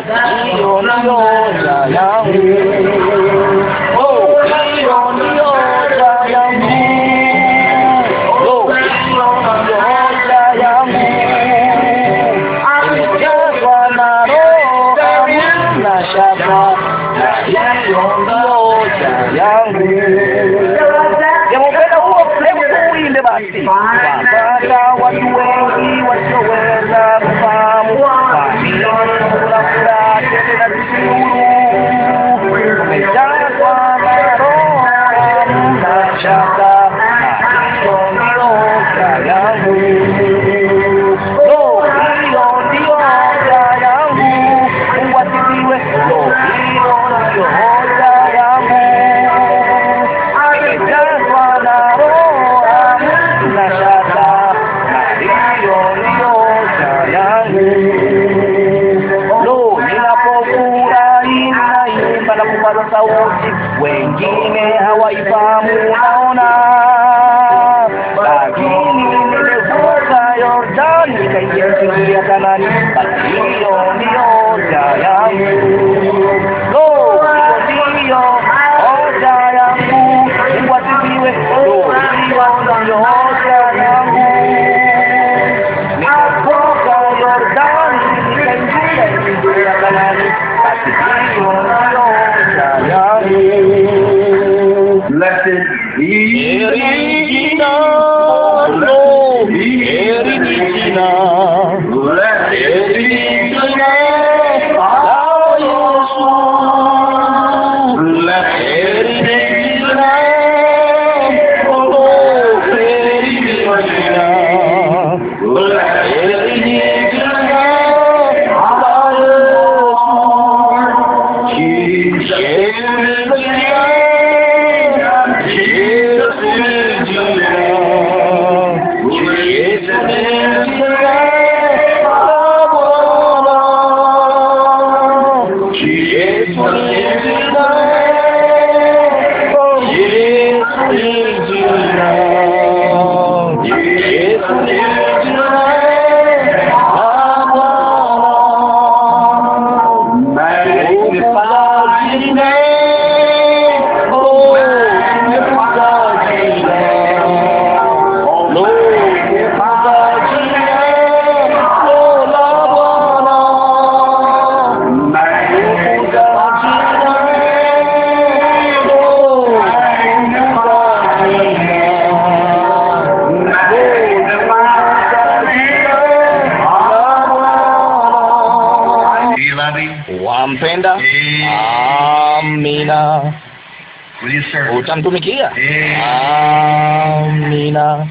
y no yo, utamtumikia. Amina.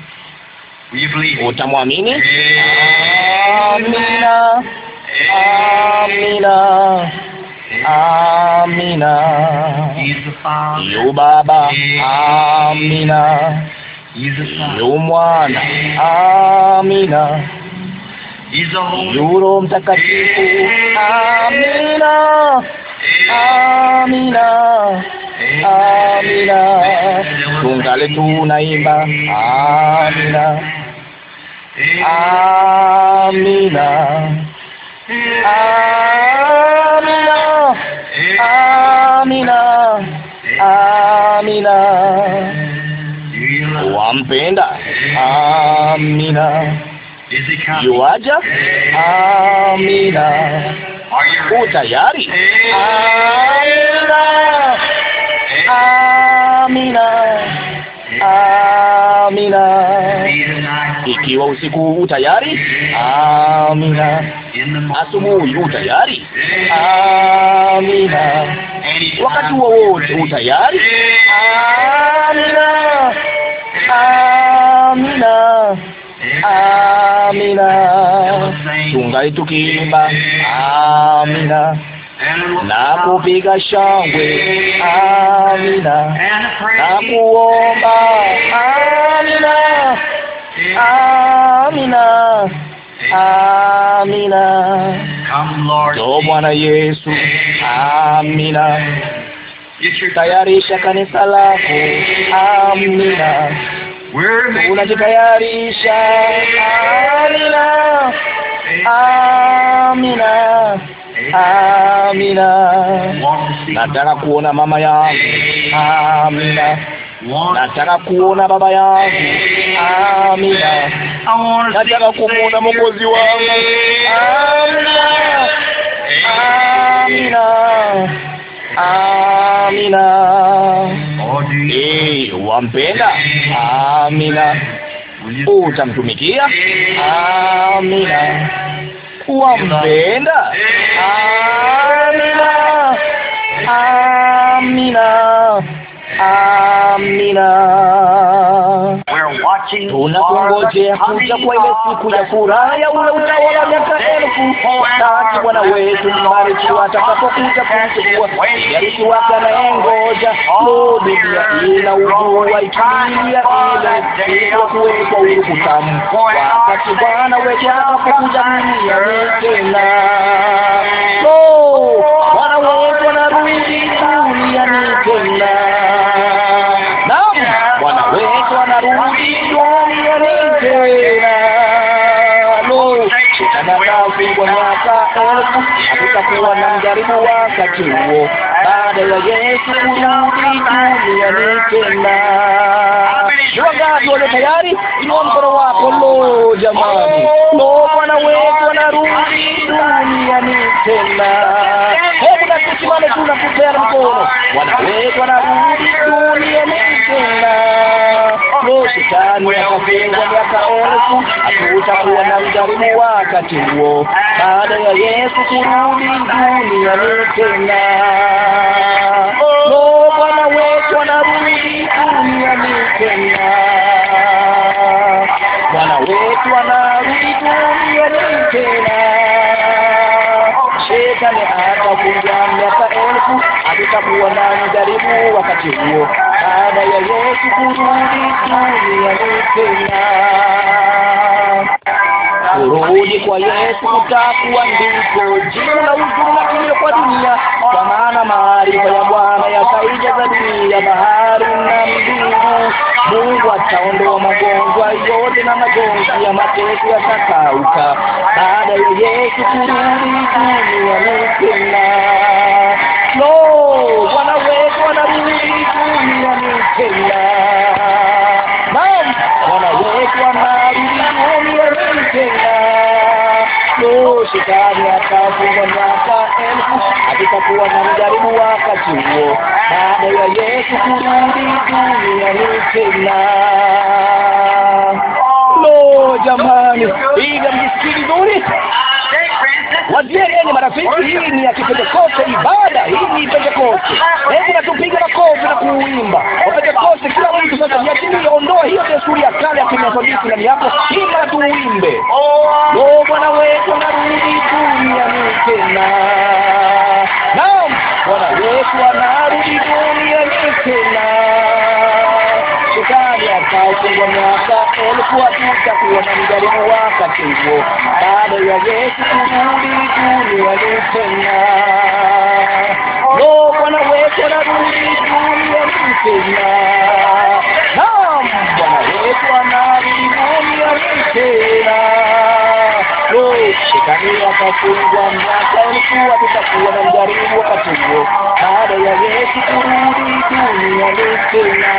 Utamwamini? Amina. Amina. Amina. Yu Baba. Amina. Yu Mwana. Amina. yuro Mtakatifu. Amina. Amina amina, tungali tunaimba amina, amina, amina, amina, amina, wampenda amina Yuaja amina, utayari amina amina, amina. Ikiwa usiku utayari, amina. Asubuhi utayari, amina. Wakati wowote utayari, amina, amina, amina. Tungai tukiimba amina na kupiga shangwe, amina, na kuomba, amina, amina, amina. Jo, Bwana Yesu, amina. Tayarisha kanisa lako, amina. Unajitayarisha, amina, amina. Amina. Nataka kuona mama yangu. Amina. Nataka kuona baba yangu. Amina. Nataka kumuona Mwokozi wangu. Amina. Amina. Amina. Eh, wampenda? Amina. Utamtumikia? Amina wampenda. Amina, amina, amina tunakungojea kuja kwa ile siku ya furaha ya ule utawala wa miaka elfu, wakati Bwana wetu mbarikiwa atakapokuja kumchukua mjarishi wake anayengoja. Lo, dunia inaugua ikilia ile ilikuwekwa huru kutambua, wakati Bwana wetu atakapokuja duniani tena. Bwana wetu anarudi duniani tena. karibu wakati huo, baada ya Yesu kurudi duniani tena. Ni wangapi walio tayari? Inua mkono wako. Lo, jamani, lo, Bwana wetu anarudi duniani tena. Hebu na tusimame tu na kupeana mkono. Bwana wetu anarudi shetani atafungwa miaka elfu, hatutakuwa na mjaribu wakati huo, baada ya Yesu kurudi duniani tena. Oh, Bwana wetu anarudi duniani tena, Bwana wetu anarudi duniani tena. Shetani miaka elfu, na mjaribu wakati huo Kurudi kwa Yesu kutakuwa ndiko jibu la uzuri la kilio kwa dunia, kwa maana maarifa ya Bwana yataijaza dunia, bahari na mbingu. Mungu ataondoa magonjwa yote na majonzi ya mateso yatakauka, baada ya Yesu kurudi dunia tena. sukari hata kubwa miaka elfu hakitakuwa na mjaribu wakati huo, baada ya Yesu kurudi dunia hii tena. Lo, jamani, piga mjisiki vizuri ni marafiki, hii ni ya Kipentekoste, ibada hii ni Pentekoste. Hebu na tupige makofi na kuuimba Wapentekoste. Kila mtu sasa niachilie, ondoa hiyo desturi ya kale ya kimethodisi ndani yako, imba na tuuimbe. Oh, Bwana wetu anarudi, tuiamke tena walifungwa miaka elfu wapita kuona mjaribu wakati huo. Baada ya Yesu kurudi, tuni walitena lo, Bwana wetu anarudi, tuni walitena nam, Bwana wetu anarudi, tuni walitena lo, shetani wakafungwa miaka elfu wapita kuona mjaribu wakati huo. Baada ya Yesu kurudi, tuni walitena